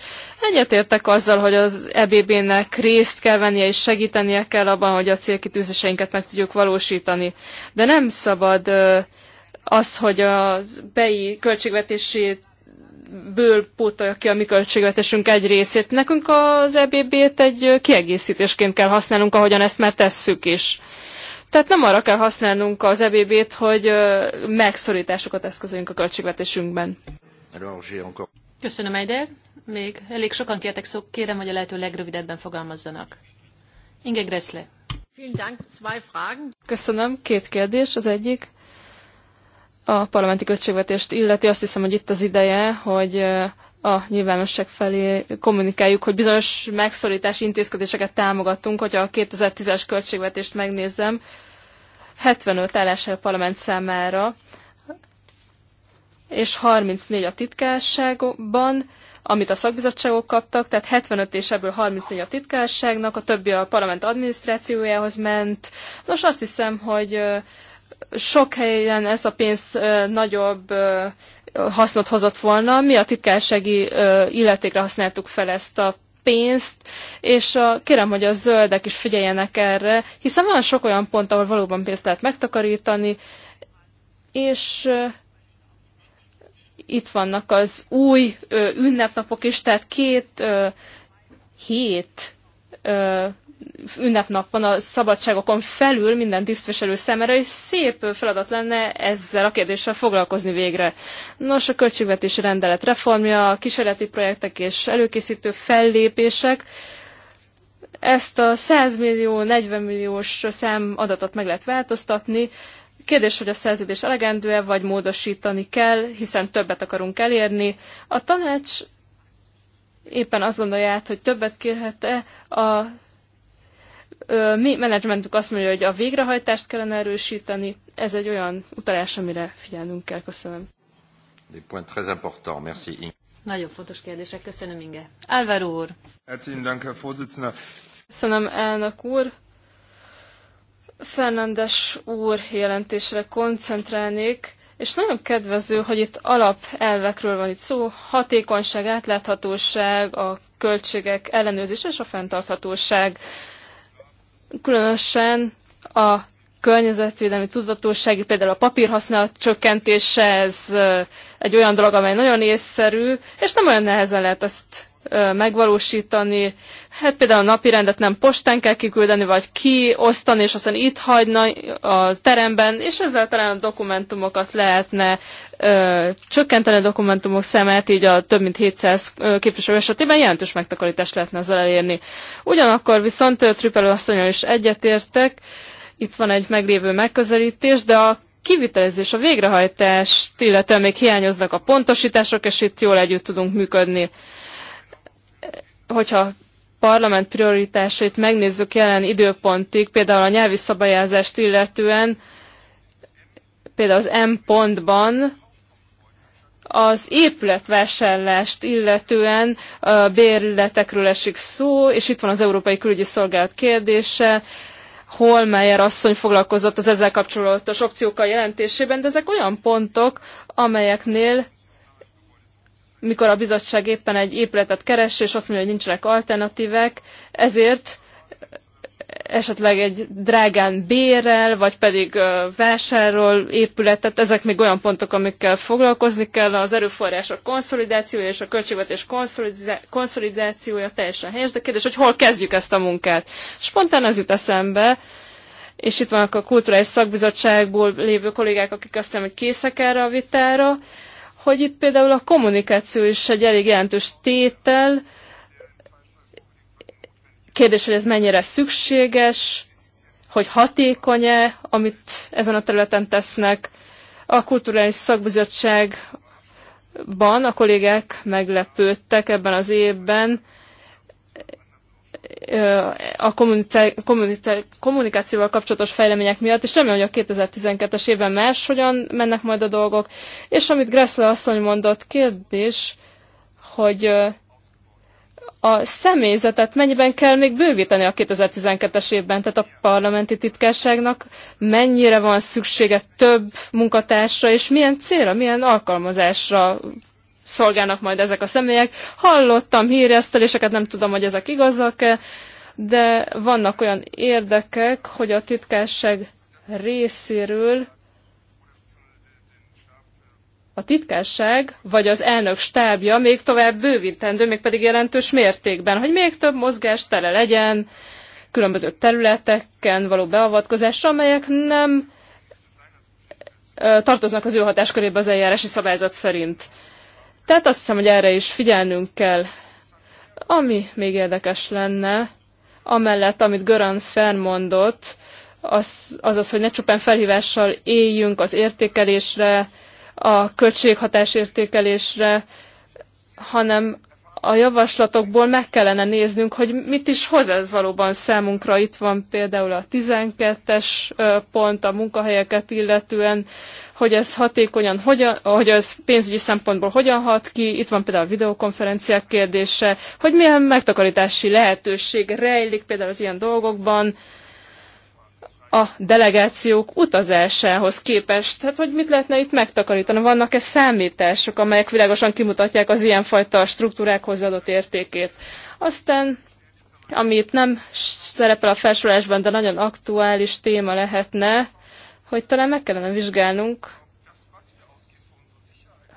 Egyetértek azzal, hogy az EBB-nek részt kell vennie és segítenie kell abban, hogy a célkitűzéseinket meg tudjuk valósítani. De nem szabad az, hogy a BEI költségvetését ből pótolja ki a mi költségvetésünk egy részét. Nekünk az EBB-t egy kiegészítésként kell használnunk, ahogyan ezt már tesszük is. Tehát nem arra kell használnunk az EBB-t, hogy megszorításokat eszközöljünk a költségvetésünkben. Köszönöm, Eider. Még elég sokan kértek szó, kérem, hogy a lehető legrövidebben fogalmazzanak. Inge Gressle. Köszönöm, két kérdés. Az egyik, a parlamenti költségvetést illeti, azt hiszem, hogy itt az ideje, hogy a nyilvánosság felé kommunikáljuk, hogy bizonyos megszorítási intézkedéseket támogattunk, hogyha a 2010-es költségvetést megnézem, 75 állása a parlament számára, és 34 a titkárságban, amit a szakbizottságok kaptak, tehát 75 és ebből 34 a titkárságnak, a többi a parlament adminisztrációjához ment. Nos, azt hiszem, hogy sok helyen ez a pénz nagyobb hasznot hozott volna. Mi a titkársági illetékre használtuk fel ezt a pénzt, és a, kérem, hogy a zöldek is figyeljenek erre, hiszen van sok olyan pont, ahol valóban pénzt lehet megtakarítani, és itt vannak az új uh, ünnepnapok is, tehát két uh, hét uh, ünnepnap van a szabadságokon felül minden tisztviselő szemére, és szép feladat lenne ezzel a kérdéssel foglalkozni végre. Nos, a költségvetési rendelet reformja, a kísérleti projektek és előkészítő fellépések, ezt a 100 millió, 40 milliós szám adatot meg lehet változtatni, Kérdés, hogy a szerződés elegendő-e, vagy módosítani kell, hiszen többet akarunk elérni. A tanács éppen azt gondolja át, hogy többet kérhet-e a mi menedzsmentünk azt mondja, hogy a végrehajtást kellene erősíteni. Ez egy olyan utalás, amire figyelnünk kell. Köszönöm. Des points très importants. Merci, Inge. Nagyon fontos kérdések. Köszönöm, Inge. Álvaro úr. Köszönöm, elnök úr. Fernandes úr jelentésre koncentrálnék, és nagyon kedvező, hogy itt alapelvekről van itt szó, hatékonyság, átláthatóság, a költségek ellenőrzése és a fenntarthatóság. Különösen a környezetvédelmi tudatosság, például a papírhasználat csökkentése, ez egy olyan dolog, amely nagyon észszerű, és nem olyan nehezen lehet ezt megvalósítani. Hát például a napi rendet nem postán kell kiküldeni, vagy kiosztani, és aztán itt hagyna a teremben, és ezzel talán a dokumentumokat lehetne ö, csökkenteni a dokumentumok számát, így a több mint 700 képviselő esetében jelentős megtakarítást lehetne ezzel elérni. Ugyanakkor viszont Trüppel asszonyon is egyetértek, itt van egy meglévő megközelítés, de a kivitelezés, a végrehajtást, illetve még hiányoznak a pontosítások, és itt jól együtt tudunk működni. Hogyha parlament prioritásait megnézzük jelen időpontig, például a nyelvi szabályázást illetően, például az M pontban az épületvásárlást illetően a bérületekről esik szó, és itt van az Európai Külügyi Szolgálat kérdése. Holmeyer asszony foglalkozott az ezzel kapcsolatos opciókkal jelentésében, de ezek olyan pontok, amelyeknél mikor a bizottság éppen egy épületet keres, és azt mondja, hogy nincsenek alternatívek, ezért esetleg egy drágán bérel, vagy pedig vásárol épületet. Ezek még olyan pontok, amikkel foglalkozni kell. Az erőforrások konszolidációja és a költségvetés konszolidációja teljesen helyes, de kérdés, hogy hol kezdjük ezt a munkát. Spontán az jut eszembe, és itt vannak a kulturális szakbizottságból lévő kollégák, akik azt hiszem, hogy készek erre a vitára, hogy itt például a kommunikáció is egy elég jelentős tétel, Kérdés, hogy ez mennyire szükséges, hogy hatékony-e, amit ezen a területen tesznek. A Kulturális Szakbizottságban a kollégák meglepődtek ebben az évben, a kommunikációval kapcsolatos fejlemények miatt, és remélem, hogy a 2012-es évben máshogyan mennek majd a dolgok. És amit Gressler asszony mondott, kérdés, hogy a személyzetet mennyiben kell még bővíteni a 2012-es évben, tehát a parlamenti titkárságnak mennyire van szüksége több munkatársra, és milyen célra, milyen alkalmazásra szolgálnak majd ezek a személyek. Hallottam híreszteléseket, nem tudom, hogy ezek igazak-e, de vannak olyan érdekek, hogy a titkárság részéről a titkárság vagy az elnök stábja még tovább bővítendő, még pedig jelentős mértékben, hogy még több mozgástere legyen különböző területeken való beavatkozásra, amelyek nem tartoznak az ő hatáskörébe az eljárási szabályzat szerint. Tehát azt hiszem, hogy erre is figyelnünk kell. Ami még érdekes lenne, amellett, amit Göran felmondott, az, az az, hogy ne csupán felhívással éljünk az értékelésre, a költséghatásértékelésre, hanem a javaslatokból meg kellene néznünk, hogy mit is hoz ez valóban számunkra. Itt van például a 12-es pont a munkahelyeket illetően, hogy ez hatékonyan, hogyan, hogy ez pénzügyi szempontból hogyan hat ki, itt van például a videokonferenciák kérdése, hogy milyen megtakarítási lehetőség rejlik például az ilyen dolgokban, a delegációk utazásához képest, tehát hogy mit lehetne itt megtakarítani? Vannak-e számítások, amelyek világosan kimutatják az ilyenfajta struktúrák hozzáadott értékét? Aztán, ami itt nem szerepel a felsorolásban, de nagyon aktuális téma lehetne, hogy talán meg kellene vizsgálnunk,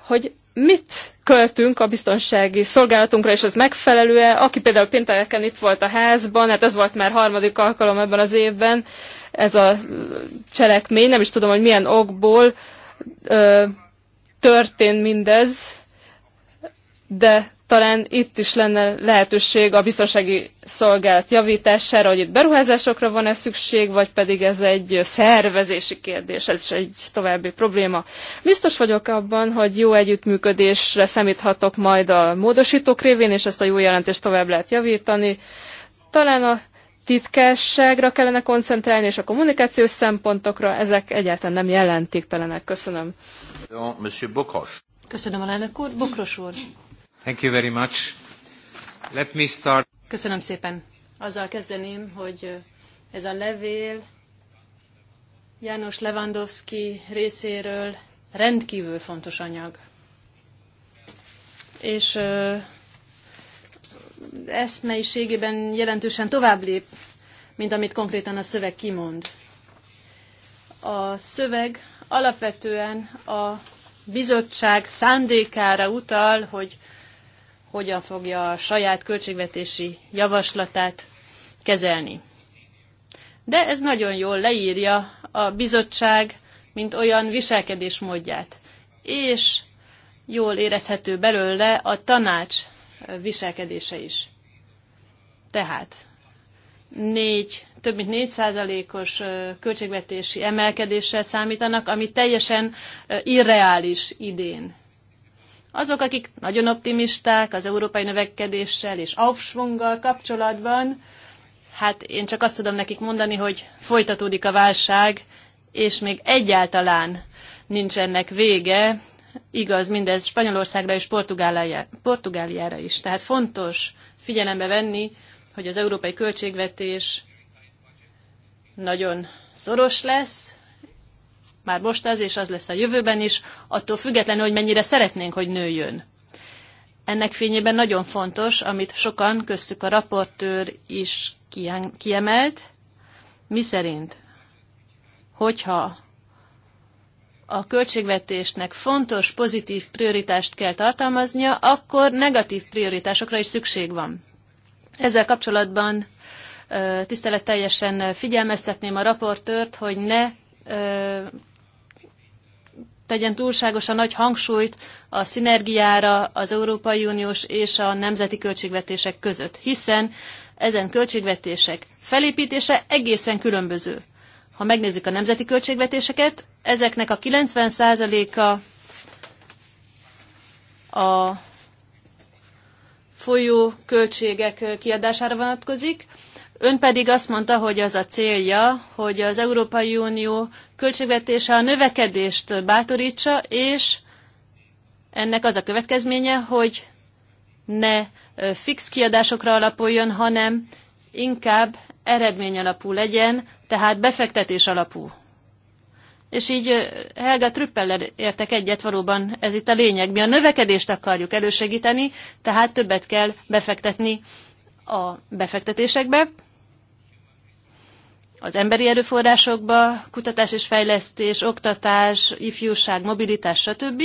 hogy mit költünk a biztonsági szolgálatunkra, és ez megfelelő-e? Aki például pénteken itt volt a házban, hát ez volt már harmadik alkalom ebben az évben, ez a cselekmény, nem is tudom, hogy milyen okból ö, történt mindez, de talán itt is lenne lehetőség a biztonsági szolgálat javítására, hogy itt beruházásokra van-e szükség, vagy pedig ez egy szervezési kérdés, ez is egy további probléma. Biztos vagyok abban, hogy jó együttműködésre számíthatok majd a módosítók révén, és ezt a jó jelentést tovább lehet javítani. Talán a titkásságra kellene koncentrálni, és a kommunikációs szempontokra ezek egyáltalán nem jelentéktelenek. Köszönöm. Köszönöm a Köszönöm, úr. Bokros úr. Thank you very much. Let me start. Köszönöm szépen. Azzal kezdeném, hogy eh, ez a levél János Lewandowski részéről rendkívül fontos anyag. És eh, eszmeiségében jelentősen tovább lép, mint amit konkrétan a szöveg kimond. A szöveg alapvetően a bizottság szándékára utal, hogy hogyan fogja a saját költségvetési javaslatát kezelni. De ez nagyon jól leírja a bizottság, mint olyan viselkedésmódját, és jól érezhető belőle a tanács viselkedése is. Tehát négy, több mint 4 százalékos költségvetési emelkedéssel számítanak, ami teljesen irreális idén. Azok, akik nagyon optimisták az európai növekedéssel és aufschwunggal kapcsolatban, hát én csak azt tudom nekik mondani, hogy folytatódik a válság, és még egyáltalán nincs ennek vége, igaz mindez Spanyolországra és Portugáliára is. Tehát fontos figyelembe venni, hogy az európai költségvetés nagyon szoros lesz, már most az, és az lesz a jövőben is, attól függetlenül, hogy mennyire szeretnénk, hogy nőjön. Ennek fényében nagyon fontos, amit sokan, köztük a raportőr is kiemelt, mi szerint, hogyha a költségvetésnek fontos, pozitív prioritást kell tartalmaznia, akkor negatív prioritásokra is szükség van. Ezzel kapcsolatban tiszteletteljesen figyelmeztetném a raportőrt, hogy ne tegyen túlságosan nagy hangsúlyt a szinergiára az Európai Uniós és a nemzeti költségvetések között, hiszen ezen költségvetések felépítése egészen különböző. Ha megnézzük a nemzeti költségvetéseket, ezeknek a 90%-a a folyó költségek kiadására vonatkozik. Ön pedig azt mondta, hogy az a célja, hogy az Európai Unió költségvetése a növekedést bátorítsa, és ennek az a következménye, hogy ne fix kiadásokra alapuljon, hanem inkább eredmény alapú legyen, tehát befektetés alapú. És így Helga Trüppeller értek egyet, valóban ez itt a lényeg. Mi a növekedést akarjuk elősegíteni, tehát többet kell befektetni a befektetésekbe, az emberi erőforrásokba, kutatás és fejlesztés, oktatás, ifjúság, mobilitás, stb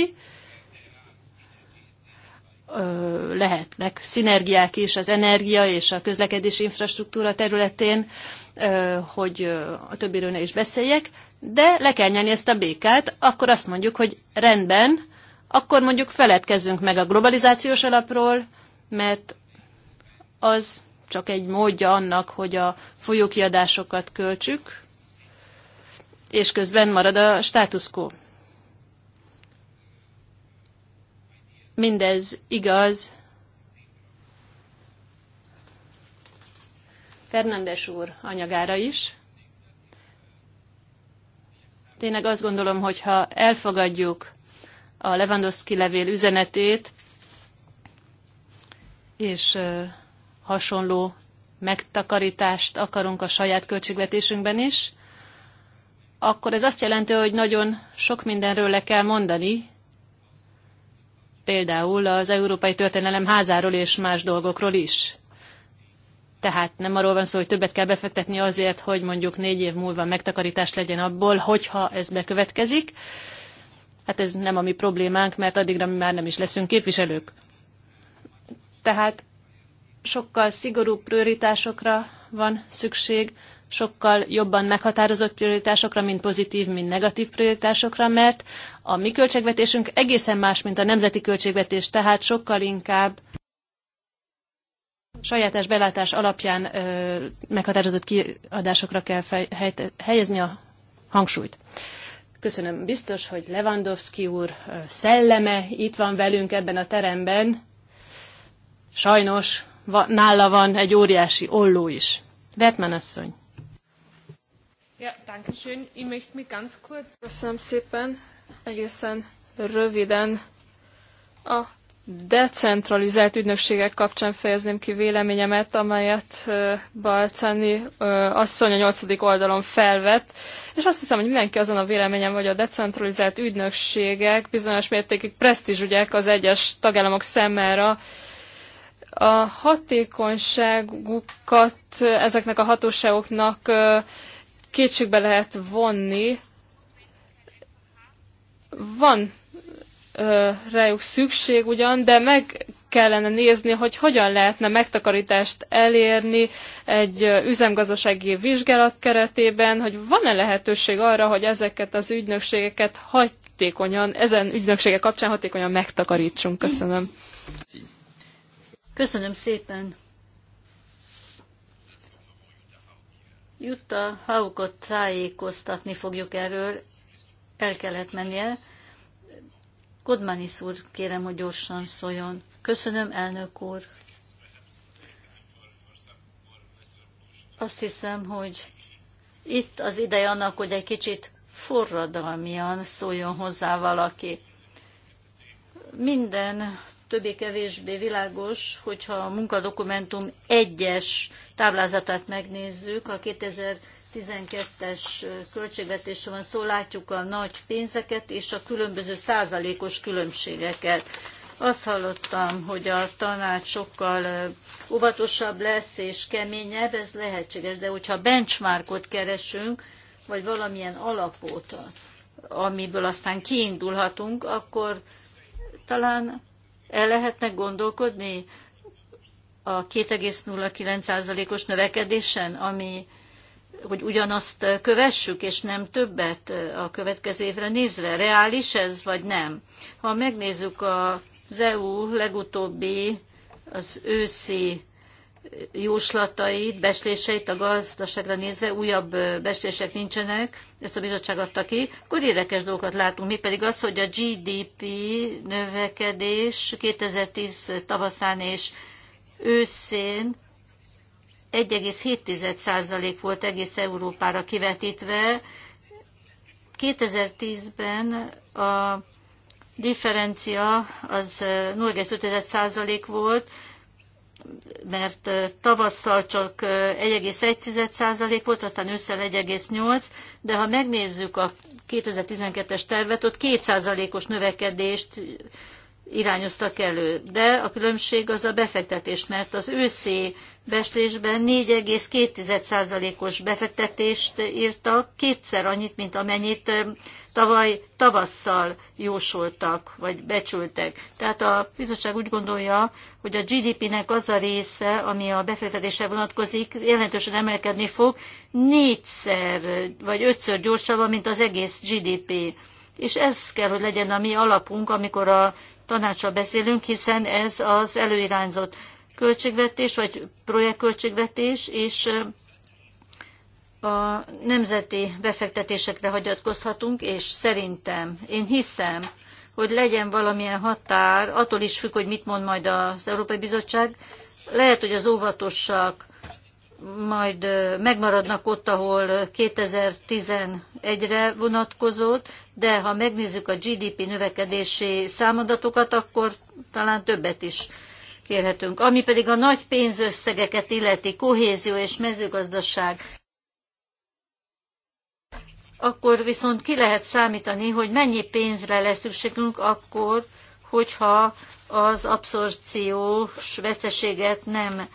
lehetnek szinergiák is az energia és a közlekedési infrastruktúra területén, hogy a többiről ne is beszéljek, de le kell nyerni ezt a békát, akkor azt mondjuk, hogy rendben, akkor mondjuk feledkezzünk meg a globalizációs alapról, mert az csak egy módja annak, hogy a folyókiadásokat költsük, és közben marad a státuszkó. Mindez igaz. Fernandes úr anyagára is. Tényleg azt gondolom, hogy ha elfogadjuk a Lewandowski levél üzenetét, és hasonló megtakarítást akarunk a saját költségvetésünkben is, akkor ez azt jelenti, hogy nagyon sok mindenről le kell mondani, például az Európai Történelem házáról és más dolgokról is. Tehát nem arról van szó, hogy többet kell befektetni azért, hogy mondjuk négy év múlva megtakarítás legyen abból, hogyha ez bekövetkezik. Hát ez nem a mi problémánk, mert addigra mi már nem is leszünk képviselők. Tehát sokkal szigorúbb prioritásokra van szükség, sokkal jobban meghatározott prioritásokra, mint pozitív, mint negatív prioritásokra, mert a mi költségvetésünk egészen más, mint a nemzeti költségvetés, tehát sokkal inkább sajátos belátás alapján ö, meghatározott kiadásokra kell fej, hely, helyezni a hangsúlyt. Köszönöm biztos, hogy Lewandowski úr szelleme itt van velünk ebben a teremben. Sajnos va, nála van egy óriási olló is. Vetmen asszony. Ja, danke schön. Ich möchte mich ganz kurz... Köszönöm szépen, egészen röviden a decentralizált ügynökségek kapcsán fejezném ki véleményemet, amelyet Balcani asszony a nyolcadik oldalon felvett, és azt hiszem, hogy mindenki azon a véleményem, hogy a decentralizált ügynökségek bizonyos mértékig presztízsügyek az egyes tagállamok számára, a hatékonyságukat ezeknek a hatóságoknak kétségbe lehet vonni. Van ö, rájuk szükség ugyan, de meg kellene nézni, hogy hogyan lehetne megtakarítást elérni egy üzemgazdasági vizsgálat keretében, hogy van-e lehetőség arra, hogy ezeket az ügynökségeket hatékonyan, ezen ügynökségek kapcsán hatékonyan megtakarítsunk. Köszönöm. Köszönöm szépen. Jutta Haukot tájékoztatni fogjuk erről, el kellett mennie. Kodmanis úr, kérem, hogy gyorsan szóljon. Köszönöm, elnök úr. Azt hiszem, hogy itt az ideje annak, hogy egy kicsit forradalmian szóljon hozzá valaki. Minden többé-kevésbé világos, hogyha a munkadokumentum egyes táblázatát megnézzük, a 2012-es költségvetésre van szó, látjuk a nagy pénzeket és a különböző százalékos különbségeket. Azt hallottam, hogy a tanács sokkal óvatosabb lesz és keményebb, ez lehetséges, de hogyha benchmarkot keresünk, vagy valamilyen alapot, amiből aztán kiindulhatunk, akkor talán el lehetne gondolkodni a 2,09%-os növekedésen, ami hogy ugyanazt kövessük, és nem többet a következő évre nézve. Reális ez, vagy nem? Ha megnézzük az EU legutóbbi, az őszi jóslatait, besléseit a gazdaságra nézve, újabb beslések nincsenek, ezt a bizottság adta ki, akkor érdekes dolgokat látunk. Még pedig az, hogy a GDP növekedés 2010 tavaszán és őszén 1,7% volt egész Európára kivetítve. 2010-ben a differencia az 0,5% volt, mert tavasszal csak 1,1% volt, aztán ősszel 1,8%, de ha megnézzük a 2012-es tervet, ott 2%-os növekedést irányoztak elő. De a különbség az a befektetés, mert az őszi beslésben 4,2%-os befektetést írtak, kétszer annyit, mint amennyit tavaly tavasszal jósoltak, vagy becsültek. Tehát a bizottság úgy gondolja, hogy a GDP-nek az a része, ami a befektetésre vonatkozik, jelentősen emelkedni fog, négyszer vagy ötször gyorsabban, mint az egész GDP. És ez kell, hogy legyen a mi alapunk, amikor a tanácsra beszélünk, hiszen ez az előirányzott költségvetés, vagy projektköltségvetés, és a nemzeti befektetésekre hagyatkozhatunk, és szerintem, én hiszem, hogy legyen valamilyen határ, attól is függ, hogy mit mond majd az Európai Bizottság, lehet, hogy az óvatosak majd megmaradnak ott, ahol 2011-re vonatkozott, de ha megnézzük a GDP növekedési számadatokat, akkor talán többet is kérhetünk. Ami pedig a nagy pénzösszegeket illeti, kohézió és mezőgazdaság, akkor viszont ki lehet számítani, hogy mennyi pénzre lesz szükségünk akkor, hogyha az abszorciós veszteséget nem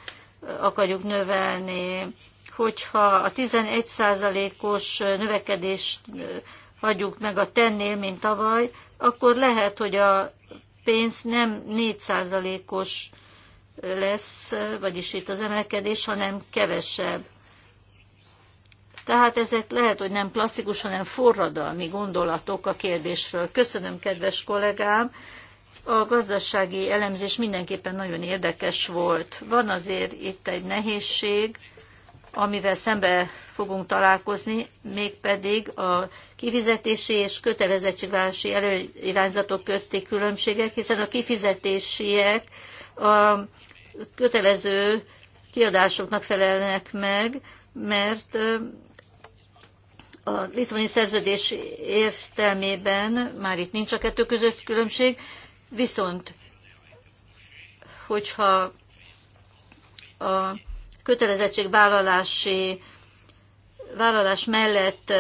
akarjuk növelni, hogyha a 11%-os növekedést hagyjuk meg a tennél, mint tavaly, akkor lehet, hogy a pénz nem 4%-os lesz, vagyis itt az emelkedés, hanem kevesebb. Tehát ezek lehet, hogy nem klasszikus, hanem forradalmi gondolatok a kérdésről. Köszönöm, kedves kollégám, a gazdasági elemzés mindenképpen nagyon érdekes volt. Van azért itt egy nehézség, amivel szembe fogunk találkozni, mégpedig a kifizetési és kötelezettségvállalási előirányzatok közti különbségek, hiszen a kifizetésiek a kötelező kiadásoknak felelnek meg, mert a Lisztvani szerződés értelmében már itt nincs a kettő között különbség, Viszont, hogyha a kötelezettségvállalási vállalás mellett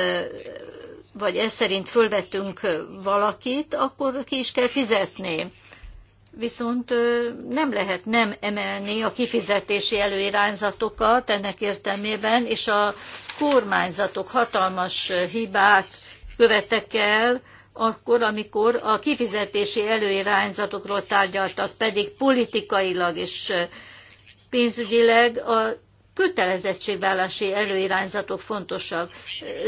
vagy ez szerint fölvettünk valakit, akkor ki is kell fizetni. Viszont nem lehet nem emelni a kifizetési előirányzatokat ennek értelmében, és a kormányzatok hatalmas hibát követtek el, akkor, amikor a kifizetési előirányzatokról tárgyaltak, pedig politikailag és pénzügyileg a kötelezettségvállási előirányzatok fontosak.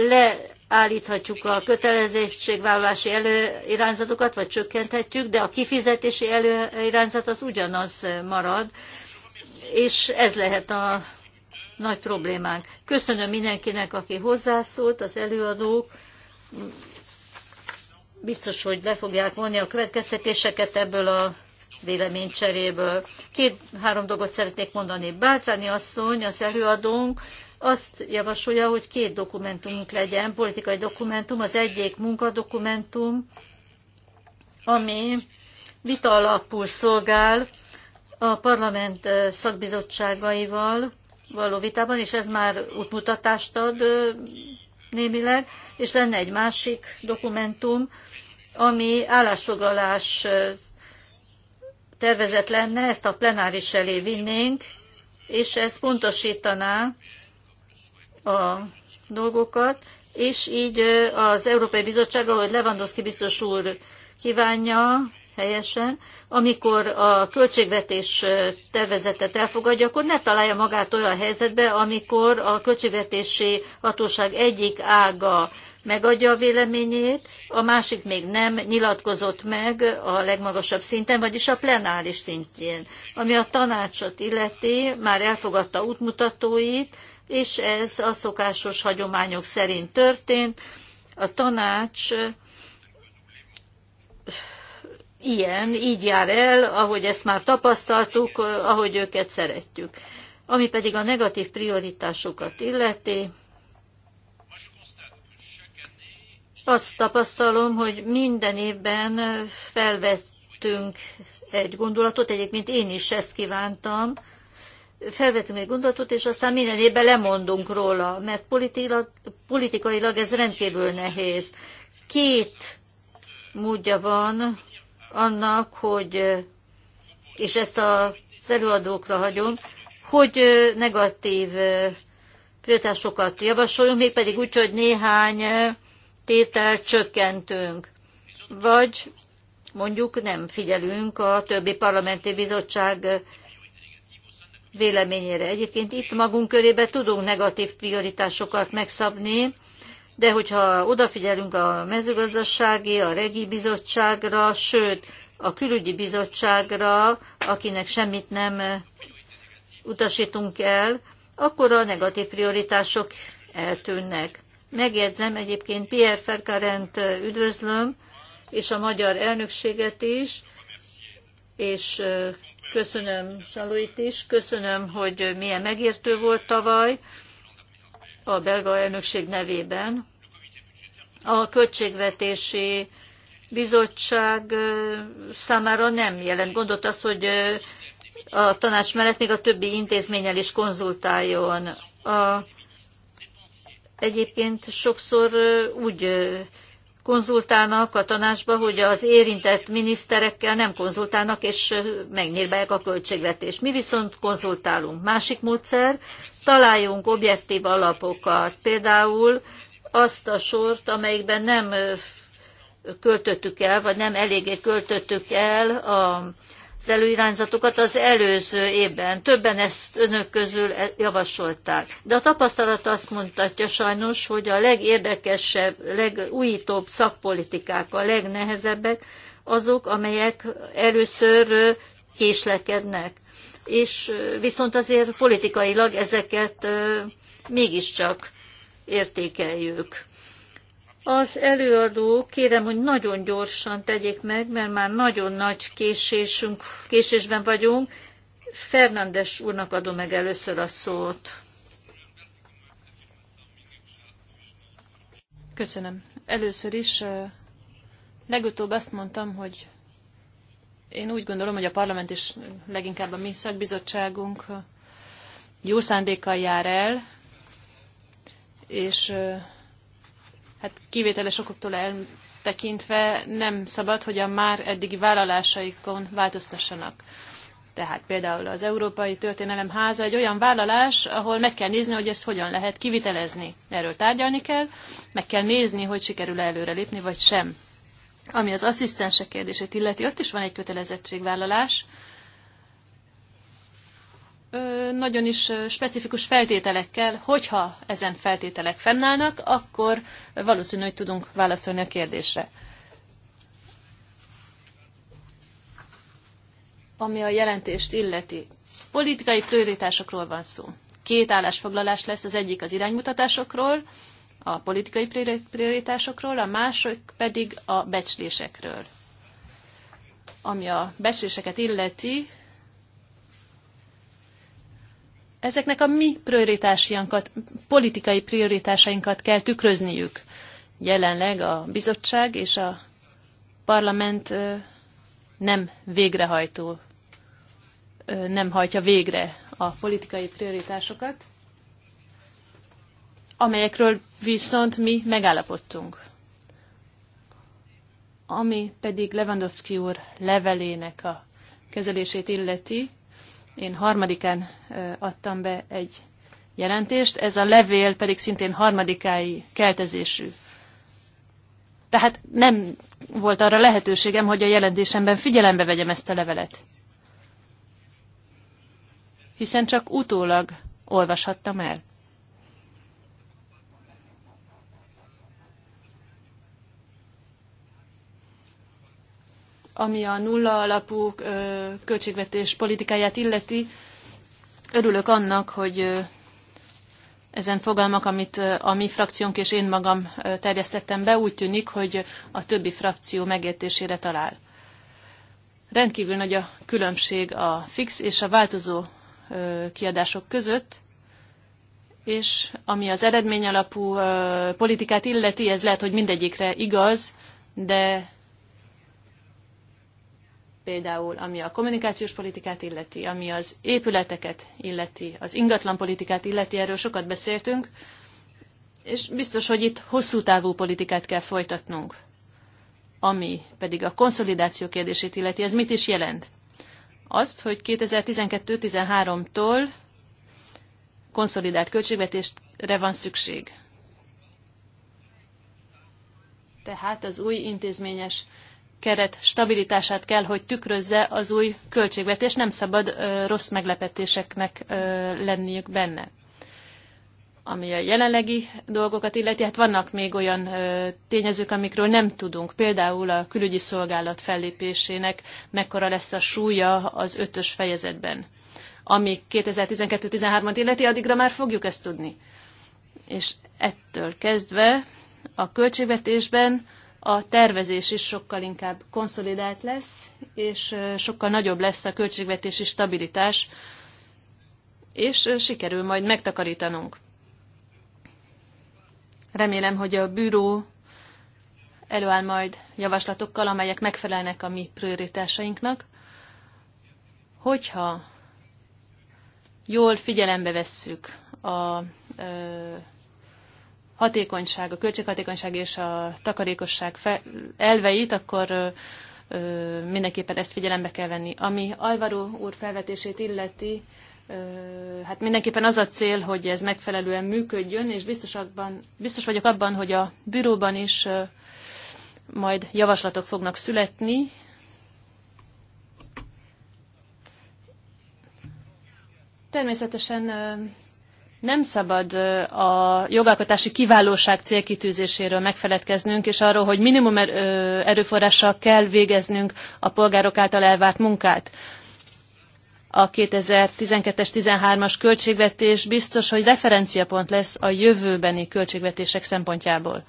Leállíthatjuk a kötelezettségvállási előirányzatokat, vagy csökkenthetjük, de a kifizetési előirányzat az ugyanaz marad, és ez lehet a nagy problémánk. Köszönöm mindenkinek, aki hozzászólt, az előadók, biztos, hogy le fogják vonni a következtetéseket ebből a véleménycseréből. Két-három dolgot szeretnék mondani. Bálcáni asszony, az előadónk, azt javasolja, hogy két dokumentumunk legyen, politikai dokumentum, az egyik munkadokumentum, ami vita alapul szolgál a parlament szakbizottságaival való vitában, és ez már útmutatást ad némileg, és lenne egy másik dokumentum, ami állásfoglalás tervezet lenne, ezt a plenáris elé vinnénk, és ez pontosítaná a dolgokat, és így az Európai Bizottság, ahogy Lewandowski biztos úr kívánja, helyesen, amikor a költségvetés tervezetet elfogadja, akkor ne találja magát olyan helyzetbe, amikor a költségvetési hatóság egyik ága megadja a véleményét, a másik még nem nyilatkozott meg a legmagasabb szinten, vagyis a plenáris szintjén. Ami a tanácsot illeti, már elfogadta útmutatóit, és ez a szokásos hagyományok szerint történt. A tanács ilyen, így jár el, ahogy ezt már tapasztaltuk, ahogy őket szeretjük. Ami pedig a negatív prioritásokat illeti, azt tapasztalom, hogy minden évben felvettünk egy gondolatot, egyébként én is ezt kívántam, felvetünk egy gondolatot, és aztán minden évben lemondunk róla, mert politikailag, politikailag ez rendkívül nehéz. Két módja van annak, hogy, és ezt a előadókra hagyom, hogy negatív prioritásokat javasoljunk, mégpedig úgy, hogy néhány tétel csökkentünk. Vagy mondjuk nem figyelünk a többi parlamenti bizottság véleményére. Egyébként itt magunk körébe tudunk negatív prioritásokat megszabni, de hogyha odafigyelünk a mezőgazdasági, a regi bizottságra, sőt a külügyi bizottságra, akinek semmit nem utasítunk el, akkor a negatív prioritások eltűnnek. Megjegyzem egyébként Pierre Ferkarent üdvözlöm, és a magyar elnökséget is, és köszönöm Salóit is, köszönöm, hogy milyen megértő volt tavaly, a belga elnökség nevében. A költségvetési bizottság számára nem jelent gondot az, hogy a tanács mellett még a többi intézménnyel is konzultáljon. A, egyébként sokszor úgy konzultálnak a tanácsba, hogy az érintett miniszterekkel nem konzultálnak, és megnyírbálják a költségvetést. Mi viszont konzultálunk. Másik módszer, találjunk objektív alapokat, például azt a sort, amelyikben nem költöttük el, vagy nem eléggé költöttük el a az előirányzatokat az előző évben. Többen ezt önök közül e, javasolták. De a tapasztalat azt mutatja sajnos, hogy a legérdekesebb, legújítóbb szakpolitikák, a legnehezebbek azok, amelyek először késlekednek és viszont azért politikailag ezeket mégiscsak értékeljük. Az előadó kérem, hogy nagyon gyorsan tegyék meg, mert már nagyon nagy késésünk, késésben vagyunk. Fernandes úrnak adom meg először a szót. Köszönöm. Először is legutóbb azt mondtam, hogy én úgy gondolom, hogy a parlament és leginkább a mi szakbizottságunk jó szándékkal jár el, és hát kivételes okoktól eltekintve nem szabad, hogy a már eddigi vállalásaikon változtassanak. Tehát például az Európai Történelem Háza egy olyan vállalás, ahol meg kell nézni, hogy ezt hogyan lehet kivitelezni. Erről tárgyalni kell, meg kell nézni, hogy sikerül -e előrelépni, vagy sem. Ami az asszisztensek kérdését illeti, ott is van egy kötelezettségvállalás. Ö, nagyon is specifikus feltételekkel, hogyha ezen feltételek fennállnak, akkor valószínű, hogy tudunk válaszolni a kérdésre. Ami a jelentést illeti, politikai prioritásokról van szó. Két állásfoglalás lesz, az egyik az iránymutatásokról, a politikai prioritásokról, a mások pedig a becslésekről. Ami a becsléseket illeti, ezeknek a mi prioritásainkat, politikai prioritásainkat kell tükrözniük. Jelenleg a bizottság és a parlament nem végrehajtó, nem hajtja végre a politikai prioritásokat amelyekről viszont mi megállapodtunk. Ami pedig Lewandowski úr levelének a kezelését illeti, én harmadikán adtam be egy jelentést, ez a levél pedig szintén harmadikái keltezésű. Tehát nem volt arra lehetőségem, hogy a jelentésemben figyelembe vegyem ezt a levelet. Hiszen csak utólag olvashattam el. ami a nulla alapú költségvetés politikáját illeti, örülök annak, hogy ezen fogalmak, amit a mi frakciónk és én magam terjesztettem be, úgy tűnik, hogy a többi frakció megértésére talál. Rendkívül nagy a különbség a fix és a változó kiadások között, és ami az eredmény alapú politikát illeti, ez lehet, hogy mindegyikre igaz, de például ami a kommunikációs politikát illeti, ami az épületeket illeti, az ingatlan politikát illeti, erről sokat beszéltünk, és biztos, hogy itt hosszú távú politikát kell folytatnunk, ami pedig a konszolidáció kérdését illeti. Ez mit is jelent? Azt, hogy 2012-13-tól konszolidált költségvetésre van szükség. Tehát az új intézményes keret stabilitását kell, hogy tükrözze az új költségvetés, nem szabad rossz meglepetéseknek lenniük benne. Ami a jelenlegi dolgokat illeti, hát vannak még olyan tényezők, amikről nem tudunk. Például a külügyi szolgálat fellépésének mekkora lesz a súlya az ötös fejezetben. Ami 2012-13-at illeti, addigra már fogjuk ezt tudni. És ettől kezdve a költségvetésben a tervezés is sokkal inkább konszolidált lesz, és sokkal nagyobb lesz a költségvetési stabilitás, és sikerül majd megtakarítanunk. Remélem, hogy a bűró előáll majd javaslatokkal, amelyek megfelelnek a mi prioritásainknak. Hogyha jól figyelembe vesszük a hatékonyság, a költséghatékonyság és a takarékosság elveit, akkor mindenképpen ezt figyelembe kell venni. Ami Alvaro úr felvetését illeti, hát mindenképpen az a cél, hogy ez megfelelően működjön, és biztos, abban, biztos vagyok abban, hogy a büróban is majd javaslatok fognak születni. Természetesen nem szabad a jogalkotási kiválóság célkitűzéséről megfeledkeznünk, és arról, hogy minimum er-, erőforrással kell végeznünk a polgárok által elvárt munkát a 2012-es 13-as költségvetés biztos, hogy referenciapont lesz a jövőbeni költségvetések szempontjából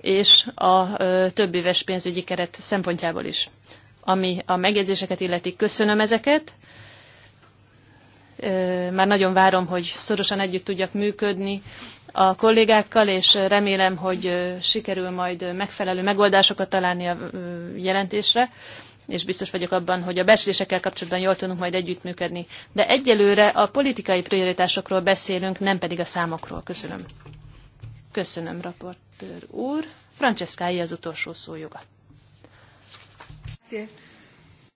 és a többi éves pénzügyi keret szempontjából is. Ami a megjegyzéseket illeti, köszönöm ezeket, már nagyon várom, hogy szorosan együtt tudjak működni a kollégákkal, és remélem, hogy sikerül majd megfelelő megoldásokat találni a jelentésre és biztos vagyok abban, hogy a beszélésekkel kapcsolatban jól tudunk majd együttműködni. De egyelőre a politikai prioritásokról beszélünk, nem pedig a számokról. Köszönöm. Köszönöm, raportőr úr. Franceszkái az utolsó szójoga.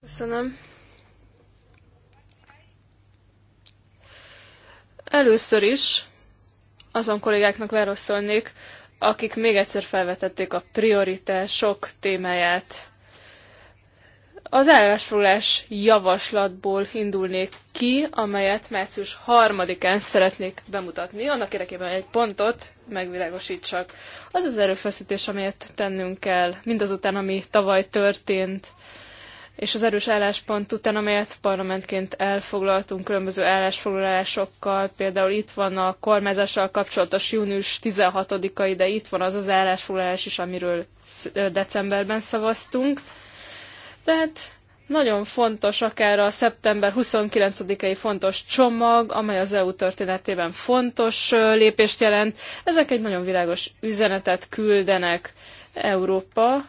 Köszönöm. Először is azon kollégáknak válaszolnék, akik még egyszer felvetették a prioritások témáját. Az állásfoglalás javaslatból indulnék ki, amelyet március 3-án szeretnék bemutatni, annak érdekében egy pontot megvilágosítsak. Az az erőfeszítés, amelyet tennünk kell, mindazután, ami tavaly történt, és az erős álláspont után, amelyet parlamentként elfoglaltunk különböző állásfoglalásokkal, például itt van a kormányzással kapcsolatos június 16 ai de itt van az az állásfoglalás is, amiről decemberben szavaztunk. Tehát nagyon fontos akár a szeptember 29 ai fontos csomag, amely az EU történetében fontos lépést jelent. Ezek egy nagyon világos üzenetet küldenek. Európa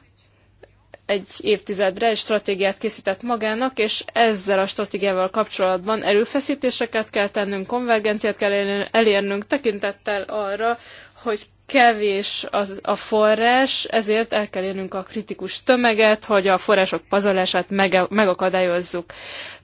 egy évtizedre egy stratégiát készített magának, és ezzel a stratégiával kapcsolatban erőfeszítéseket kell tennünk, konvergenciát kell elérnünk tekintettel arra, hogy kevés az a forrás, ezért el kell érnünk a kritikus tömeget, hogy a források pazarlását megakadályozzuk.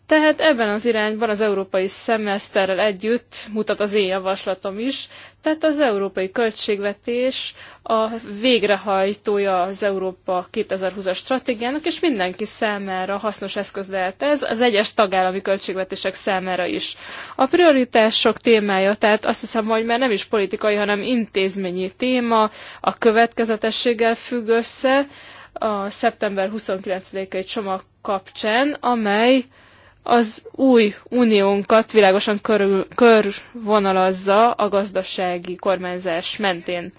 Tehát ebben az irányban az európai szemeszterrel együtt mutat az én javaslatom is, tehát az európai költségvetés a végrehajtója az Európa 2020-as stratégiának, és mindenki számára hasznos eszköz lehet ez, az egyes tagállami költségvetések számára is. A prioritások témája, tehát azt hiszem, hogy már nem is politikai, hanem intézményi téma, a következetességgel függ össze a szeptember 29-i csomag kapcsán, amely az új uniónkat világosan körül, körvonalazza a gazdasági kormányzás mentén.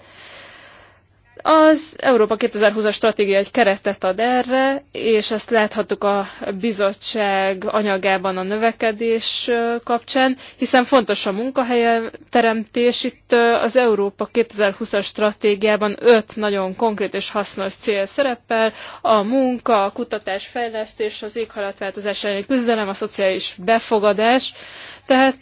Az Európa 2020-as stratégia egy keretet ad erre, és ezt láthattuk a bizottság anyagában a növekedés kapcsán, hiszen fontos a munkahelyteremtés. Itt az Európa 2020-as stratégiában öt nagyon konkrét és hasznos cél szerepel, a munka, a kutatás, fejlesztés, az éghajlatváltozás elleni küzdelem, a szociális befogadás. Tehát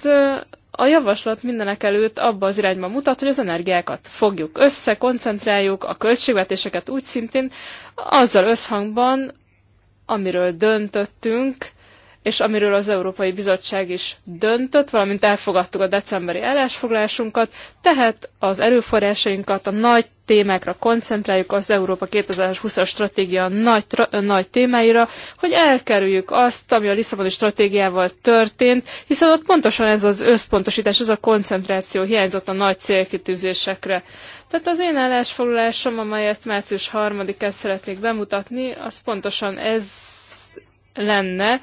a javaslat mindenek előtt abba az irányba mutat, hogy az energiákat fogjuk össze, koncentráljuk, a költségvetéseket úgy szintén azzal összhangban, amiről döntöttünk, és amiről az Európai Bizottság is döntött, valamint elfogadtuk a decemberi állásfoglásunkat, tehát az erőforrásainkat a nagy témákra koncentráljuk, az Európa 2020-as stratégia nagy, nagy témáira, hogy elkerüljük azt, ami a Lisszaboni stratégiával történt, hiszen ott pontosan ez az összpontosítás, ez a koncentráció hiányzott a nagy célkitűzésekre. Tehát az én állásfoglalásom, amelyet március 3-án szeretnék bemutatni, az pontosan ez lenne,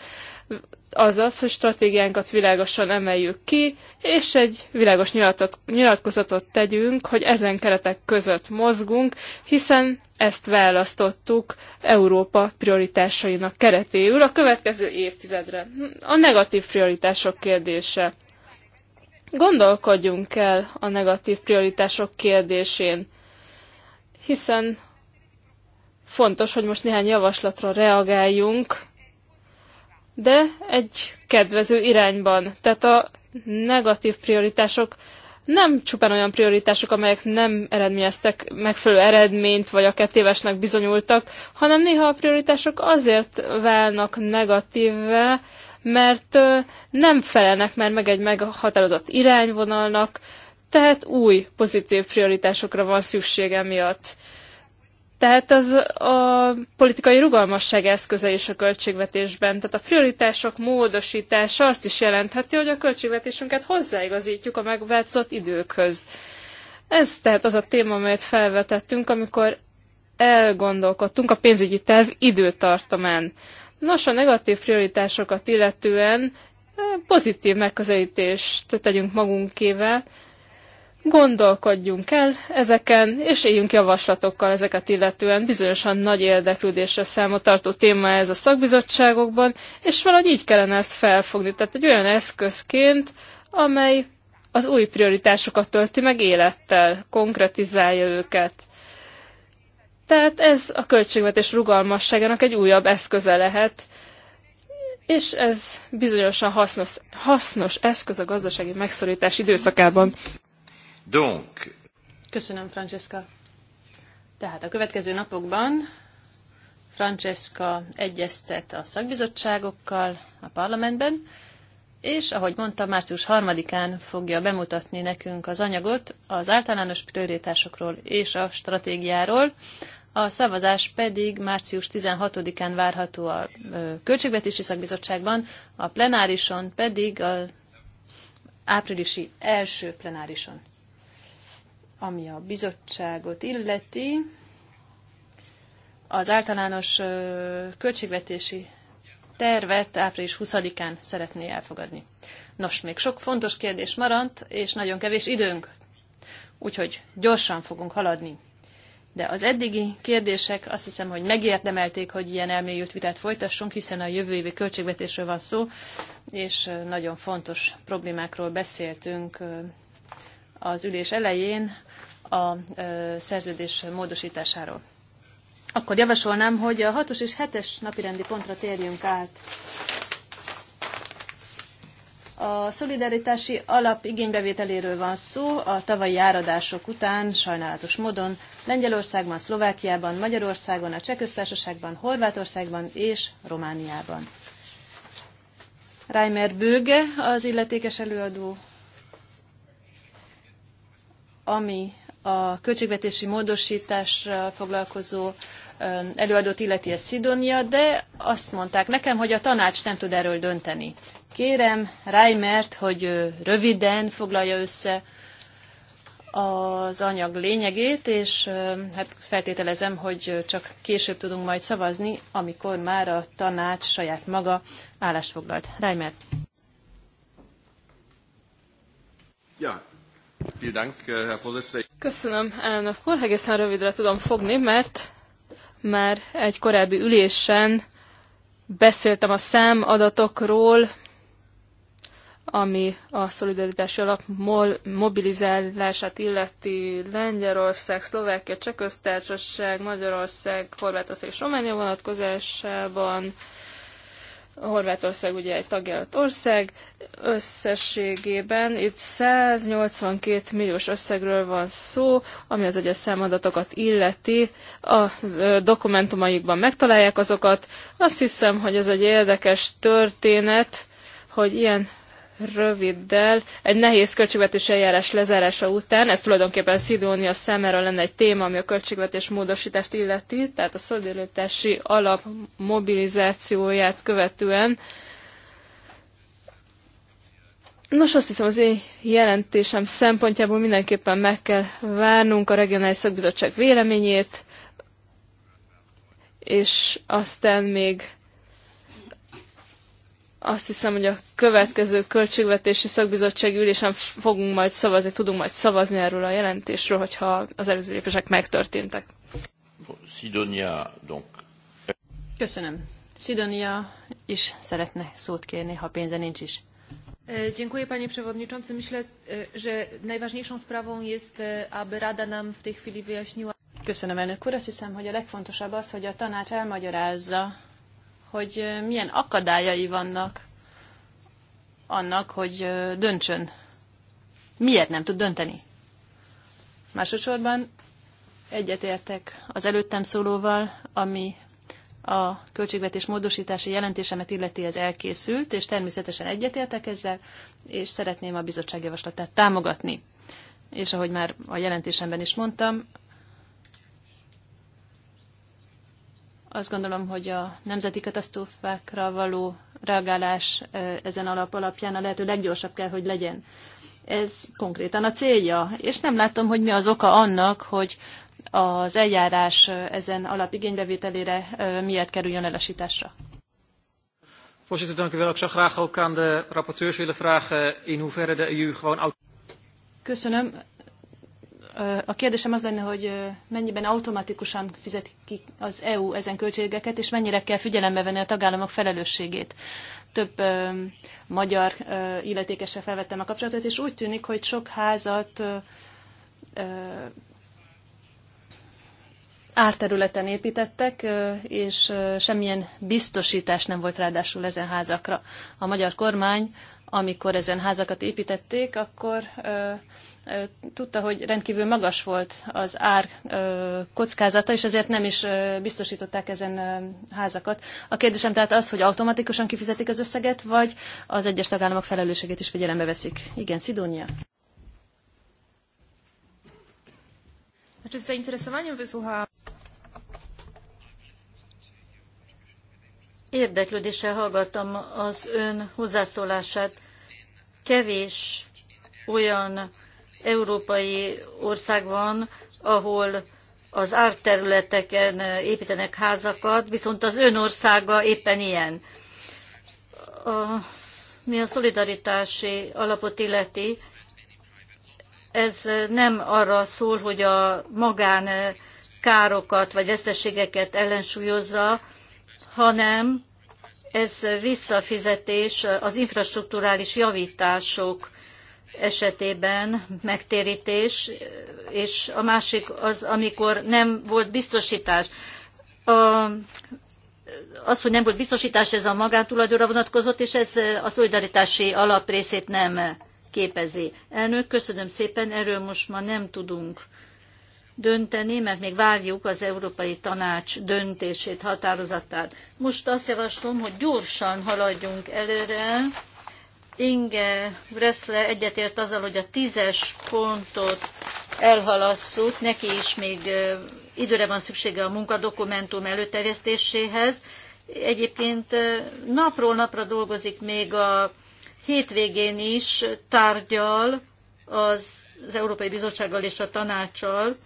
azaz, hogy stratégiánkat világosan emeljük ki, és egy világos nyilatot, nyilatkozatot tegyünk, hogy ezen keretek között mozgunk, hiszen ezt választottuk Európa prioritásainak keretéül a következő évtizedre. A negatív prioritások kérdése. Gondolkodjunk el a negatív prioritások kérdésén, hiszen fontos, hogy most néhány javaslatra reagáljunk, de egy kedvező irányban. Tehát a negatív prioritások nem csupán olyan prioritások, amelyek nem eredményeztek megfelelő eredményt, vagy a kettévesnek bizonyultak, hanem néha a prioritások azért válnak negatívve, mert nem felelnek már meg egy meghatározott irányvonalnak, tehát új pozitív prioritásokra van szüksége miatt. Tehát az a politikai rugalmasság eszköze is a költségvetésben. Tehát a prioritások módosítása azt is jelentheti, hogy a költségvetésünket hozzáigazítjuk a megváltozott időkhöz. Ez tehát az a téma, amelyet felvetettünk, amikor elgondolkodtunk a pénzügyi terv időtartamán. Nos, a negatív prioritásokat illetően eh, pozitív megközelítést tegyünk magunkével, Gondolkodjunk el ezeken, és éljünk javaslatokkal ezeket illetően. Bizonyosan nagy érdeklődésre számot tartó téma ez a szakbizottságokban, és valahogy így kellene ezt felfogni. Tehát egy olyan eszközként, amely az új prioritásokat tölti meg élettel, konkretizálja őket. Tehát ez a költségvetés rugalmasságának egy újabb eszköze lehet, és ez bizonyosan hasznos, hasznos eszköz a gazdasági megszorítás időszakában. Donc. Köszönöm, Francesca. Tehát a következő napokban Francesca egyeztet a szakbizottságokkal a parlamentben, és ahogy mondta, március 3-án fogja bemutatni nekünk az anyagot az általános prioritásokról és a stratégiáról, a szavazás pedig március 16-án várható a Költségvetési Szakbizottságban, a plenárison pedig a áprilisi első plenárison. Ami a bizottságot illeti, az általános költségvetési tervet április 20-án szeretné elfogadni. Nos, még sok fontos kérdés maradt, és nagyon kevés időnk, úgyhogy gyorsan fogunk haladni. De az eddigi kérdések azt hiszem, hogy megérdemelték, hogy ilyen elmélyült vitát folytassunk, hiszen a jövő évi költségvetésről van szó, és nagyon fontos problémákról beszéltünk az ülés elején, a szerződés módosításáról. Akkor javasolnám, hogy a 6-os és 7-es napirendi pontra térjünk át. A szolidaritási alap igénybevételéről van szó a tavalyi áradások után, sajnálatos módon Lengyelországban, Szlovákiában, Magyarországon, a Csehköztársaságban, Horvátországban és Romániában. Reimer Bőge, az illetékes előadó, ami a költségvetési módosításra foglalkozó előadót illeti a Szidonia, de azt mondták nekem, hogy a tanács nem tud erről dönteni. Kérem Reimert, hogy röviden foglalja össze az anyag lényegét, és hát feltételezem, hogy csak később tudunk majd szavazni, amikor már a tanács saját maga állást foglalt. Reimert. Ja, Äh, Köszönöm, elnök úr. Egészen rövidre tudom fogni, mert már egy korábbi ülésen beszéltem a számadatokról, ami a szolidaritási alap mobilizálását illeti Lengyelország, Szlovákia, Csehköztársaság, Magyarország, Horvátország és Románia vonatkozásában Horvátország ugye egy tagjelölt ország, összességében itt 182 milliós összegről van szó, ami az egyes számadatokat illeti, a dokumentumaikban megtalálják azokat. Azt hiszem, hogy ez egy érdekes történet, hogy ilyen röviddel egy nehéz költségvetési eljárás lezárása után, ez tulajdonképpen Szidónia számára lenne egy téma, ami a költségvetés módosítást illeti, tehát a szolidaritási alap mobilizációját követően. Nos, azt hiszem az én jelentésem szempontjából mindenképpen meg kell várnunk a regionális szakbizottság véleményét, és aztán még azt hiszem, hogy a következő költségvetési szakbizottsági ülésen fogunk majd szavazni, tudunk majd szavazni erről a jelentésről, hogyha az előző lépések megtörténtek. Sidonia, donc. Köszönöm. Sidonia is szeretne szót kérni, ha pénze nincs is. E, dziękuję panie przewodniczący. Myślę, e, że najważniejszą sprawą jest, e, aby Rada nam w tej chwili wyjaśniła. Köszönöm elnök úr. Azt hiszem, hogy a legfontosabb az, hogy a tanács elmagyarázza hogy milyen akadályai vannak annak, hogy döntsön. Miért nem tud dönteni? Másodszorban egyetértek az előttem szólóval, ami a költségvetés módosítási jelentésemet illeti ez elkészült, és természetesen egyetértek ezzel, és szeretném a bizottság javaslatát támogatni. És ahogy már a jelentésemben is mondtam, Azt gondolom, hogy a nemzeti katasztrófákra való reagálás ezen alap alapján a lehető leggyorsabb kell, hogy legyen. Ez konkrétan a célja, és nem látom, hogy mi az oka annak, hogy az eljárás ezen alap igénybevételére miért kerüljön elesításra. Köszönöm. A kérdésem az lenne, hogy mennyiben automatikusan fizet ki az EU ezen költségeket, és mennyire kell figyelembe venni a tagállamok felelősségét. Több ö, magyar ö, illetékesre felvettem a kapcsolatot, és úgy tűnik, hogy sok házat ö, árterületen építettek, és semmilyen biztosítás nem volt ráadásul ezen házakra. A magyar kormány amikor ezen házakat építették, akkor ö, ö, tudta, hogy rendkívül magas volt az ár ö, kockázata, és ezért nem is ö, biztosították ezen ö, házakat. A kérdésem tehát az, hogy automatikusan kifizetik az összeget, vagy az egyes tagállamok felelősségét is figyelembe veszik. Igen, Szidónia. Znaczy z zainteresowaniem wysłuchałam Érdeklődéssel hallgattam az ön hozzászólását. Kevés olyan európai ország van, ahol az árterületeken építenek házakat, viszont az ön országa éppen ilyen. A, mi a szolidaritási alapot illeti, ez nem arra szól, hogy a magán károkat vagy veszteségeket ellensúlyozza, hanem ez visszafizetés az infrastruktúrális javítások esetében megtérítés, és a másik az, amikor nem volt biztosítás. A, az, hogy nem volt biztosítás, ez a magántulajdonra vonatkozott, és ez a szolidaritási alaprészét nem képezi. Elnök, köszönöm szépen, erről most ma nem tudunk dönteni, mert még várjuk az Európai Tanács döntését, határozatát. Most azt javaslom, hogy gyorsan haladjunk előre. Inge Reszle egyetért azzal, hogy a tízes pontot elhalasszuk, neki is még időre van szüksége a munkadokumentum előterjesztéséhez. Egyébként napról napra dolgozik még a hétvégén is tárgyal az, az Európai Bizottsággal és a tanácssal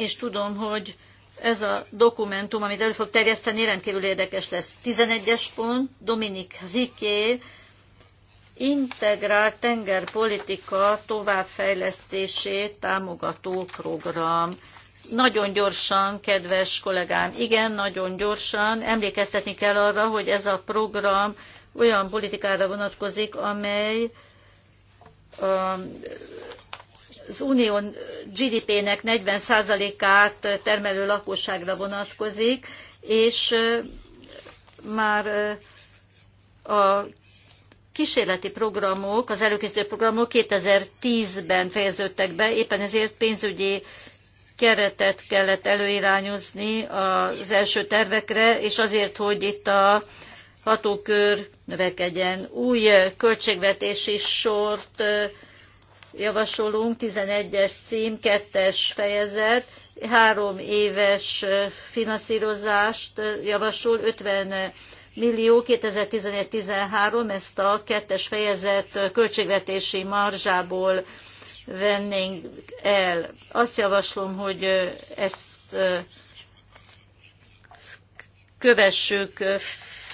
és tudom, hogy ez a dokumentum, amit elő fog terjeszteni, rendkívül érdekes lesz. 11-es pont, Dominik Riké, integrált tengerpolitika továbbfejlesztését támogató program. Nagyon gyorsan, kedves kollégám, igen, nagyon gyorsan. Emlékeztetni kell arra, hogy ez a program olyan politikára vonatkozik, amely a az unión GDP-nek 40%-át termelő lakosságra vonatkozik, és már a kísérleti programok, az előkészítő programok 2010-ben fejeződtek be, éppen ezért pénzügyi keretet kellett előirányozni az első tervekre, és azért, hogy itt a hatókör növekedjen. Új költségvetési sort javasolunk, 11-es cím, 2-es fejezet, három éves finanszírozást javasol, 50 millió 2011-13, ezt a kettes fejezet költségvetési marzsából vennénk el. Azt javaslom, hogy ezt kövessük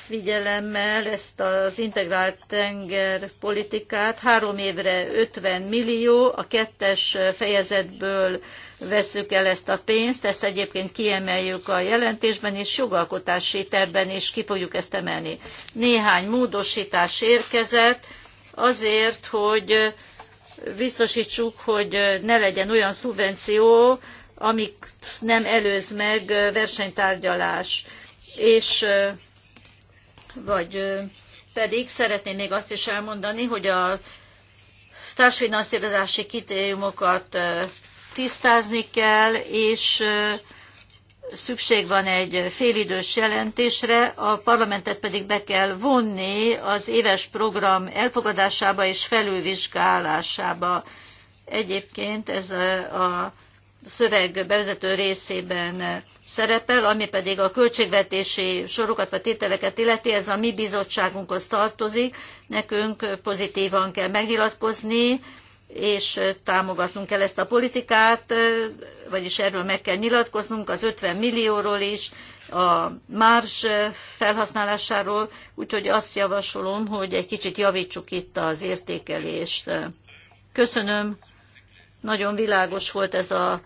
figyelemmel ezt az integrált tenger politikát. Három évre 50 millió, a kettes fejezetből vesszük el ezt a pénzt, ezt egyébként kiemeljük a jelentésben, és jogalkotási terben is ki fogjuk ezt emelni. Néhány módosítás érkezett azért, hogy biztosítsuk, hogy ne legyen olyan szubvenció, amit nem előz meg versenytárgyalás. És vagy pedig szeretném még azt is elmondani, hogy a társfinanszírozási kritériumokat tisztázni kell, és szükség van egy félidős jelentésre, a parlamentet pedig be kell vonni az éves program elfogadásába és felülvizsgálásába. Egyébként ez a, a szöveg bevezető részében szerepel, ami pedig a költségvetési sorokat vagy tételeket illeti, ez a mi bizottságunkhoz tartozik, nekünk pozitívan kell megnyilatkozni, és támogatnunk kell ezt a politikát, vagyis erről meg kell nyilatkoznunk az 50 millióról is, a más felhasználásáról, úgyhogy azt javasolom, hogy egy kicsit javítsuk itt az értékelést. Köszönöm, nagyon világos volt ez a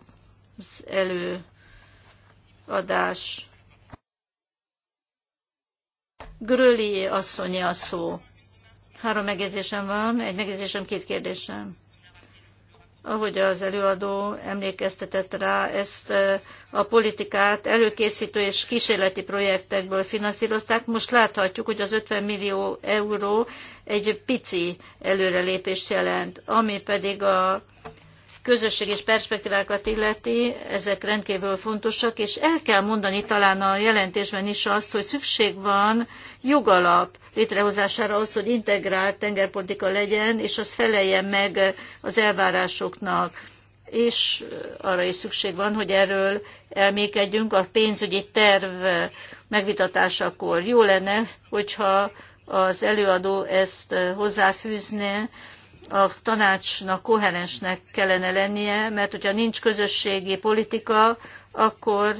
az előadás. Gröli asszonyi a szó. Három megjegyzésem van, egy megjegyzésem, két kérdésem. Ahogy az előadó emlékeztetett rá, ezt a politikát előkészítő és kísérleti projektekből finanszírozták. Most láthatjuk, hogy az 50 millió euró egy pici előrelépést jelent, ami pedig a közösség és perspektívákat illeti, ezek rendkívül fontosak, és el kell mondani talán a jelentésben is azt, hogy szükség van jogalap létrehozására ahhoz, hogy integrált tengerpolitika legyen, és az feleljen meg az elvárásoknak. És arra is szükség van, hogy erről elmékedjünk a pénzügyi terv megvitatásakor. Jó lenne, hogyha az előadó ezt hozzáfűzne, a tanácsnak koherensnek kellene lennie, mert hogyha nincs közösségi politika, akkor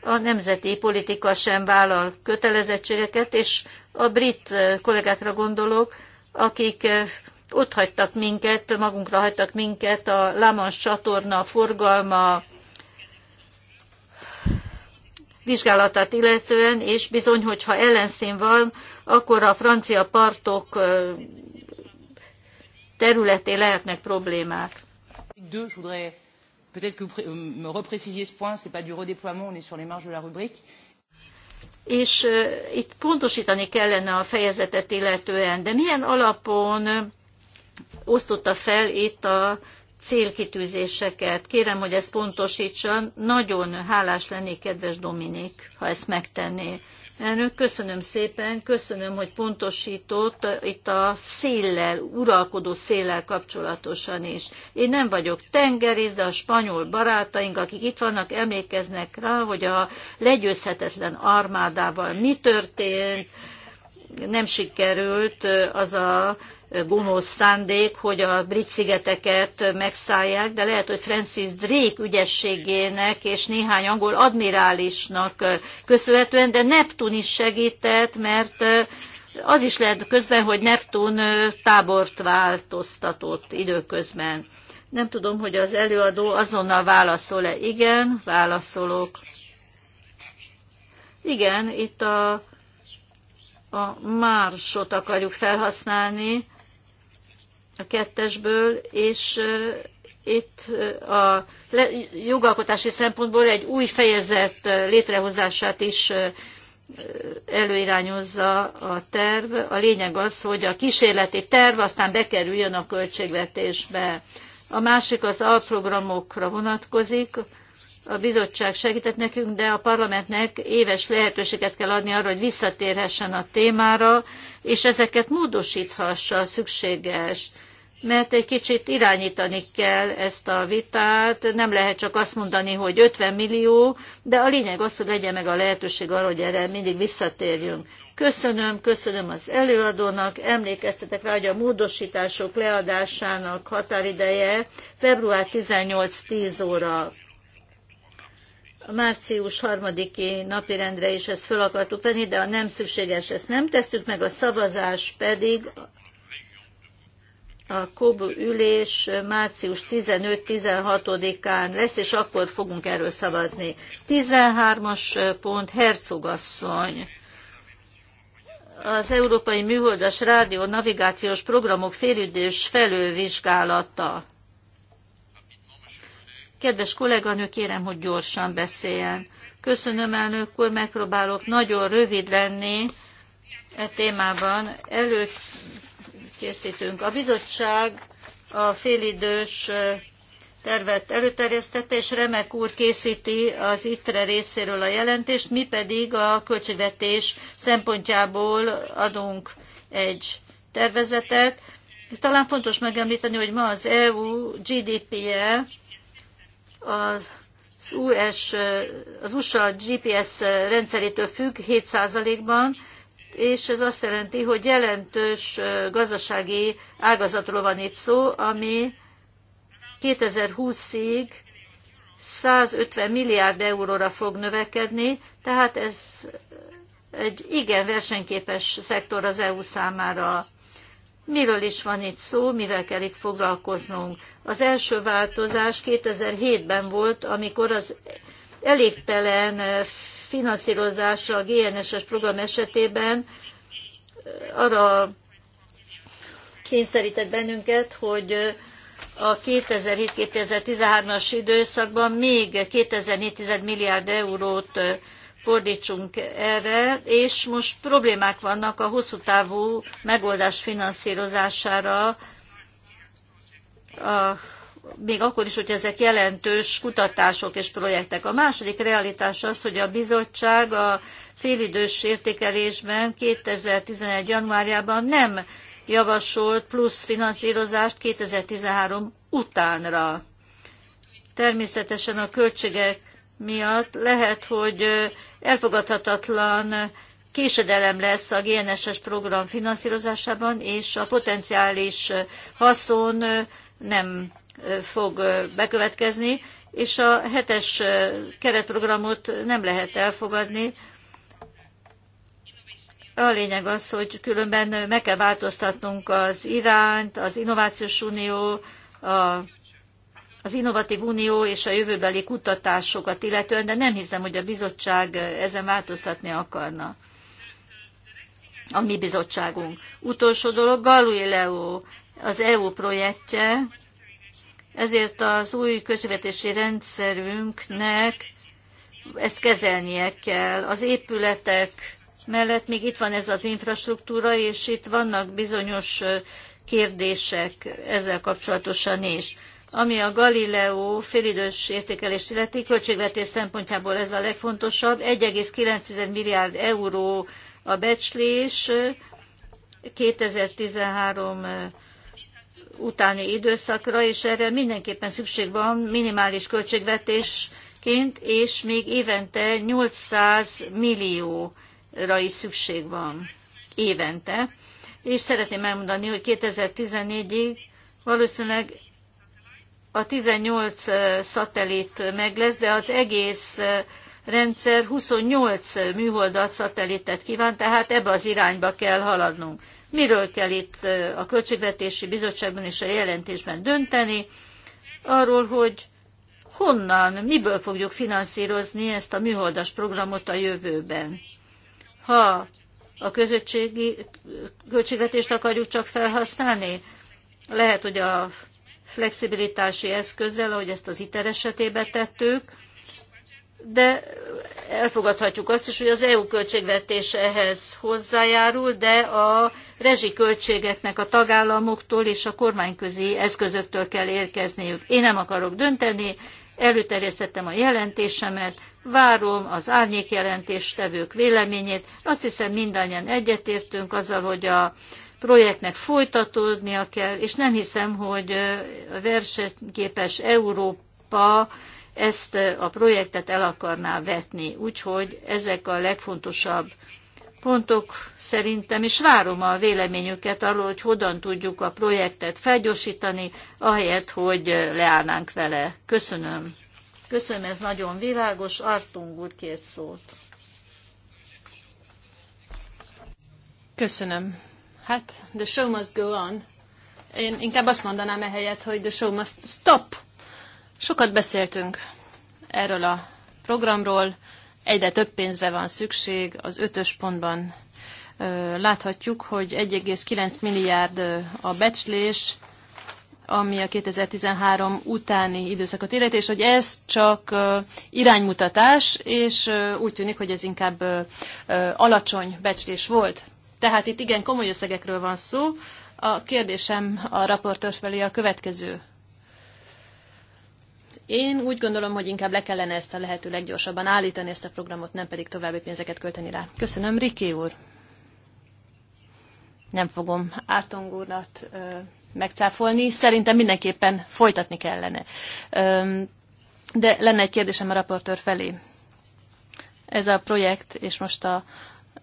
a nemzeti politika sem vállal kötelezettségeket, és a brit kollégákra gondolok, akik eh, ott hagytak minket, magunkra hagytak minket a Lamans csatorna forgalma vizsgálatát illetően, és bizony, hogyha ellenszín van, akkor a francia partok eh, területén lehetnek problémák. Peut-être és itt pontosítani kellene a fejezetet illetően, de milyen alapon osztotta fel itt a célkitűzéseket. Kérem, hogy ezt pontosítsa. Nagyon hálás lennék, kedves Dominik, ha ezt megtenné. Elnök, köszönöm szépen, köszönöm, hogy pontosított eh, itt a széllel, uralkodó széllel kapcsolatosan is. Én nem vagyok tengerész, de a spanyol barátaink, akik itt vannak, emlékeznek rá, hogy a legyőzhetetlen armádával mi történt, nem sikerült az a gonosz szándék, hogy a brit szigeteket megszállják, de lehet, hogy Francis Drake ügyességének és néhány angol admirálisnak köszönhetően, de Neptun is segített, mert az is lehet közben, hogy Neptun tábort változtatott időközben. Nem tudom, hogy az előadó azonnal válaszol-e. Igen, válaszolok. Igen, itt a a mársot akarjuk felhasználni a kettesből, és itt a jogalkotási szempontból egy új fejezet létrehozását is előirányozza a terv. A lényeg az, hogy a kísérleti terv aztán bekerüljön a költségvetésbe. A másik az alprogramokra vonatkozik, a bizottság segített nekünk, de a parlamentnek éves lehetőséget kell adni arra, hogy visszatérhessen a témára, és ezeket módosíthassa szükséges mert egy kicsit irányítani kell ezt a vitát, nem lehet csak azt mondani, hogy 50 millió, de a lényeg az, hogy legyen meg a lehetőség arra, hogy erre mindig visszatérjünk. Köszönöm, köszönöm az előadónak, emlékeztetek rá, hogy a módosítások leadásának határideje február 18-10 óra március harmadiki napirendre is ezt föl akartuk venni, de a nem szükséges ezt nem tesszük meg, a szavazás pedig a KOB ülés március 15-16-án lesz, és akkor fogunk erről szavazni. 13-as pont Hercogasszony. Az Európai Műholdas Rádió Navigációs Programok félidős felővizsgálata. Kedves kolléganő, kérem, hogy gyorsan beszéljen. Köszönöm, elnök úr, megpróbálok nagyon rövid lenni e témában. Előkészítünk. A bizottság a félidős tervet előterjesztette, és Remek úr készíti az ITRE részéről a jelentést, mi pedig a költségvetés szempontjából adunk egy tervezetet. Talán fontos megemlíteni, hogy ma az EU GDP-je az US, az USA GPS rendszerétől függ 7%-ban, és ez azt jelenti, hogy jelentős gazdasági ágazatról van itt szó, ami 2020-ig 150 milliárd euróra fog növekedni, tehát ez egy igen versenyképes szektor az EU számára. Miről is van itt szó, mivel kell itt foglalkoznunk? Az első változás 2007-ben volt, amikor az elégtelen finanszírozása a GNSS program esetében arra kényszerített bennünket, hogy a 2007-2013-as időszakban még 2004 milliárd eurót fordítsunk erre, és most problémák vannak a hosszú távú megoldás finanszírozására, a, még akkor is, hogy ezek jelentős kutatások és projektek. A második realitás az, hogy a bizottság a félidős értékelésben 2011. januárjában nem javasolt plusz finanszírozást 2013 utánra. Természetesen a költségek miatt lehet, hogy elfogadhatatlan késedelem lesz a GNSS program finanszírozásában, és a potenciális haszon nem fog bekövetkezni, és a hetes keretprogramot nem lehet elfogadni. A lényeg az, hogy különben meg kell változtatnunk az irányt, az Innovációs Unió, a az Innovatív Unió és a jövőbeli kutatásokat illetően, de nem hiszem, hogy a bizottság ezen változtatni akarna. A mi bizottságunk. Utolsó dolog Galileo, az EU projektje, ezért az új közvetési rendszerünknek ezt kezelnie kell. Az épületek mellett még itt van ez az infrastruktúra, és itt vannak bizonyos kérdések ezzel kapcsolatosan is. Ami a Galileo félidős értékelést illeti, költségvetés szempontjából ez a legfontosabb. 1,9 milliárd euró a becslés 2013 utáni időszakra, és erre mindenképpen szükség van minimális költségvetésként, és még évente 800 millióra is szükség van évente. És szeretném elmondani, hogy 2014-ig valószínűleg a 18 szatelit meg lesz, de az egész rendszer 28 műholdat szatelitet kíván, tehát ebbe az irányba kell haladnunk. Miről kell itt a Költségvetési Bizottságban és a jelentésben dönteni? Arról, hogy honnan, miből fogjuk finanszírozni ezt a műholdas programot a jövőben. Ha a közösségi költségvetést akarjuk csak felhasználni, lehet, hogy a flexibilitási eszközzel, ahogy ezt az ITER esetében tettük, de elfogadhatjuk azt is, hogy az EU költségvetés ehhez hozzájárul, de a rezsiköltségeknek a tagállamoktól és a kormányközi eszközöktől kell érkezniük. Én nem akarok dönteni, előterjesztettem a jelentésemet, várom az árnyék jelentéstevők véleményét. Azt hiszem mindannyian egyetértünk azzal, hogy a projektnek folytatódnia kell, és nem hiszem, hogy a versenyképes Európa ezt a projektet el akarná vetni. Úgyhogy ezek a legfontosabb pontok szerintem, és várom a véleményüket arról, hogy hogyan tudjuk a projektet felgyorsítani, ahelyett, hogy leállnánk vele. Köszönöm. Köszönöm, ez nagyon világos. Artung úr kért szót. Köszönöm, Hát, the show must go on. Én inkább azt mondanám ehelyett, hogy the show must stop. Sokat beszéltünk erről a programról, egyre több pénzre van szükség. Az ötös pontban láthatjuk, hogy 1,9 milliárd a becslés, ami a 2013 utáni időszakot illeti, és hogy ez csak iránymutatás, és úgy tűnik, hogy ez inkább alacsony becslés volt. Tehát itt igen komoly összegekről van szó. A kérdésem a raportőr felé a következő. Én úgy gondolom, hogy inkább le kellene ezt a lehető leggyorsabban állítani, ezt a programot, nem pedig további pénzeket költeni rá. Köszönöm, Riki úr. Nem fogom Ártong úrat ö, megcáfolni, szerintem mindenképpen folytatni kellene. Ö, de lenne egy kérdésem a raportőr felé. Ez a projekt, és most a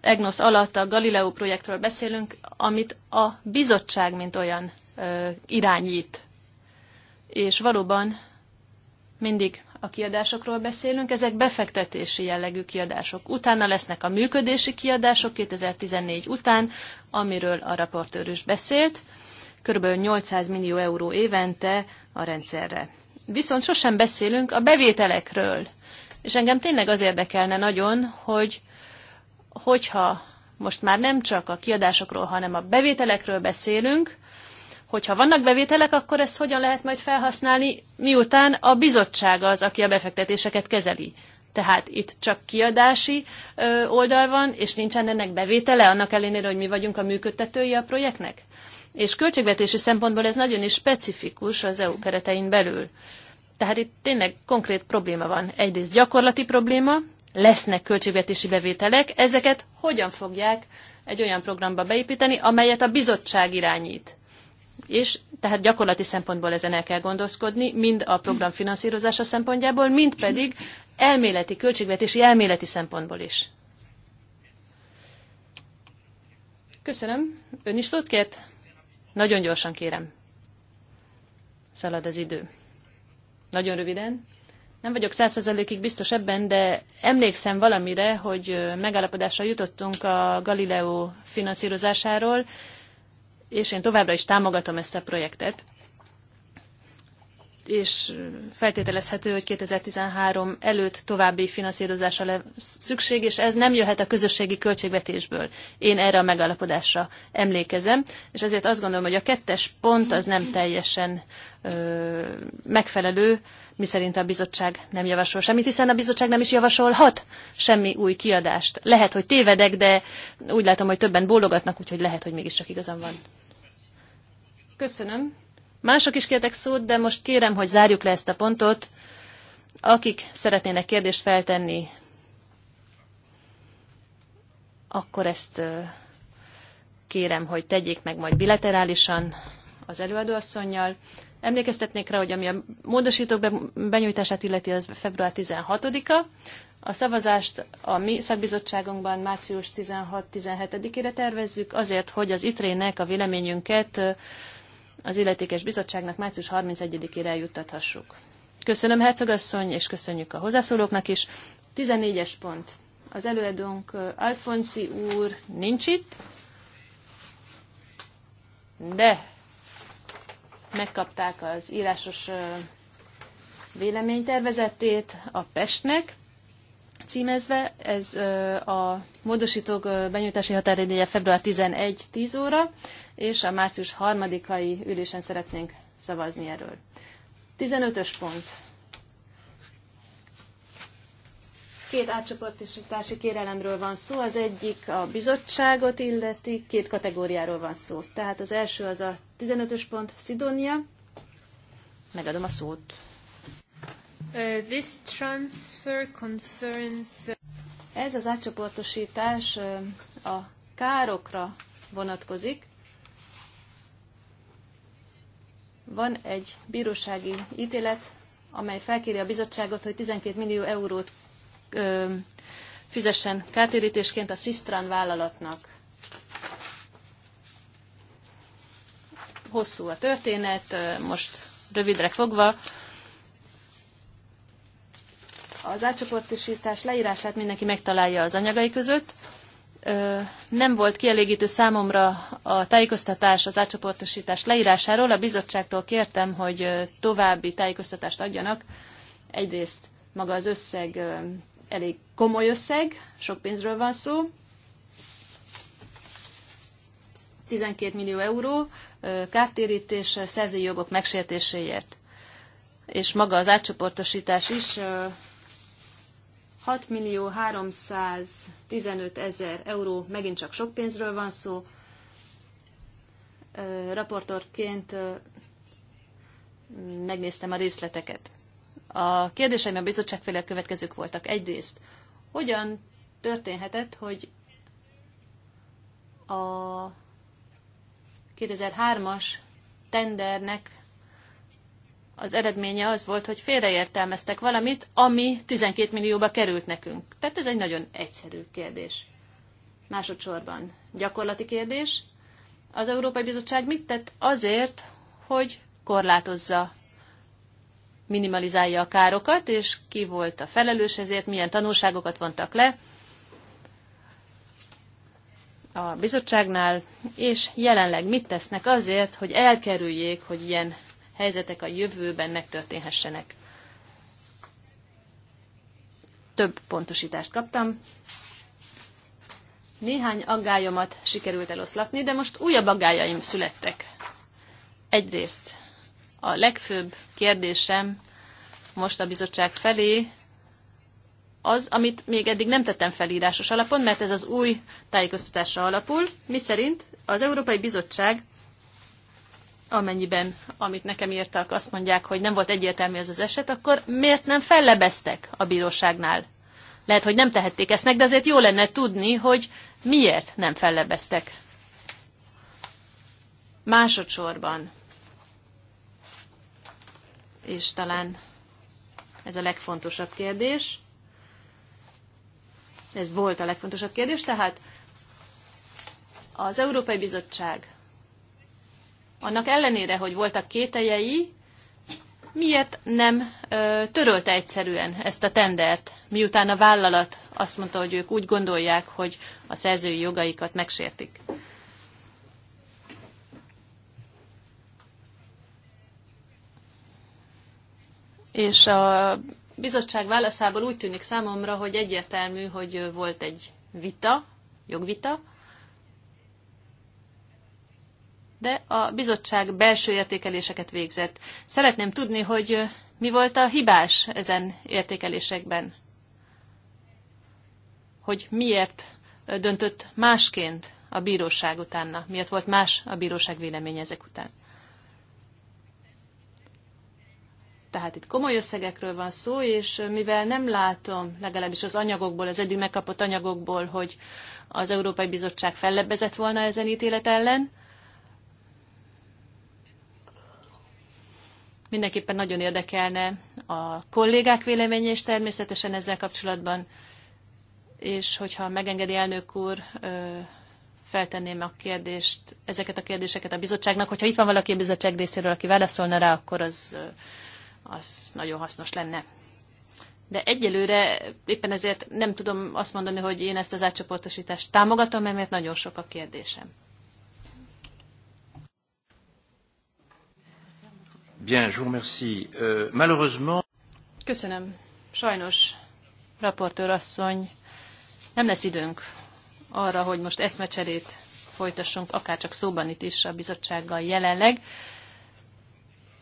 EGNOSZ alatt a Galileo projektről beszélünk, amit a bizottság, mint olyan irányít. És valóban mindig a kiadásokról beszélünk, ezek befektetési jellegű kiadások. Utána lesznek a működési kiadások 2014 után, amiről a raportőr is beszélt, kb. 800 millió euró évente a rendszerre. Viszont sosem beszélünk a bevételekről. És engem tényleg az érdekelne nagyon, hogy hogyha most már nem csak a kiadásokról, hanem a bevételekről beszélünk, hogyha vannak bevételek, akkor ezt hogyan lehet majd felhasználni, miután a bizottság az, aki a befektetéseket kezeli. Tehát itt csak kiadási oldal van, és nincsen ennek bevétele, annak ellenére, hogy mi vagyunk a működtetői a projektnek. És költségvetési szempontból ez nagyon is specifikus az EU keretein belül. Tehát itt tényleg konkrét probléma van. Egyrészt gyakorlati probléma, lesznek költségvetési bevételek, ezeket hogyan fogják egy olyan programba beépíteni, amelyet a bizottság irányít. És tehát gyakorlati szempontból ezen el kell gondoskodni, mind a program finanszírozása szempontjából, mind pedig elméleti, költségvetési elméleti szempontból is. Köszönöm. Ön is szót kért? Nagyon gyorsan kérem. Szalad az idő. Nagyon röviden nem vagyok százszerzelékig biztos ebben, de emlékszem valamire, hogy megállapodásra jutottunk a Galileo finanszírozásáról, és én továbbra is támogatom ezt a projektet. És feltételezhető, hogy 2013 előtt további finanszírozásra lesz szükség, és ez nem jöhet a közösségi költségvetésből. Én erre a megállapodásra emlékezem, és ezért azt gondolom, hogy a kettes pont az nem teljesen ö, megfelelő, miszerint a bizottság nem javasol semmit, hiszen a bizottság nem is javasolhat semmi új kiadást. Lehet, hogy tévedek, de úgy látom, hogy többen bólogatnak, úgyhogy lehet, hogy mégiscsak igazam van. Köszönöm. Mások is kértek szót, de most kérem, hogy zárjuk le ezt a pontot. Akik szeretnének kérdést feltenni, akkor ezt kérem, hogy tegyék meg majd bilaterálisan az előadóasszonynal. Emlékeztetnék rá, hogy ami a módosítók benyújtását illeti, az február 16-a. A szavazást a mi szakbizottságunkban március 16-17-ére tervezzük, azért, hogy az ITRÉ-nek a véleményünket az illetékes bizottságnak március 31-ére eljuttathassuk. Köszönöm, hercogasszony, és köszönjük a hozzászólóknak is. 14-es pont. Az előadónk Alfonsi úr nincs itt, de megkapták az írásos véleménytervezetét a Pestnek címezve. Ez a módosítók benyújtási határideje február 11-10 óra, és a március 3-ai ülésen szeretnénk szavazni erről. 15-ös pont Két átcsoportosítási kérelemről van szó, az egyik a bizottságot illeti, két kategóriáról van szó. Tehát az első az a 15-ös pont Sidonia. Megadom a szót. Uh, this transfer concerns... Uh, Ez az átcsoportosítás uh, a károkra vonatkozik. Van egy bírósági ítélet, amely felkéri a bizottságot, hogy 12 millió eurót fizessen kártérítésként a Sistran vállalatnak. Hosszú a történet, most rövidre fogva. Az átcsoportosítás leírását mindenki megtalálja az anyagai között. Nem volt kielégítő számomra a tájékoztatás az átcsoportosítás leírásáról. A bizottságtól kértem, hogy további tájékoztatást adjanak. Egyrészt maga az összeg elég komoly összeg, sok pénzről van szó. 12 millió euró kártérítés szerzői jogok megsértéséért. És maga az átcsoportosítás is 6 millió 315 ezer euró, megint csak sok pénzről van szó. Raportorként megnéztem a részleteket. A kérdéseim a bizottság felé a következők voltak. Egyrészt, hogyan történhetett, hogy a 2003-as tendernek az eredménye az volt, hogy félreértelmeztek valamit, ami 12 millióba került nekünk. Tehát ez egy nagyon egyszerű kérdés. Másodszorban gyakorlati kérdés. Az Európai Bizottság mit tett azért, hogy korlátozza minimalizálja a károkat, és ki volt a felelős ezért, milyen tanulságokat vontak le a bizottságnál, és jelenleg mit tesznek azért, hogy elkerüljék, hogy ilyen helyzetek a jövőben megtörténhessenek. Több pontosítást kaptam. Néhány aggályomat sikerült eloszlatni, de most újabb aggályaim születtek. Egyrészt a legfőbb kérdésem most a bizottság felé az, amit még eddig nem tettem felírásos alapon, mert ez az új tájékoztatásra alapul, mi szerint az Európai Bizottság amennyiben, amit nekem írtak, azt mondják, hogy nem volt egyértelmű ez az eset, akkor miért nem fellebeztek a bíróságnál? Lehet, hogy nem tehették ezt meg, de azért jó lenne tudni, hogy miért nem fellebeztek. Másodszorban és talán ez a legfontosabb kérdés. Ez volt a legfontosabb kérdés, tehát az Európai Bizottság annak ellenére, hogy voltak kételjei, miért nem ö, törölte egyszerűen ezt a tendert, miután a vállalat azt mondta, hogy ők úgy gondolják, hogy a szerzői jogaikat megsértik. És a bizottság válaszából úgy tűnik számomra, hogy egyértelmű, hogy volt egy vita, jogvita, de a bizottság belső értékeléseket végzett. Szeretném tudni, hogy mi volt a hibás ezen értékelésekben? Hogy miért döntött másként a bíróság utána? Miért volt más a bíróság véleménye ezek után? Tehát itt komoly összegekről van szó, és mivel nem látom, legalábbis az anyagokból, az eddig megkapott anyagokból, hogy az Európai Bizottság fellebbezett volna ezen ítélet ellen, mindenképpen nagyon érdekelne a kollégák véleménye is természetesen ezzel kapcsolatban, és hogyha megengedi elnök úr, feltenném a kérdést, ezeket a kérdéseket a bizottságnak. Hogyha itt van valaki a bizottság részéről, aki válaszolna rá, akkor az az nagyon hasznos lenne. De egyelőre éppen ezért nem tudom azt mondani, hogy én ezt az átcsoportosítást támogatom, mert nagyon sok a kérdésem. Bien, je vous remercie. Euh, malheureusement... Köszönöm. Sajnos, raportőr asszony, nem lesz időnk arra, hogy most eszmecserét folytassunk, akár csak szóban itt is a bizottsággal jelenleg,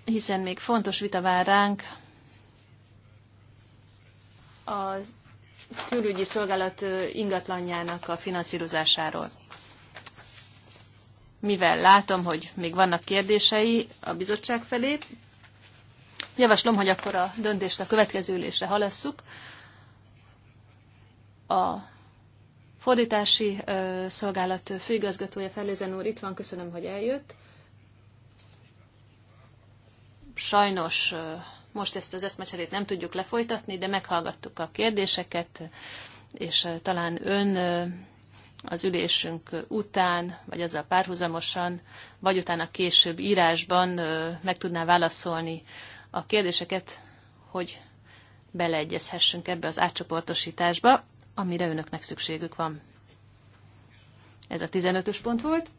hiszen még fontos vita vár ránk a külügyi szolgálat ingatlanjának a finanszírozásáról. Mivel látom, hogy még vannak kérdései a bizottság felé, javaslom, hogy akkor a döntést a következő ülésre halasszuk. A fordítási szolgálat főigazgatója Ferlézen úr itt van, köszönöm, hogy eljött. Sajnos most ezt az eszmecserét nem tudjuk lefolytatni, de meghallgattuk a kérdéseket, és talán ön az ülésünk után, vagy azzal párhuzamosan, vagy utána később írásban meg tudná válaszolni a kérdéseket, hogy beleegyezhessünk ebbe az átcsoportosításba, amire önöknek szükségük van. Ez a 15-ös pont volt.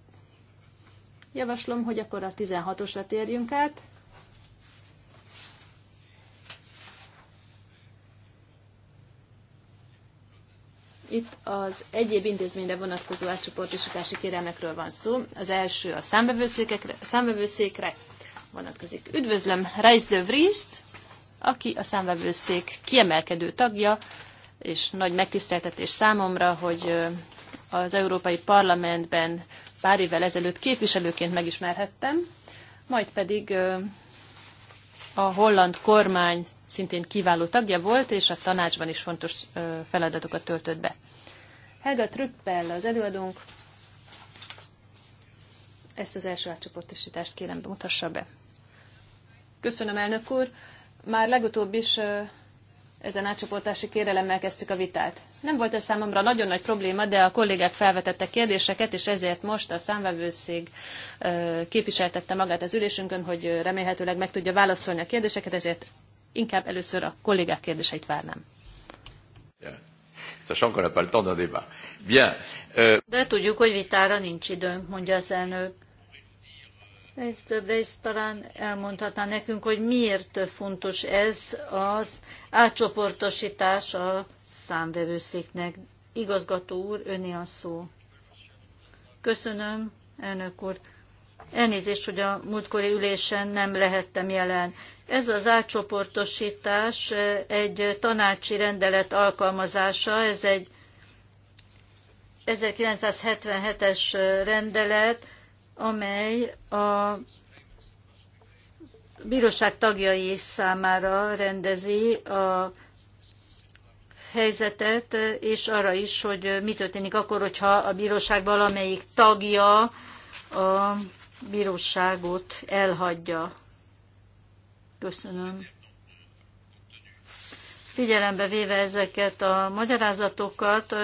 Javaslom, hogy akkor a 16-osra térjünk át. Itt az egyéb intézményre vonatkozó átcsoportosítási kérelmekről van szó. Az első a számbevőszékre vonatkozik. Üdvözlöm Reis de Vriest, aki a számbevőszék kiemelkedő tagja, és nagy megtiszteltetés számomra, hogy az Európai Parlamentben pár évvel ezelőtt képviselőként megismerhettem, majd pedig a holland kormány szintén kiváló tagja volt, és a tanácsban is fontos feladatokat töltött be. Helga Trüppel, az előadónk, ezt az első átcsoportosítást kérem mutassa be. Köszönöm, elnök úr. Már legutóbb is ezen átcsoportási kérelemmel kezdtük a vitát. Nem volt ez számomra nagyon nagy probléma, de a kollégák felvetettek kérdéseket, és ezért most a számvevőszég képviseltette magát az ülésünkön, hogy remélhetőleg meg tudja válaszolni a kérdéseket, ezért inkább először a kollégák kérdéseit várnám. Sachant qu'on pas le temps d'un débat. Bien. Euh, De tudjuk, hogy vitára nincs időnk, mondja az elnök. Ezt Brace talán elmondhatná nekünk, hogy miért fontos ez az átcsoportosítás a számvevőszéknek. Igazgató úr, öné a szó. Köszönöm, elnök úr. Elnézést, hogy a múltkori ülésen nem lehettem jelen. Ez az átcsoportosítás eh, egy tanácsi rendelet alkalmazása, ez egy 1977-es eh, rendelet, amely a bíróság tagjai számára rendezi a helyzetet, eh, és arra is, hogy mi történik akkor, hogyha a bíróság valamelyik tagja a bíróságot elhagyja. Köszönöm. Figyelembe véve ezeket a magyarázatokat,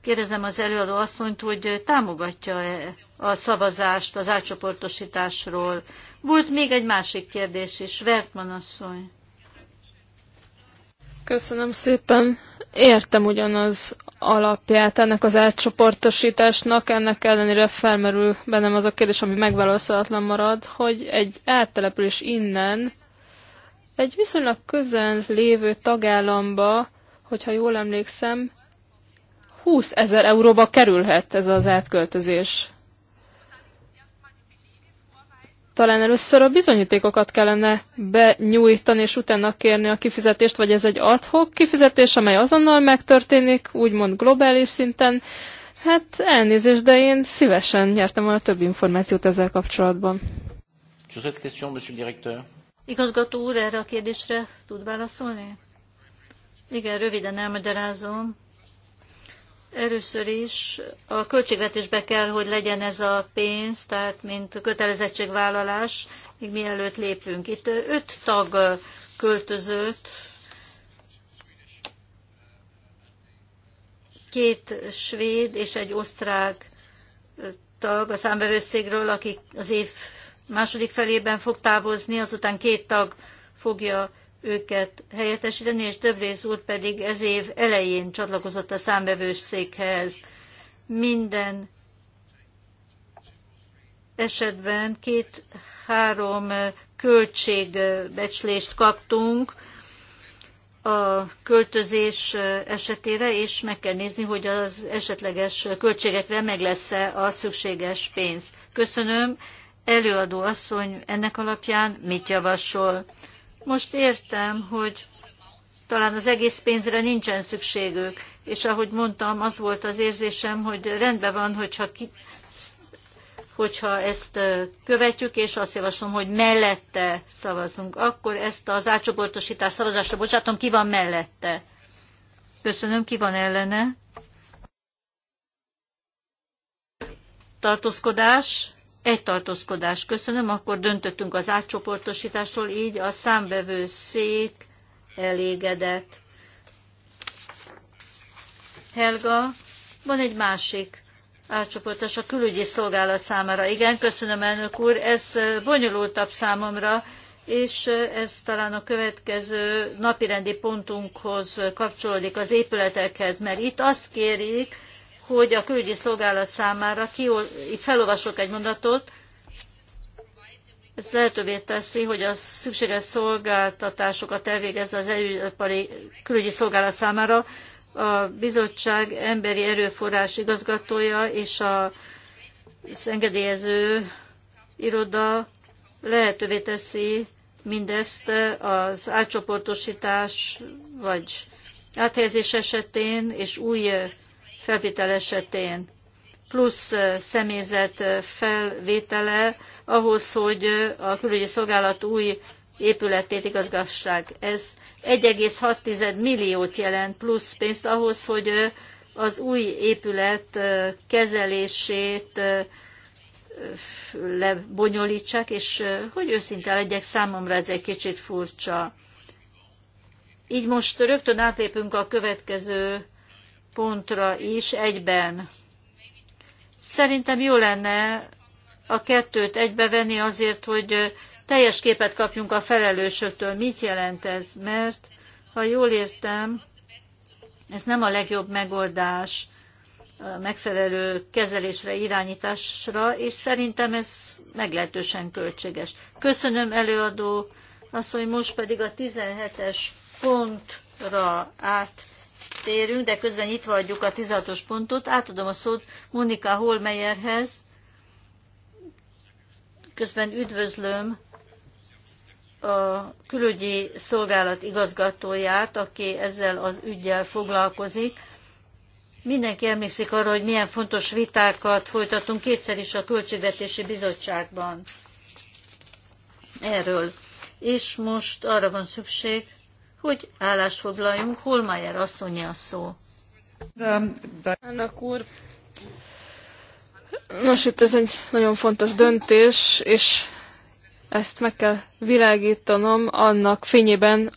kérdezem az előadó asszonyt, hogy támogatja-e a szavazást az átcsoportosításról. Volt még egy másik kérdés is, Vertman asszony. Köszönöm szépen, Értem ugyanaz alapját ennek az átcsoportosításnak, ennek ellenére felmerül bennem az a kérdés, ami megválaszolatlan marad, hogy egy áttelepülés innen egy viszonylag közel lévő tagállamba, hogyha jól emlékszem, 20 ezer euróba kerülhet ez az átköltözés talán először a bizonyítékokat kellene benyújtani, és utána kérni a kifizetést, vagy ez egy adhok kifizetés, amely azonnal megtörténik, úgymond globális szinten. Hát elnézést, de én szívesen nyertem volna több információt ezzel kapcsolatban. Igazgató úr, erre a kérdésre tud válaszolni? Igen, röviden elmagyarázom. Először is a költségvetésbe kell, hogy legyen ez a pénz, tehát mint kötelezettségvállalás, még mielőtt lépünk. Itt öt tag költözött, két svéd és egy osztrák tag a számbevőszégről, akik az év második felében fog távozni, azután két tag fogja őket helyettesíteni, és Debrecen úr pedig ez év elején csatlakozott a számbevőszékhez. Minden esetben két-három költségbecslést kaptunk a költözés esetére, és meg kell nézni, hogy az esetleges költségekre meg lesz-e a szükséges pénz. Köszönöm. Előadó asszony ennek alapján mit javasol? Most értem, hogy talán az egész pénzre nincsen szükségük, és ahogy mondtam, az volt az érzésem, hogy rendben van, hogyha, ki, hogyha ezt követjük, és azt javaslom, hogy mellette szavazunk. Akkor ezt az átcsoportosítás szavazásra bocsátom, ki van mellette? Köszönöm, ki van ellene? Tartózkodás? egy tartózkodás. Köszönöm, akkor döntöttünk az átcsoportosításról, így a számbevő szék elégedett. Helga, van egy másik átcsoportos a külügyi szolgálat számára. Igen, köszönöm, elnök úr. Ez bonyolultabb számomra, és ez talán a következő napirendi pontunkhoz kapcsolódik az épületekhez, mert itt azt kérik, hogy a külügyi szolgálat számára, kiol, itt felolvasok egy mondatot, ez lehetővé teszi, hogy a szükséges szolgáltatásokat elvégezze az előpari külügyi szolgálat számára. A bizottság emberi erőforrás igazgatója és a, az engedélyező iroda lehetővé teszi mindezt az átcsoportosítás vagy áthelyezés esetén és új felvétel esetén plusz személyzet felvétele ahhoz, hogy a külügyi szolgálat új épületét igazgassák. Ez 1,6 milliót jelent plusz pénzt ahhoz, hogy az új épület kezelését lebonyolítsák, és hogy őszinte legyek, számomra ez egy kicsit furcsa. Így most rögtön átlépünk a következő pontra is egyben. Szerintem jó lenne a kettőt egybevenni azért, hogy teljes képet kapjunk a felelősöktől. Mit jelent ez? Mert, ha jól értem, ez nem a legjobb megoldás a megfelelő kezelésre, irányításra, és szerintem ez meglehetősen költséges. Köszönöm előadó azt, hogy most pedig a 17-es pontra át Térünk, de közben nyitva adjuk a 16-os pontot. Átadom a szót Monika Holmeyerhez. Közben üdvözlöm a külügyi szolgálat igazgatóját, aki ezzel az ügyel foglalkozik. Mindenki emlékszik arra, hogy milyen fontos vitákat folytatunk kétszer is a Költségvetési Bizottságban erről. És most arra van szükség, hogy állásfoglaljunk. Holmeyer asszony a szó. Annak úr, nos itt ez egy nagyon fontos döntés, és ezt meg kell világítanom annak fényében,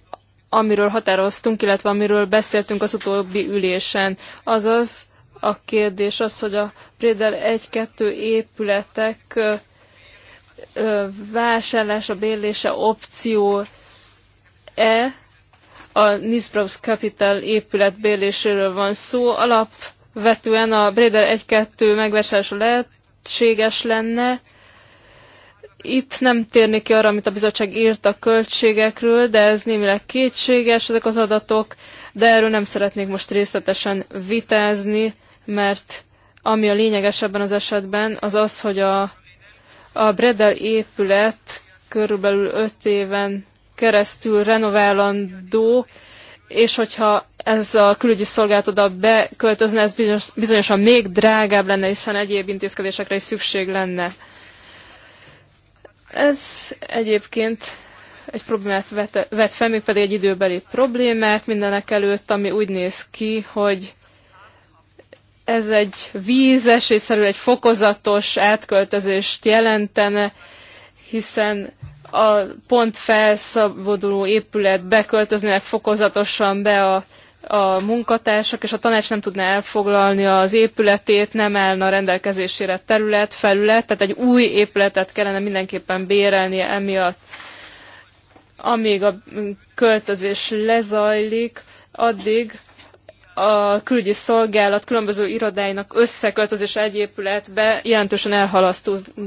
amiről határoztunk, illetve amiről beszéltünk az utóbbi ülésen. Azaz a kérdés az, hogy a Prédel 1-2 épületek vásárlása, bérlése opció-e, a Nisbrovs Capital épület béléséről van szó. Alapvetően a Breder 1-2 megvásárlása lehetséges lenne. Itt nem térnék ki arra, amit a bizottság írt a költségekről, de ez némileg kétséges, ezek az adatok, de erről nem szeretnék most részletesen vitázni, mert ami a lényeges ebben az esetben, az az, hogy a, a Bredel épület körülbelül 5 éven keresztül renoválandó, és hogyha ez a külügyi szolgálat oda beköltözne, ez bizonyos, bizonyosan még drágább lenne, hiszen egyéb intézkedésekre is szükség lenne. Ez egyébként egy problémát vet, vet fel, még pedig egy időbeli problémát mindenek előtt, ami úgy néz ki, hogy ez egy vízes és egy fokozatos átköltözést jelentene, hiszen a pont felszabaduló épület beköltöznének fokozatosan be a, a munkatársak, és a tanács nem tudna elfoglalni az épületét, nem állna a rendelkezésére terület, felület, tehát egy új épületet kellene mindenképpen bérelnie emiatt. Amíg a költözés lezajlik, addig a külügyi szolgálat különböző irodáinak összeköltözés egy épületbe jelentősen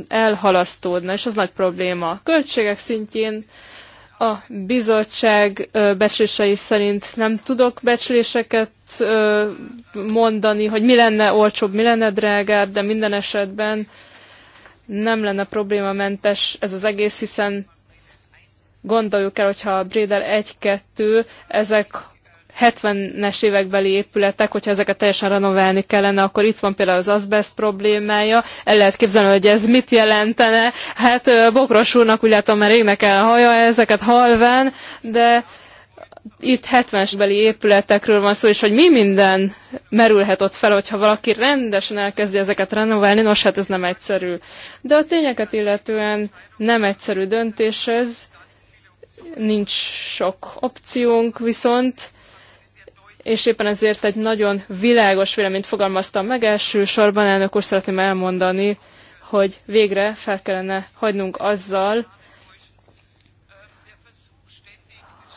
elhalasztódna, és az nagy probléma. A költségek szintjén a bizottság becslései szerint nem tudok becsléseket mondani, hogy mi lenne olcsóbb, mi lenne drágább, de minden esetben nem lenne problémamentes ez az egész, hiszen gondoljuk el, hogyha a Brédel 1-2 ezek 70-es évekbeli épületek, hogyha ezeket teljesen renoválni kellene, akkor itt van például az azbest problémája. El lehet képzelni, hogy ez mit jelentene. Hát Bokros úrnak úgy látom mert égnek el a haja ezeket halván, de itt 70-es beli épületekről van szó, és hogy mi minden merülhet ott fel, hogyha valaki rendesen elkezdi ezeket renoválni, nos hát ez nem egyszerű. De a tényeket illetően nem egyszerű döntés ez, nincs sok opciónk, viszont és éppen ezért egy nagyon világos véleményt fogalmaztam meg. Elsősorban elnök úr szeretném elmondani, hogy végre fel kellene hagynunk azzal,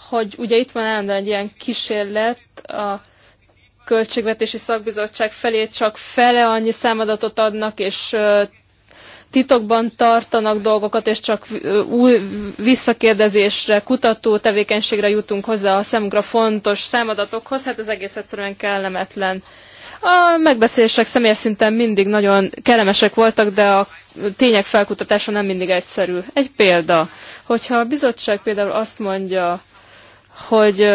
hogy ugye itt van állandóan egy ilyen kísérlet a költségvetési szakbizottság felé csak fele annyi számadatot adnak, és titokban tartanak dolgokat, és csak új visszakérdezésre, kutató tevékenységre jutunk hozzá a számunkra fontos számadatokhoz, hát ez egész egyszerűen kellemetlen. A megbeszélések személyes szinten mindig nagyon kellemesek voltak, de a tények felkutatása nem mindig egyszerű. Egy példa, hogyha a bizottság például azt mondja, hogy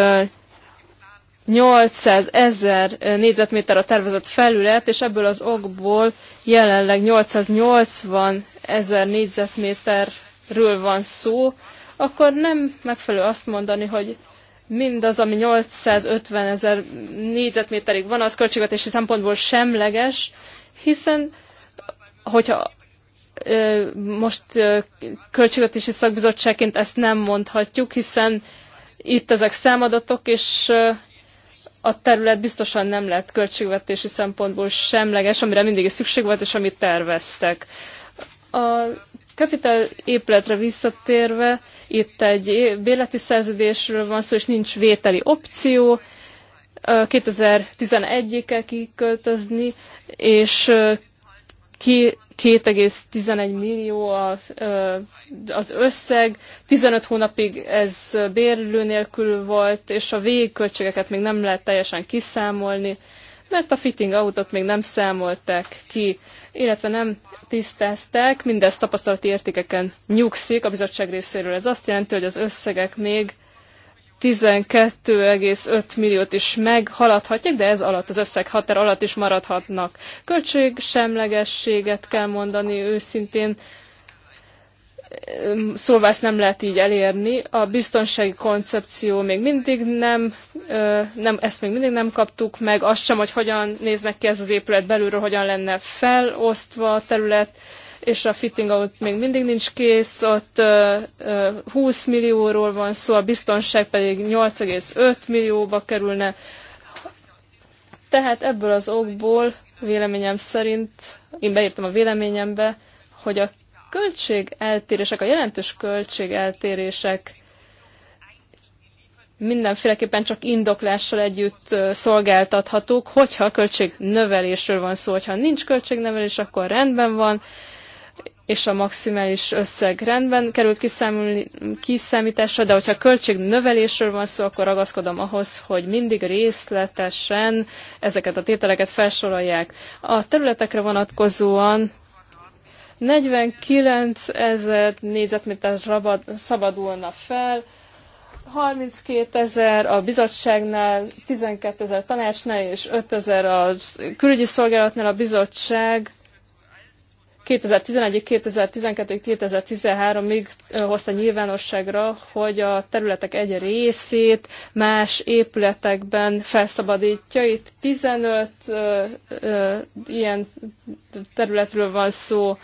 800 ezer eh, négyzetméter a tervezett felület, és ebből az okból jelenleg 880 ezer négyzetméterről van szó, akkor nem megfelelő azt mondani, hogy mindaz, ami 850 ezer négyzetméterig van, az költségvetési szempontból semleges, hiszen hogyha most költségvetési szakbizottságként ezt nem mondhatjuk, hiszen itt ezek számadatok, és a terület biztosan nem lett költségvetési szempontból semleges, amire mindig is szükség volt, és amit terveztek. A kapitál épületre visszatérve, itt egy béleti szerződésről van szó, és nincs vételi opció, 2011-ig kell kiköltözni, és ki 2,11 millió az összeg, 15 hónapig ez bérlő nélkül volt, és a végköltségeket még nem lehet teljesen kiszámolni, mert a fitting autót még nem számolták ki, illetve nem tisztázták, mindez tapasztalati értékeken nyugszik a bizottság részéről. Ez azt jelenti, hogy az összegek még 12,5 milliót is meghaladhatják, de ez alatt az összeg határ alatt is maradhatnak. Költségsemlegességet kell mondani őszintén, szóval ezt nem lehet így elérni. A biztonsági koncepció még mindig nem, nem, ezt még mindig nem kaptuk meg, azt sem, hogy hogyan néznek ki ez az épület belülről, hogyan lenne felosztva a terület és a fitting out még mindig nincs kész, ott ö, ö, 20 millióról van szó, a biztonság pedig 8,5 millióba kerülne. Tehát ebből az okból véleményem szerint, én beírtam a véleményembe, hogy a költségeltérések, a jelentős költségeltérések mindenféleképpen csak indoklással együtt szolgáltathatók, hogyha a költségnövelésről van szó. Ha nincs költségnövelés, akkor rendben van, és a maximális összeg rendben került kiszámításra, de hogyha költségnövelésről van szó, akkor ragaszkodom ahhoz, hogy mindig részletesen ezeket a tételeket felsorolják. A területekre vonatkozóan 49 ezer négyzetméter rabad, szabadulna fel, 32 ezer a bizottságnál, 12 ezer tanácsnál és 5 ezer a külügyi szolgálatnál a bizottság 2011 2012 2013-ig hozta nyilvánosságra, hogy a területek egy részét más épületekben felszabadítja. Itt 15 ö, ö, ilyen területről van szó.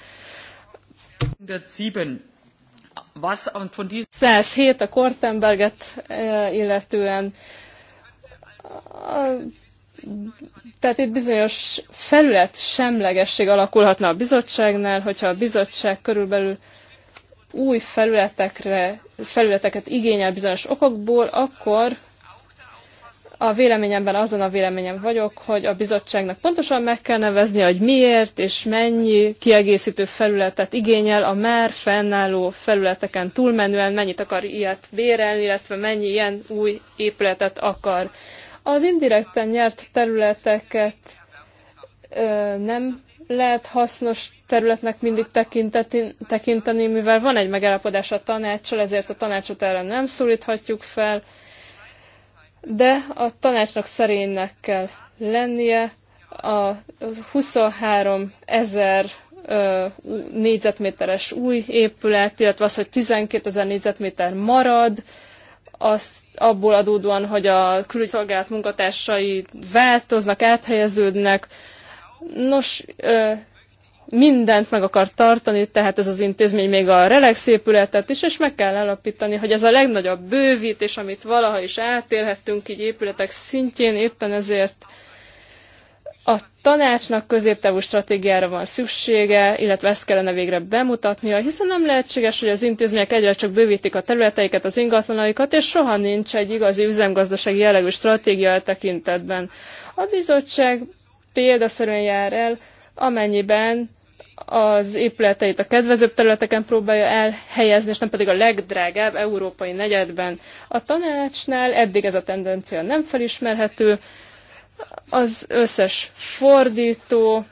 107 a Kortenberget illetően. A tehát itt bizonyos felület semlegesség alakulhatna a bizottságnál, hogyha a bizottság körülbelül új felületekre, felületeket igényel bizonyos okokból, akkor a véleményemben azon a véleményem vagyok, hogy a bizottságnak pontosan meg kell nevezni, hogy miért és mennyi kiegészítő felületet igényel a már fennálló felületeken túlmenően, mennyit akar ilyet bérelni, illetve mennyi ilyen új épületet akar az indirekten nyert területeket nem lehet hasznos területnek mindig tekinteni, tekinteni, mivel van egy megállapodás a tanácssal, ezért a tanácsot erre nem szólíthatjuk fel, de a tanácsnak szerénynek kell lennie. A 23 ezer négyzetméteres új épület, illetve az, hogy 12 ezer négyzetméter marad, azt abból adódóan, hogy a külügyszolgálat munkatársai változnak, áthelyeződnek. Nos, mindent meg akar tartani, tehát ez az intézmény még a relax épületet is, és meg kell alapítani, hogy ez a legnagyobb bővítés, amit valaha is átélhettünk így épületek szintjén, éppen ezért a tanácsnak középtávú stratégiára van szüksége, illetve ezt kellene végre bemutatnia, hiszen nem lehetséges, hogy az intézmények egyre csak bővítik a területeiket, az ingatlanaikat, és soha nincs egy igazi üzemgazdasági jellegű stratégia a e tekintetben. A bizottság példaszerűen jár el, amennyiben az épületeit a kedvezőbb területeken próbálja elhelyezni, és nem pedig a legdrágább európai negyedben. A tanácsnál eddig ez a tendencia nem felismerhető, az összes fordító,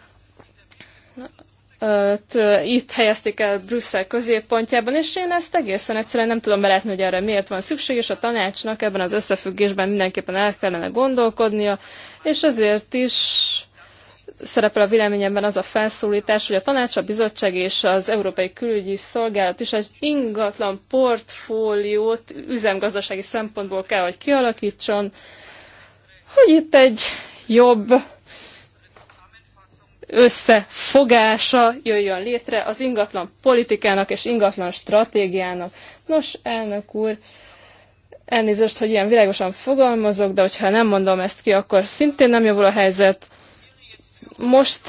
itt helyezték el Brüsszel középpontjában, és én ezt egészen egyszerűen nem tudom belátni, hogy erre miért van szükség, és a tanácsnak ebben az összefüggésben mindenképpen el kellene gondolkodnia, és ezért is szerepel a véleményemben az a felszólítás, hogy a tanács, a bizottság és az Európai Külügyi Szolgálat is egy ingatlan portfóliót üzemgazdasági szempontból kell, hogy kialakítson, hogy itt egy jobb összefogása jöjjön létre az ingatlan politikának és ingatlan stratégiának. Nos, elnök úr, elnézést, hogy ilyen világosan fogalmazok, de hogyha nem mondom ezt ki, akkor szintén nem javul a helyzet. Most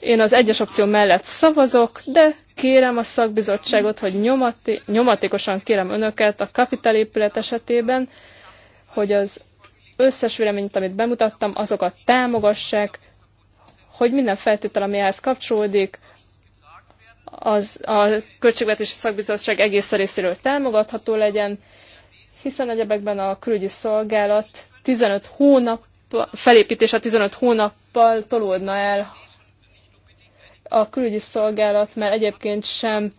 én az egyes opció mellett szavazok, de kérem a szakbizottságot, hogy nyomati, nyomatékosan kérem önöket a kapitalépület esetében, hogy az összes véleményt, amit bemutattam, azokat támogassák, hogy minden feltétel, ami ehhez kapcsolódik, az a Költségvetési Szakbizottság egész részéről támogatható legyen, hiszen egyebekben a külügyi szolgálat 15 hónap, felépítése 15 hónappal tolódna el a külügyi szolgálat, mert egyébként sem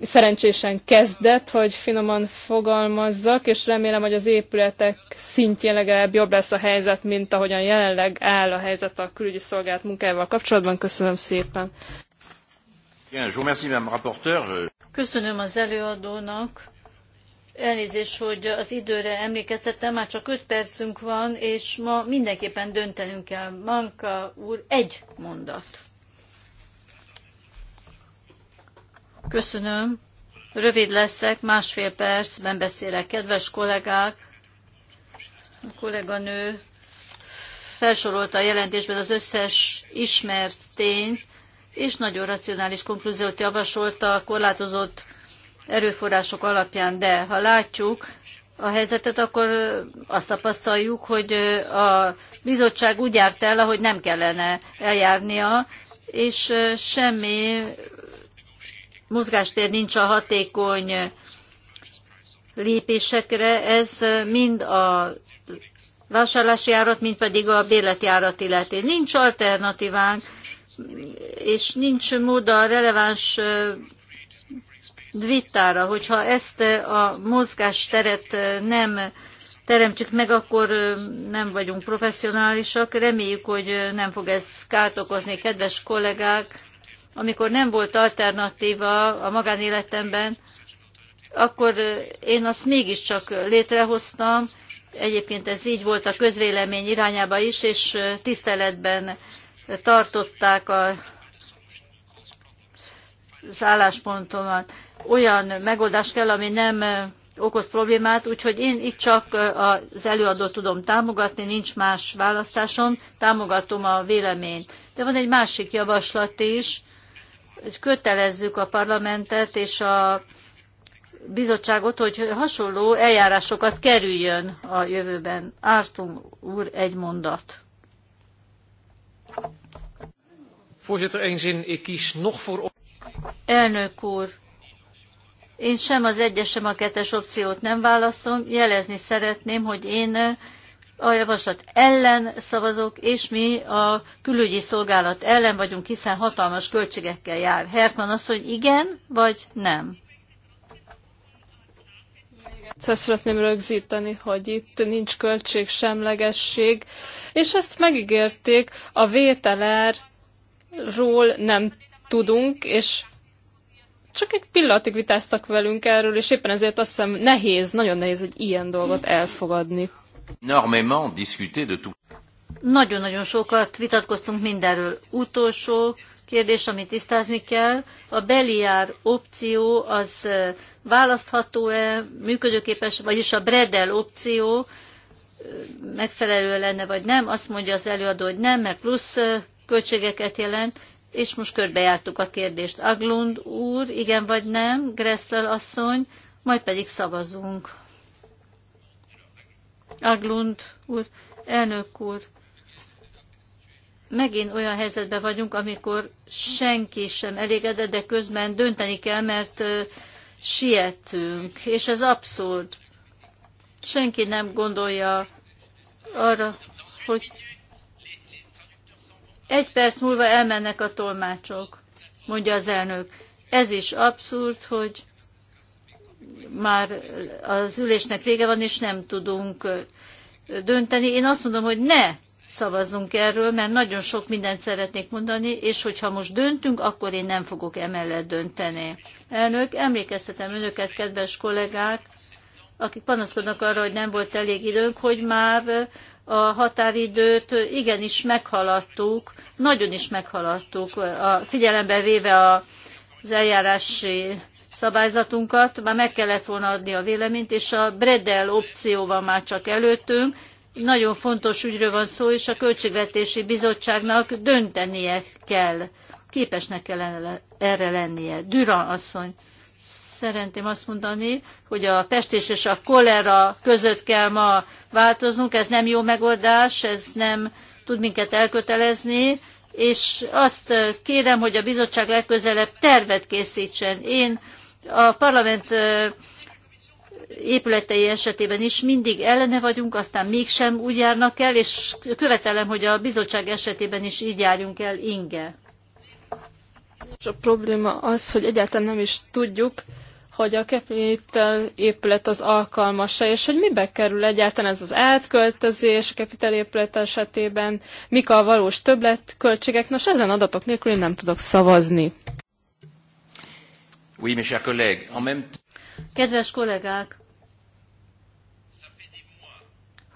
szerencsésen kezdett, hogy finoman fogalmazzak, és remélem, hogy az épületek szintjén legalább jobb lesz a helyzet, mint ahogyan jelenleg áll a helyzet a külügyi szolgált munkával kapcsolatban. Köszönöm szépen. Köszönöm az előadónak. Elnézést, hogy az időre emlékeztettem, már csak 5 percünk van, és ma mindenképpen döntenünk kell. Manka úr, egy mondat. Köszönöm. Rövid leszek, másfél percben beszélek. Kedves kollégák, a kolléganő felsorolta a jelentésben az összes ismert tényt, és nagyon racionális konklúziót javasolta a korlátozott erőforrások alapján, de ha látjuk a helyzetet, akkor azt tapasztaljuk, hogy a bizottság úgy járt el, ahogy nem kellene eljárnia, és semmi mozgástér nincs a hatékony lépésekre, ez mind a vásárlási árat, mind pedig a bérleti árat illeti. Nincs alternatívánk, és nincs mód a releváns vitára, hogyha ezt a mozgásteret nem teremtjük meg, akkor nem vagyunk professzionálisak. Reméljük, hogy nem fog ez kárt okozni, kedves kollégák amikor nem volt alternatíva a magánéletemben, akkor én azt mégiscsak létrehoztam, egyébként ez így volt a közvélemény irányába is, és tiszteletben tartották a, az álláspontomat. Olyan megoldás kell, ami nem okoz problémát, úgyhogy én itt csak az előadót tudom támogatni, nincs más választásom, támogatom a véleményt. De van egy másik javaslat is, hogy kötelezzük a parlamentet és a bizottságot, hogy hasonló eljárásokat kerüljön a jövőben. Ártunk úr, egy mondat. Voorzitter, één zin. Ik kies nog voor... Elnök úr, én sem az egyes, sem a kettes opciót nem választom. Jelezni szeretném, hogy én a javaslat ellen szavazok, és mi a külügyi szolgálat ellen vagyunk, hiszen hatalmas költségekkel jár. Hertman asszony, igen vagy nem? Ezt szeretném rögzíteni, hogy itt nincs költség, semlegesség, és ezt megígérték, a vételerről nem tudunk, és csak egy pillanatig vitáztak velünk erről, és éppen ezért azt hiszem nehéz, nagyon nehéz egy ilyen dolgot elfogadni. Nagyon-nagyon sokat vitatkoztunk mindenről. Utolsó kérdés, amit tisztázni kell, a beliár opció az választható-e, működőképes, vagyis a Bredel opció megfelelő lenne, vagy nem. Azt mondja az előadó, hogy nem, mert plusz költségeket jelent, és most körbejártuk a kérdést. Aglund úr, igen vagy nem, Gressler asszony, majd pedig szavazunk. Aglund úr, elnök úr, megint olyan helyzetben vagyunk, amikor senki sem elégedett, de közben dönteni kell, mert sietünk, és ez abszurd. Senki nem gondolja arra, hogy egy perc múlva elmennek a tolmácsok, mondja az elnök. Ez is abszurd, hogy már az ülésnek vége van, és nem tudunk dönteni. Én azt mondom, hogy ne szavazzunk erről, mert nagyon sok mindent szeretnék mondani, és hogyha most döntünk, akkor én nem fogok emellett dönteni. Elnök, emlékeztetem önöket, kedves kollégák, akik panaszkodnak arra, hogy nem volt elég időnk, hogy már a határidőt igenis meghaladtuk, nagyon is meghaladtuk, a, figyelembe véve a, az eljárási szabályzatunkat, már meg kellett volna adni a véleményt, és a Bredel opció van már csak előttünk. Nagyon fontos ügyről van szó, és a Költségvetési Bizottságnak döntenie kell. Képesnek kell erre lennie. Düra asszony, szeretném azt mondani, hogy a pestés és a kolera között kell ma változnunk, ez nem jó megoldás, ez nem tud minket elkötelezni, és azt kérem, hogy a bizottság legközelebb tervet készítsen. Én a parlament épületei esetében is mindig ellene vagyunk, aztán mégsem úgy járnak el, és követelem, hogy a bizottság esetében is így járjunk el inge. A probléma az, hogy egyáltalán nem is tudjuk, hogy a Capital épület az alkalmas-e, és hogy mibe kerül egyáltalán ez az átköltözés a Capital épület esetében, mik a valós többletköltségek. Nos, ezen adatok nélkül én nem tudok szavazni. Oui, mes chers collègues, en même Kedves kollégák,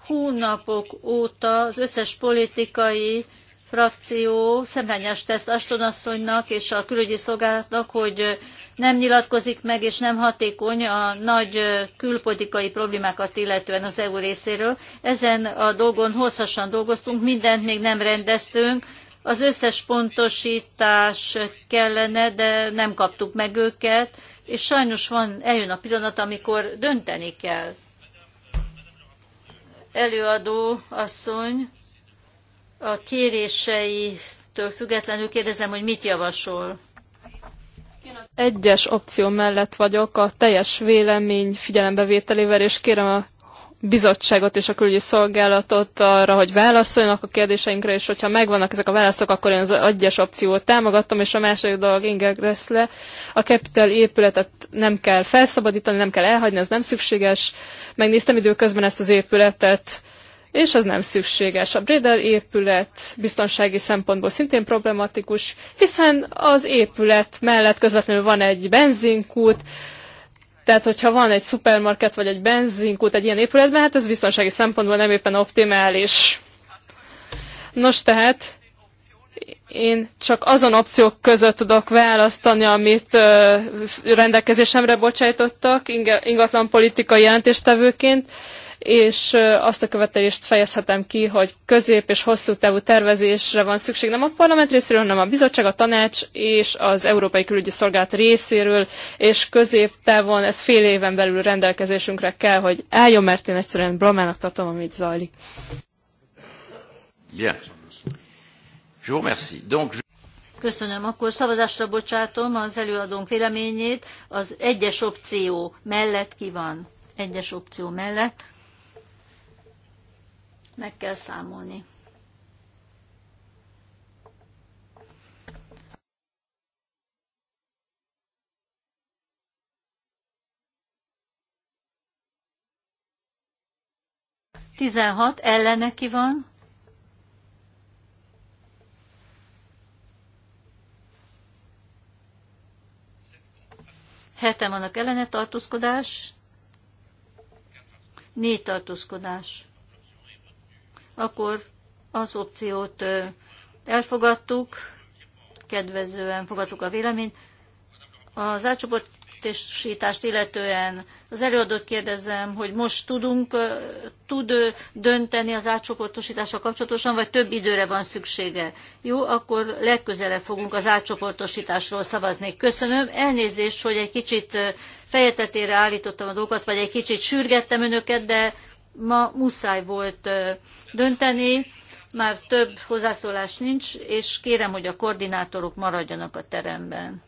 hónapok óta az összes politikai frakció szemrányást tesz Aston asszonynak és a külügyi szolgálatnak, hogy nem nyilatkozik meg és nem hatékony a nagy külpolitikai problémákat illetően az EU részéről. Ezen a dolgon hosszasan dolgoztunk, mindent még nem rendeztünk, az összes pontosítás kellene, de nem kaptuk meg őket, és sajnos van, eljön a pillanat, amikor dönteni kell. Előadó asszony, a kéréseitől függetlenül kérdezem, hogy mit javasol? Én az egyes opció mellett vagyok a teljes vélemény figyelembevételével, és kérem a bizottságot és a külügyi szolgálatot arra, hogy válaszoljanak a kérdéseinkre, és hogyha megvannak ezek a válaszok, akkor én az egyes opciót támogatom, és a második dolog Inge le. a Capital épületet nem kell felszabadítani, nem kell elhagyni, ez nem szükséges. Megnéztem időközben ezt az épületet, és az nem szükséges. A Bredel épület biztonsági szempontból szintén problematikus, hiszen az épület mellett közvetlenül van egy benzinkút, tehát, hogyha van egy szupermarket vagy egy benzinkút egy ilyen épületben, hát ez biztonsági szempontból nem éppen optimális. Nos, tehát én csak azon opciók között tudok választani, amit rendelkezésemre bocsájtottak ingatlan politikai jelentéstevőként és azt a követelést fejezhetem ki, hogy közép és hosszú távú tervezésre van szükség nem a parlament részéről, hanem a bizottság, a tanács és az Európai Külügyi Szolgálat részéről, és középtávon ez fél éven belül rendelkezésünkre kell, hogy álljon, mert én egyszerűen blamának tartom, amit zajlik. Bien. Je vous Donc, Köszönöm. Akkor szavazásra bocsátom az előadónk véleményét. Az egyes opció mellett ki van? Egyes opció mellett meg kell számolni. Tizenhat ellene ki van. Heten vannak ellene tartózkodás. Négy tartózkodás akkor az opciót elfogadtuk, kedvezően fogadtuk a véleményt. Az átcsoportosítást illetően az előadót kérdezem, hogy most tudunk, tud dönteni az átcsoportosítással kapcsolatosan, vagy több időre van szüksége. Jó, akkor legközelebb fogunk az átcsoportosításról szavazni. Köszönöm. Elnézést, hogy egy kicsit fejetetére állítottam a dolgokat, vagy egy kicsit sürgettem önöket, de ma muszáj volt dönteni, már több hozzászólás nincs, és kérem, hogy a koordinátorok maradjanak a teremben.